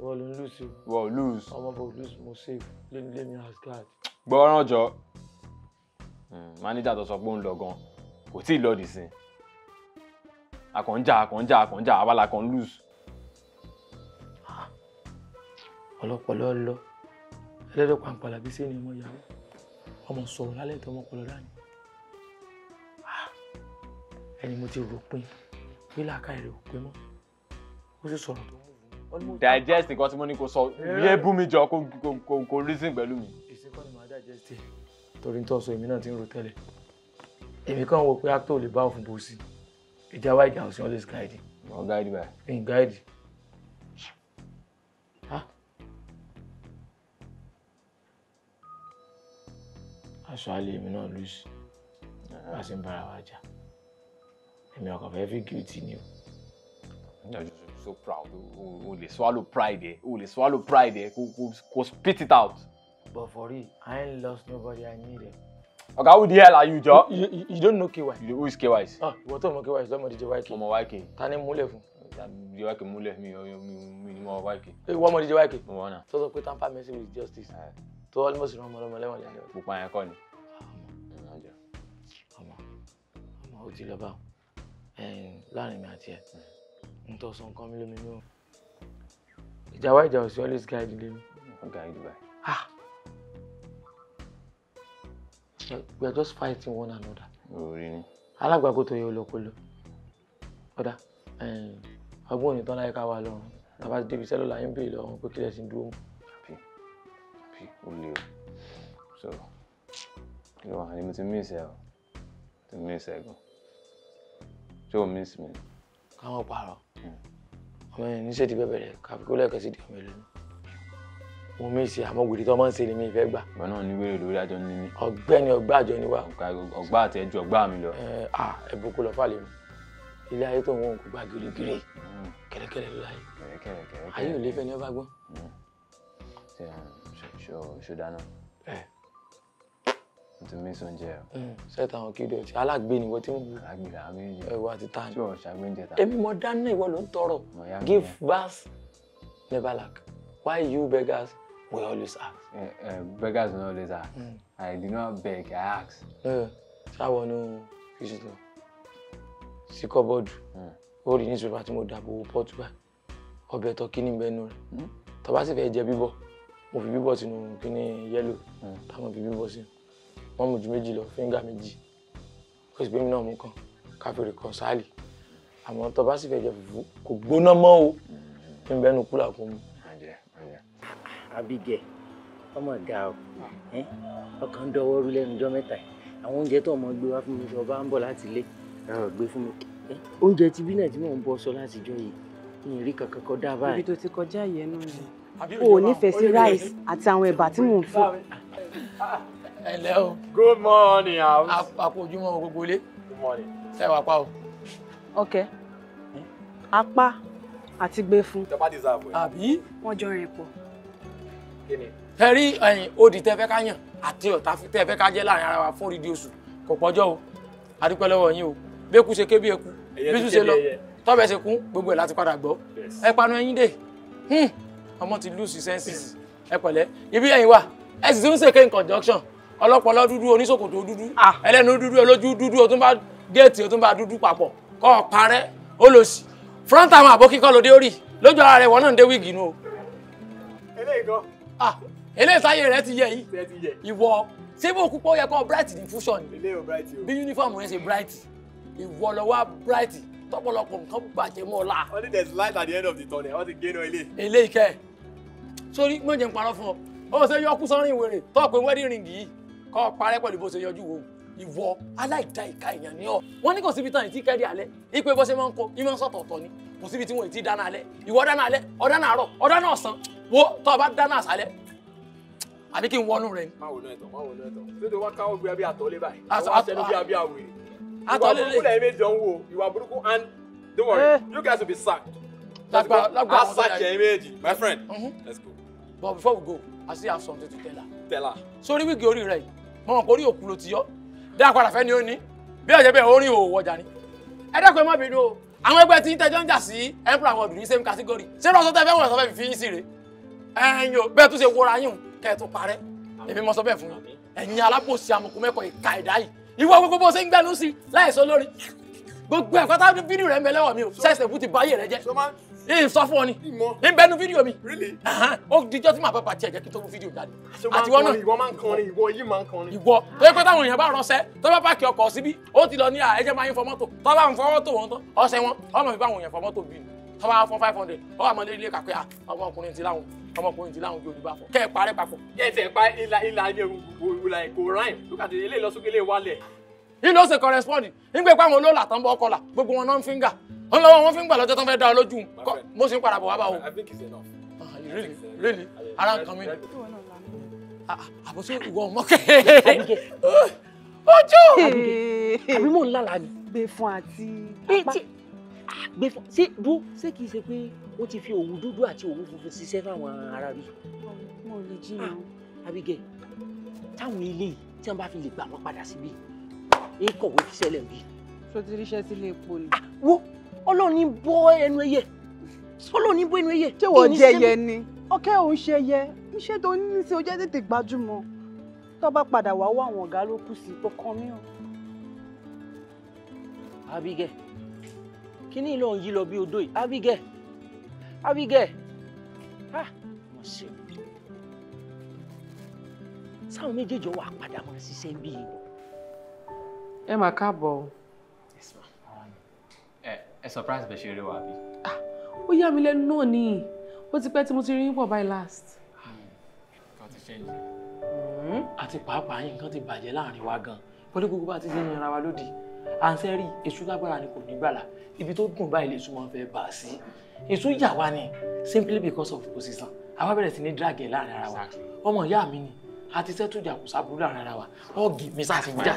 Well, ló lose o. wọ́n lose. ọmọ bò lose mo save lẹ́mi lẹ́mi as guard. gbọ́ràn jọ mánéjà hmm, tó sọ pé ó ń lọ gan kò tí ì lọ dì sí àkànjà àkànjà àkànjà abala kan lose. Ah. ọlọpọlọ lọ ẹlẹ́dọ̀ pàǹpàlà bí sẹ́ni ọmọ ìyàwó ọmọ sọ̀rọ̀ lálẹ́ ìtọ́ ọmọkùnrin dání ah. ẹni mo ti rò pin pé làákàyè rẹ̀ ò pé mọ́ ó sì sọ̀rọ̀ tó ń digest nǹkan tí mo ní kó sọ yé bú mi jọ kó kó kó reason pẹ̀lú mi. ìsìnkú ni màá digest ẹ e? torí ń tọ́sọ èmi náà ti ń ro tẹ́lẹ̀ èmi kàn wò pé actor lè bá òfin bò sí ìjà wa ìjà òsín always guide. ọ̀ guide báyìí. in guide. aṣọ alẹ́ èmi náà lùsì bá a ṣe ń bára wa jà èmi ọkọ̀ fẹ́ fi guilty ni o so proud o o lè swallow pride ẹ o lè swallow pride ẹ kò kò kò spit it out. but for real i ain't lost nobody i need it. ọ̀gá who the hell are you jọ. you you, don't know ky. You, who is ky. ah ìwọ tó mọ ky lọmọ díje yk. ọmọ yk. ta ni múlẹ̀ fún. díje yk múlẹ̀ mi mi ni mo yk. ìwọ ọmọ díje yk. mo wọ́n na. tó sọ pé tamper mercy with justice. tó almost ràn ọmọ ọlọmọ lẹ́wọ̀n lẹ́wọ̀n. pupa yẹn kọ́ ni. ọmọ ọmọ o ti lọ bá láàrin mi àti ẹ. Hmm n tó sọ nǹkan mi lómi ní o ìjà òsì always guide lé guide by. ah we are just fighting one another. orí ni. alágbàgbó tó yẹ olókòló ọ̀dà ọgbọ́n òní tán láyé ká wa lọ́rùn tàbá ti débi sẹ́lọ̀ láyé ń bèèrè lọ́rùn pé kílẹ̀ sí ń dúró mọ́. àbí àbí ó lè o so kí ló wà ní mo ti mí ìsẹ́ o ti mí ìsẹ́ gan ṣé o miss me. káwọn pààrọ̀ ọmọ yẹn níṣẹ́ ti bẹ̀bẹ̀rẹ̀ kàfi kó lẹ́ẹ̀kan sí di ọmọ ìlú ni mo mí sí àmọ́ wèrè tó máa ń ṣe ni mi ìfẹ́ gbà. ìgbà náà ní wèrè lórí àjọ ní mi. ọ̀gbẹ́ni ọgbà àjọ ni wa. ọgbà àtẹjú ọgbà mi lọ. ẹ ẹ boko lọ fà lèmi ilé ayé tó ń wọn kò gba gírígírí hmm. kẹ̀rẹ̀kẹ̀rẹ̀ ló láyé ayé ò lè fẹ́ ní ọba gbọ́n. ṣó dáná. ẹ tuntun mi sọ oúnjẹ o. Hmm, sẹ́ẹ̀tà àwọn kiri ọtí alágbé ni wọ́n ti ń bu. alágbé ni àwọn méjì. ẹ̀wọ̀ àti tán. tí o ṣàgbéǹjẹ ta. èmi mo dáná ìwọ ló ń tọrọ. give bass never lack why you beggars we always ask. Uh, uh, beggars no always ask. Mm. I did not beg I ask. ṣáwọ ní kìsì tó sí kọ́bọ́ọ̀dù hmm. ó rí newspaper tí mo dàbò pọ́tù báyìí ọbẹ̀ tọ́kí ní bẹ́ẹ̀ nù rẹ̀ hmm. tọ́ba sì fẹ́ jẹ bíbọ̀ mo fi bíbọ̀ sínú kíní yẹ́lò táwọn fi bíbọ̀ sínú wọ́n mú ju méjì lọ fíńgà méjì ó sì gbémi náà mú kan káfíìrì kan sáàlì àmọ́ tó bá sì fẹ́ jẹ fùfú kò gbóná mọ́ o kí n bẹ́nu kúlà kó mu. Abígẹ̀ ọmọ ga o ọkàn dọwọ́ rú lẹ́nu ọjọ́ mẹ́ta àwọn oúnjẹ tó ọmọ gbé wá fún mi sọ bá ń bọ̀ láti ilé ẹ̀rọ gbé fún mi oúnjẹ tí bí náà tí mò ń bọ̀ sọ láti jọ yìí ní ìrí kankan kọ dá báyìí. ibi tó ti kọjá yẹn náà ni o ò nífẹ̀ẹ́ sí rice àti àwọn ẹ̀bà tí mò ń fò. Hello. good morning house. àpò ojúmọ́ gbogbo ilé. good morning. ṣe wà pa o. ok hmm? ati àti gbẹ̀fun. tọ́pá ti sáà fún ẹ. àbí. wọ́n jọ rìn pọ̀. kí ni. ẹ rí odi tẹ fẹ́ ká yàn àti ọ̀tá tẹ fẹ́ ká jẹ́ láàrin ara wa fún rídìí oṣù kò pọ́jọ́ o a dúpẹ́ lọ́wọ́ yín o bí se ṣe ké bí eku bí sùn ṣe lọ tọ́bẹ̀ ṣe kún gbogbo ẹ̀ láti padà gbọ́ ẹ panu ẹyin dè hmm. ọmọ ti lose senses ẹ pẹ̀lẹ́ ibi ẹ̀yin wà ẹ sì tún ṣe ké in conjunction ọlọ́pọlọ dúdú oníṣòkòtò dúdú ah. ẹlẹ́nu dúdú olójú dúdú o tún bá géètì o tún bá dúdú papọ̀ kọ́ ọ parẹ́ ó lọ sí front àwọn àbókí kọ́ lóde orí lójú ara rẹ̀ wọ́n náà ń dé wíìgì nù o. eléyìí gan. ah eléyìí sáyé rẹ ti yẹ yìí ìwọ síbò púpọ̀ yẹ kọ́ bright diffusion bí uniform rẹ ṣe bright ìwọ lọ́wọ́ bright tọ́pọ̀lọpọ̀ nǹkan bàjẹ́ mọ́ la. only there is light at the end of the tunnel wọ́n ti gé náà ilé. eléyìí kẹ́ sórí mọ̀jẹ̀ ń parọ́ fún ọ ó ṣe yọkú sọ́rin ìwèrè tó o pé wedding kọ́ parẹ́ pẹ̀lú bó ṣe yanjú wo ìwọ aláìda ìka èèyàn ni ọ wọn ní kò síbi tán ìtí kẹ́rì alẹ́ ipe bó ṣe máa ń kó ìmọ̀ sọ̀tọ̀ ọ̀tọ̀ ni kò síbi tí wọn ìtí dáná alẹ́ ìwọ dáná alẹ́ ọ̀dáná àárọ̀ ọ̀dáná ọ̀sán wo tó o bá dáná àṣálẹ́ àbí kí n wọnú rẹ. má wọnú ẹ̀tọ́ má wọnú ẹ̀tọ́ nítorí wọn káwọ́ gbé abí àtọ́lé báyìí àwọn aṣẹ́nu bí abí àwòrán ìwà burúkú lẹ́yìn méjì ọ̀hún wo ìwà burúkú and don't worry eh. you guys will be sacked. lágbà lágbà àwọn ọ̀dọ́ yẹn méjì my friend mm -hmm. let's go. but before we go i still have something to tell her. tell her. sórí wíìgì orí rẹ yìí mọ̀ kó rí òkú ló ti yọ dá padà fẹ́ ni ó ní bí ọ̀jẹ̀ bẹ́ẹ̀ ó rìn òwò ọjà ni. ẹ dẹ́kun ẹ má bínú o àwọn ẹgbẹ́ tí ń tẹjọ́ ń jà sí emperor àwọn ọdún ní same category ṣé lọ́sọ tẹ fẹ́ wọ̀ lọ́sọ fẹ́ fi fi yín sí re ẹ̀yin o bẹ́ẹ̀ tún ṣe wọra yín kẹ́ ẹ tún parẹ́ èmi mọ sọ bẹ́ẹ̀ fún yín ẹ̀yin alábòsí amukú mẹ́kọ̀ ìka ẹ̀dá yìí ìwọ gbogbo bó ṣe ń gbẹnu sí láìsọ lórí gbogbo ẹ̀kọ́ tá fídíò rẹ̀ ń bẹ lẹ́wọ̀ mi o ṣẹ́ṣẹ̀ bú ti báyé rẹ jẹ́ ee sọ fún ọ ni n bẹ nu fídíò mi ó dijọ́ tí màá bá bàtí ẹ̀jẹ̀ kí n tó mú fídíò jáde àti wọn náà ìwọ máa ń kọrin ìwọ yìí máa ń kọrin. ìwọ tó yẹ pé táwọn èèyàn bá ránṣẹ́ tó bá pààkì ọkọ̀ síbí ó ti lọ ní ẹjẹ máa ń fọ mọ́tò tó bá ń fọ mọ́tò wọn tán ọ̀sẹ̀ wọn ọmọ mi báwọn èèyàn fọ mọ́tò bí ni tó bá fọ five hundred ó wà mọ́ ilé kàpẹ́ ọmọkùnrin ti láwọn ọmọkùnrin ti láwọn ju olùbá fọ kẹ́ ẹ parẹ́ papọ̀. kẹ́ ẹ tẹ̀ pa ìlà ìlà ilé ìwòlà èkó ryan lókàtí ilé ìlọsókè ilé wálẹ̀. ìlú ó ṣe correspond nígbà pé àwọn olóòlà tán bọ́ ọkọ̀ là gbogbo wọn náà ń fíńgà wọn lọ́wọ́ wọn fi ń gbà lọ́jọ́ tó ń fẹ́ dá ọ lójú mo sì ń padà bọ̀ wá bá o. Ah, really really ara nǹkan mi. Ah, ah, àbọ̀sọ ìwọ ọmọ kẹ́kẹ́ ojú. àbí mò ń lálàá ni. gbé fún àti apá gbé fún ṣé dúró ṣé kìí ṣe pé wọ́n ti fi òwú dúdú àti òwú funfun ṣiṣẹ́ fáwọn ará rí. wọn ò lè jí mi. Abígẹ́ táwọn ilé yìí tí wọ́n bá fi lè gbà wọ́n padà síbí èé kọ̀wé fi ṣẹlẹ̀ bí. sotiri iṣẹ́ sílé epo ni. wo Ọlọ́run ní bọ́ ẹnu ẹyẹ Ọlọ́run ní ẹnu ẹyẹ. ṣé wọ́n jẹ́ ẹyẹ ni. ọkẹ́ ò ń ṣe ẹyẹ iṣẹ́ tó ní sí ojẹ́ tètè gbajúmọ̀ tó bá padà wá wá àwọn ọ̀gá ló kù sí ipò kan mìíràn. Abigẹ̀ kíní ló ń yí lọ bí odò yìí Abigẹ̀ Abigẹ̀ ha mo ṣe sáwọn méjèèjì wà padà máa ṣiṣẹ́ bíi. ẹ máa káàbọ̀ o ẹ surprise bẹ ṣe eré wa bí. Ah, ó yà mí lẹ́nu náà ni ó ti pẹ́ tí mo ti rí yín pọ̀ báyìí last. nǹkan ti ṣe yìí. Hmm, àti pàápàá yín nǹkan ti bàjẹ́ láàrin wa gan pẹ̀lú gbogbo bá ti ṣe yan ara wa lódì à ń sẹ́rí èṣù lágbára ni kò ní gbàlà ibi tó dùn báyìí lè súnmọ́ fẹ́ bà á sí èṣù yà wá ni simply because of position àwa bẹ̀rẹ̀ sí ní drag ẹ̀ láàrin ara wa ọmọ ìyá mi ni a ti sẹ́tù jà kò sábúrú láàrin ara wa ọ̀gì mi sáà ti jà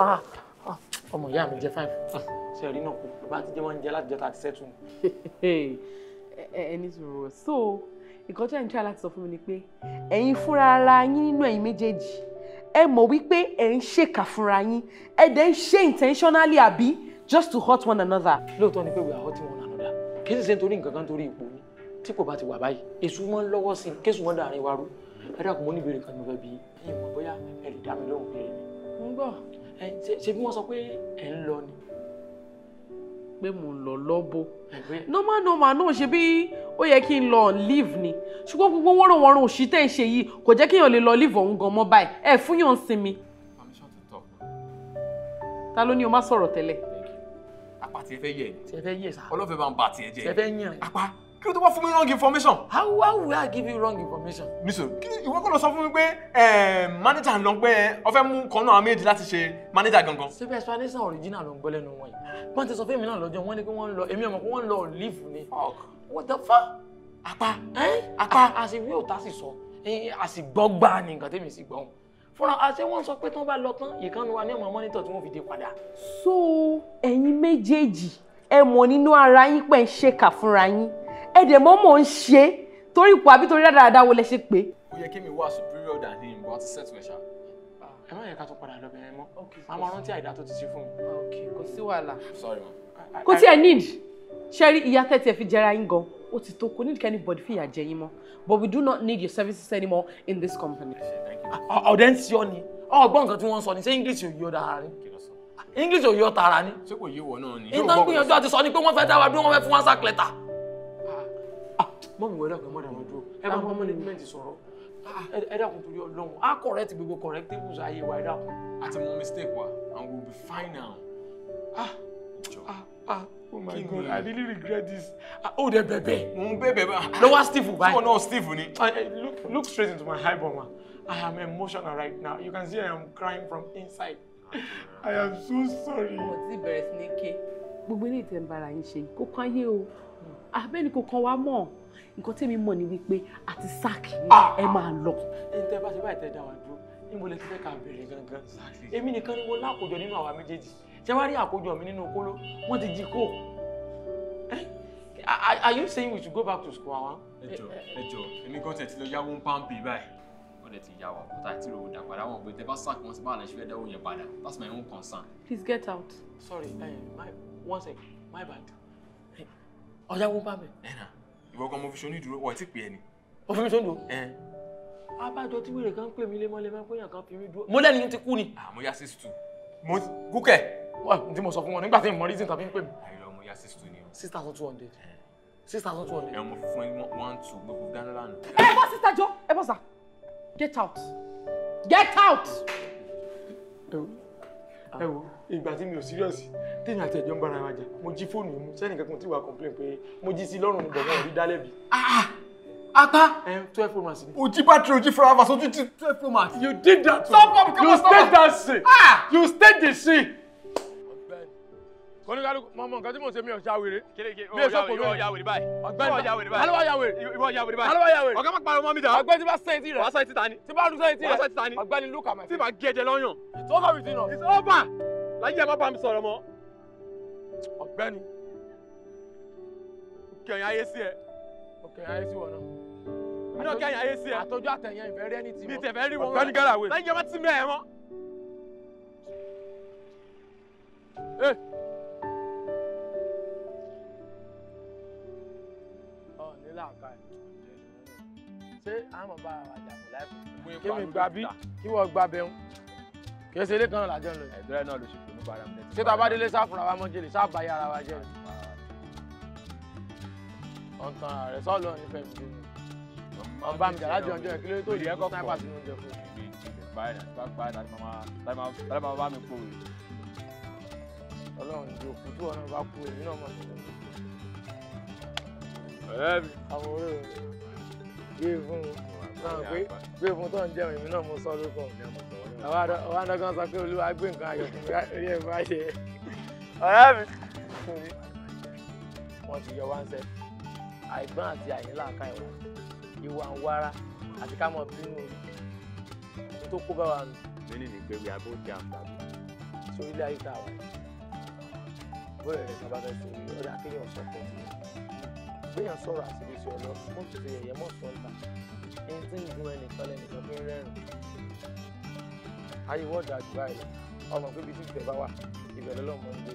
ah, ah, ọmọ ìyá mi jẹ́ five ṣe rí náà kú bá ti jẹ́ wọ́n ń jẹ láti jẹta àti sẹ́tù. ẹni sọ̀rọ̀ so nǹkan tí ẹ̀ ń try láti sọ fún mi ni pé ẹ̀yin fúnra ara yín nínú ẹ̀yin méjèèjì ẹ mọ̀ wípé ẹ̀ ń ṣèkà fúnra yín ẹ̀ dẹ̀ ń ṣe intentionally àbí just to hurt one another. lóòótọ́ ni pé we are hurting one another kì í sì ṣe nítorí nǹkan kan nítorí ipò mi tí kò bá ti wà báyìí èṣù mọ́ ń lọ́wọ́ sí i kí èṣù mọ́ dàrin wa rú ẹ dákun mo ní ìbéèrè kan ní mo fẹ́ bí ẹ̀yin mọ̀ bóyá ẹ lè dá mi lóhùn bẹ́ẹ̀ ni. mo ń gbọ́. ṣe bí wọ́n sọ pé ẹ̀ ń lọ ni pé mò ń lọ lọ́bọ̀ normal normal náà ṣe bí ó yẹ kí n lọ on leave ni ṣùgbọ́n gbogbo wọ́rọ̀ wọ́rọ̀ òṣì tẹ̀ ń ṣe yìí kò jẹ́ kéèyàn lè lọ leave ọ̀hún gan mọ́ báyìí ẹ fún yàn sinmi. ta ló ní o má sọ̀rọ̀ tẹ́lẹ̀. apá tiẹ̀ fẹ́ yẹ̀ ẹ́ ọlọ́fẹ́ bá ń ba tiẹ̀ jẹ́ apá kí ló tó wá fún mi wrong information. how how will I give you wrong information. niso ìwọ kọ́ lọ sọ fún mi pé eh, manager ló ń pẹ́ ọfẹ́ mú kan náà méjì láti ṣe manager gangan. síbẹ̀ explanation original ló ń gbọ́ lẹ́nu wọn yìí wọ́n ti sọ fún èmi náà lọ́jọ́ wọ́n ní pé wọ́n lọ èmi ọmọ pé wọ́n lọ leave ni. what the fuck. apá apá àṣìwé òtá sì sọ àṣìgbọ́gbà ni nǹkan tẹ́mi sì gbọ́n fúnra àṣẹ wọn sọ pé tí wọn bá lọ tán ìkànnì wa ní ọmọ mọ́nítọ̀ tí wọ́n fi dé padà. so ẹ̀yin méjèèjì ẹ mọ̀ nínú ara yín pẹ̀ ń ṣèkà fúnra yín ẹ̀dẹ̀ mọ́ mò ń ṣe torí ipò àbí torí dáadáa wo lẹ ṣe pé. ó yẹ kí mi wá superior than him but ti settle ẹ̀ ṣá. ẹ má yẹ ká tún padà lọ́bẹ̀ yẹn mọ́ àmọ́ rántí àìdá tó ti ṣe fún mi. Ah, kò sí wàhálà. sorry ma. kò tí ẹ need ṣe rí ìyá tẹ́tí ẹ fi jẹra yín gan ó ti tó kò need kí anybody fìyà jẹ yín mọ́ but we do not need your services anymore in this company. Ah, ah, ọ̀dẹ̀ ń ṣí ọ ni ọgbọ́n nǹkan tí wọ́n ń sọ ni ṣé English ò yọ dára ni English ò yọ tààrà ni. ṣé kò yé wọ náà ni. ìtàn gbìyànjú àti sọ ni pé wọ́n fẹ́ dá wa dúró wọ́n fẹ́ fún wa sack letter mọ́mí wẹ́dà kan mọ́dà wọn dúró ẹ bá wọn management sọ̀rọ̀ ah, ah, ẹ dákun torí ọlọ́run á correct gbogbo correctables ayé wa ẹ dákun. a ti mistake wa and we will be fine now. ah ah ah oh my King god me. i really regret this ah, oh de bẹ̀bẹ̀. mo ń bẹ̀bẹ̀ bá. lọ́wọ́ steve báyìí. fún ọ náà steve ni. look look straight into my eye bọ̀mà i am emotional right now you can see i am crying from inside i am so sorry. mo ti bẹ̀rẹ̀ sí ní ké gbogbo ilé ìtẹ̀ǹbara yìí ṣe kó kán yé o àbẹ́ni kò kàn wá mọ́ nǹkan tèmi mọ̀ ni wípé àti sáàkì ah! ẹ máa lọ. ẹni tẹ́ bá ṣe báyìí tẹ́ dá wa dúró níbo lẹ ti fẹ́ ká bẹ̀rẹ̀ gangan èmi nìkan ni mo lákòjọ nínú àwa méjèèjì ṣé wàá rí àkójọ mi nínú kóló wọ́n ti jí kó are you saying we should go back to school àwọn. ẹjọ ẹjọ èmi kan tẹ̀ ti lọ yáwó ń pàǹpì báyìí wọ́n dẹ̀ ti yá wa ọ̀tá àti ìròwò dà padà wọn pé tẹ bá sáàkì wọn ti bá àlẹ́ ṣe fẹ́ dẹ́wọ̀ yẹn padà that's my own concern. please get out. sorry uh, my, one second my bad ọ̀yáwó bá mi. ẹ̀ náà ìwọ kan mo fi ṣoní ìdúró wọ́n ti pè é ni. o fi mi ṣoní o. abájọ tí wèrè kan pè mí lémọ́lémọ́ pé yàn kan fi mí dúró mo lẹ́ni ti kú ni. àmọ́ ah, ya six two. mo kúkẹ́. wà ní tí mo sọ fún wọn nígbà tí mo rí sí nǹkan fi ń pè mí. àìlọ mo ya six two ni o. six thousand two hundred. six thousand two hundred. ẹ mo fún ẹ one two gbogbo dáná lánàá. ẹ bọ́ sísá jọ ẹ bọ́ sá get out get out. ẹ wo ẹ wo ìgbà tí mi ò serious tèmi àti ẹ̀jọ́ ń bára wa jà mo jí fóònù mú sẹ́ni kankan tí wàá complain pé mo jí sí lọ́rùn bọ̀ náà rí dálẹ́bi. Ah, ah, ata twelve pro max ni. o jí bátìrì o jí fúra wàsó tún ti twelve pro max. you did that one stop up come on stop up ah! you stay that sin you stay the sin. kọ́nìkàlùkù mọ̀mọ́ nǹkan tí mò ń ṣe mi ò ṣá wèrè. kéréké o yà wèrè o yà wèrè báyìí. ọgbẹ́ni o yà wèrè báyìí. alọ́ yà wèrè ìwọ yà wèrè báyìí. alọ́ yà wèrè. ọ̀gá má pariwo mọ́ mi dà. ọgbẹ́ni tí bá sẹ́yìn tí rẹ̀. wàá sẹ́yìn tí ta ni. tí bá lu sẹ́yìn tí rẹ̀. wàá sẹ́yìn tí ta ni. ọgbẹ́ni luka mẹ́ta. tí bá gẹ̀jẹ̀ lọ́yàn. it's over with you now. it's over alájẹ ẹ má bá mi sọ̀rọ̀ mọ́ ọ̀gbẹ́ni kẹyìn ayé sí ẹ kẹyìn ayé sí wọn náà mi náà kẹyìn ayé sí ẹ àtọjú àtẹyìn ìfẹ́ rí ẹni tì wọn mi tẹfẹ rí wọn ọ̀gbẹ́ni gàràwé alájẹ ẹ má ti mí ẹ mọ́. láǹkà ẹ̀. ṣé àmọ̀ bá ara jà láìpẹ́. kí mi gbà bí kí wọ́n gbà bẹ́ẹ̀ kí ẹ ṣe ilé kan náà lájọ ń lọ. ẹ̀dúrà náà ló ṣe ṣé tá a bá délé sáfùrà wa mọ́ jèlè sáà báyà ara wa jẹ́ ọ̀tàn ààrẹ sọ́ọ̀lù ọ̀hún fẹ́ fi dé ọba mi jàlájọ ọjọ́ ẹ̀ kí ló tó yẹ kọ́ sniper sínú oúnjẹ fún mi. báyìí náà báyìí náà tàbí máa bá mi kó o. ọlọ́run ìjọ òkú tí wọn bá kú èmi náà mọ̀ sí i. ọ̀rẹ́ mi. àwọn orí àwọn adọ́gán sọ pé olúwa gbé nǹkan ayọ̀ orí ẹ̀ bá ṣe ọ̀rẹ́ mi. wọ́n ti yọ wá ń sẹ́ àìgbọ́n àti àyínlá àká ìwà ìwà ń wára àti ká mọ̀ bínú ohun tó kó bá wa nù. many ni pé we are both young and bad. sórí ilé ayé tá a wà bóyá rẹ̀ sábà fẹ́ sórí ọ̀dà akéèyàn sọ pọ̀ sí i gbéyàn sọ̀rọ̀ àti ìbísí ọ̀lọ́ mọ̀ tó ti yẹ̀yẹ́ mọ̀ sọ̀tà ẹni tí ń gun ẹnìkan lẹ́nìkan fi ń rẹ́rìn-ín ayé wọ́ọ̀dù àjùbá yìí ọmọ pé ibi tí ìfẹ́ bá wà ibẹ̀ lọ́lọ́mọ ń gbé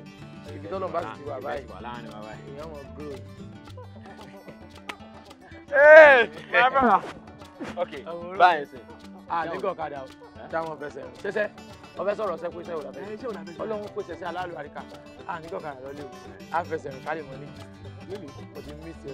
ibi tọ́lọ́ bá ti wà báyìí èèyàn mọ̀ grow. ok báyìí sè àdìgọ̀ kadà táwọn fẹsẹ̀ ṣẹṣẹ wọ́n fẹ́ sọ̀rọ̀ sẹ́kù iṣẹ́ òdàbẹ́ ọlọ́run kò ṣẹṣẹ aláàlú àríkà àdìgọ̀ kadà lọ́lẹ́ o àfẹsẹ̀ rìn kálí mọ́ ní mímí mí sí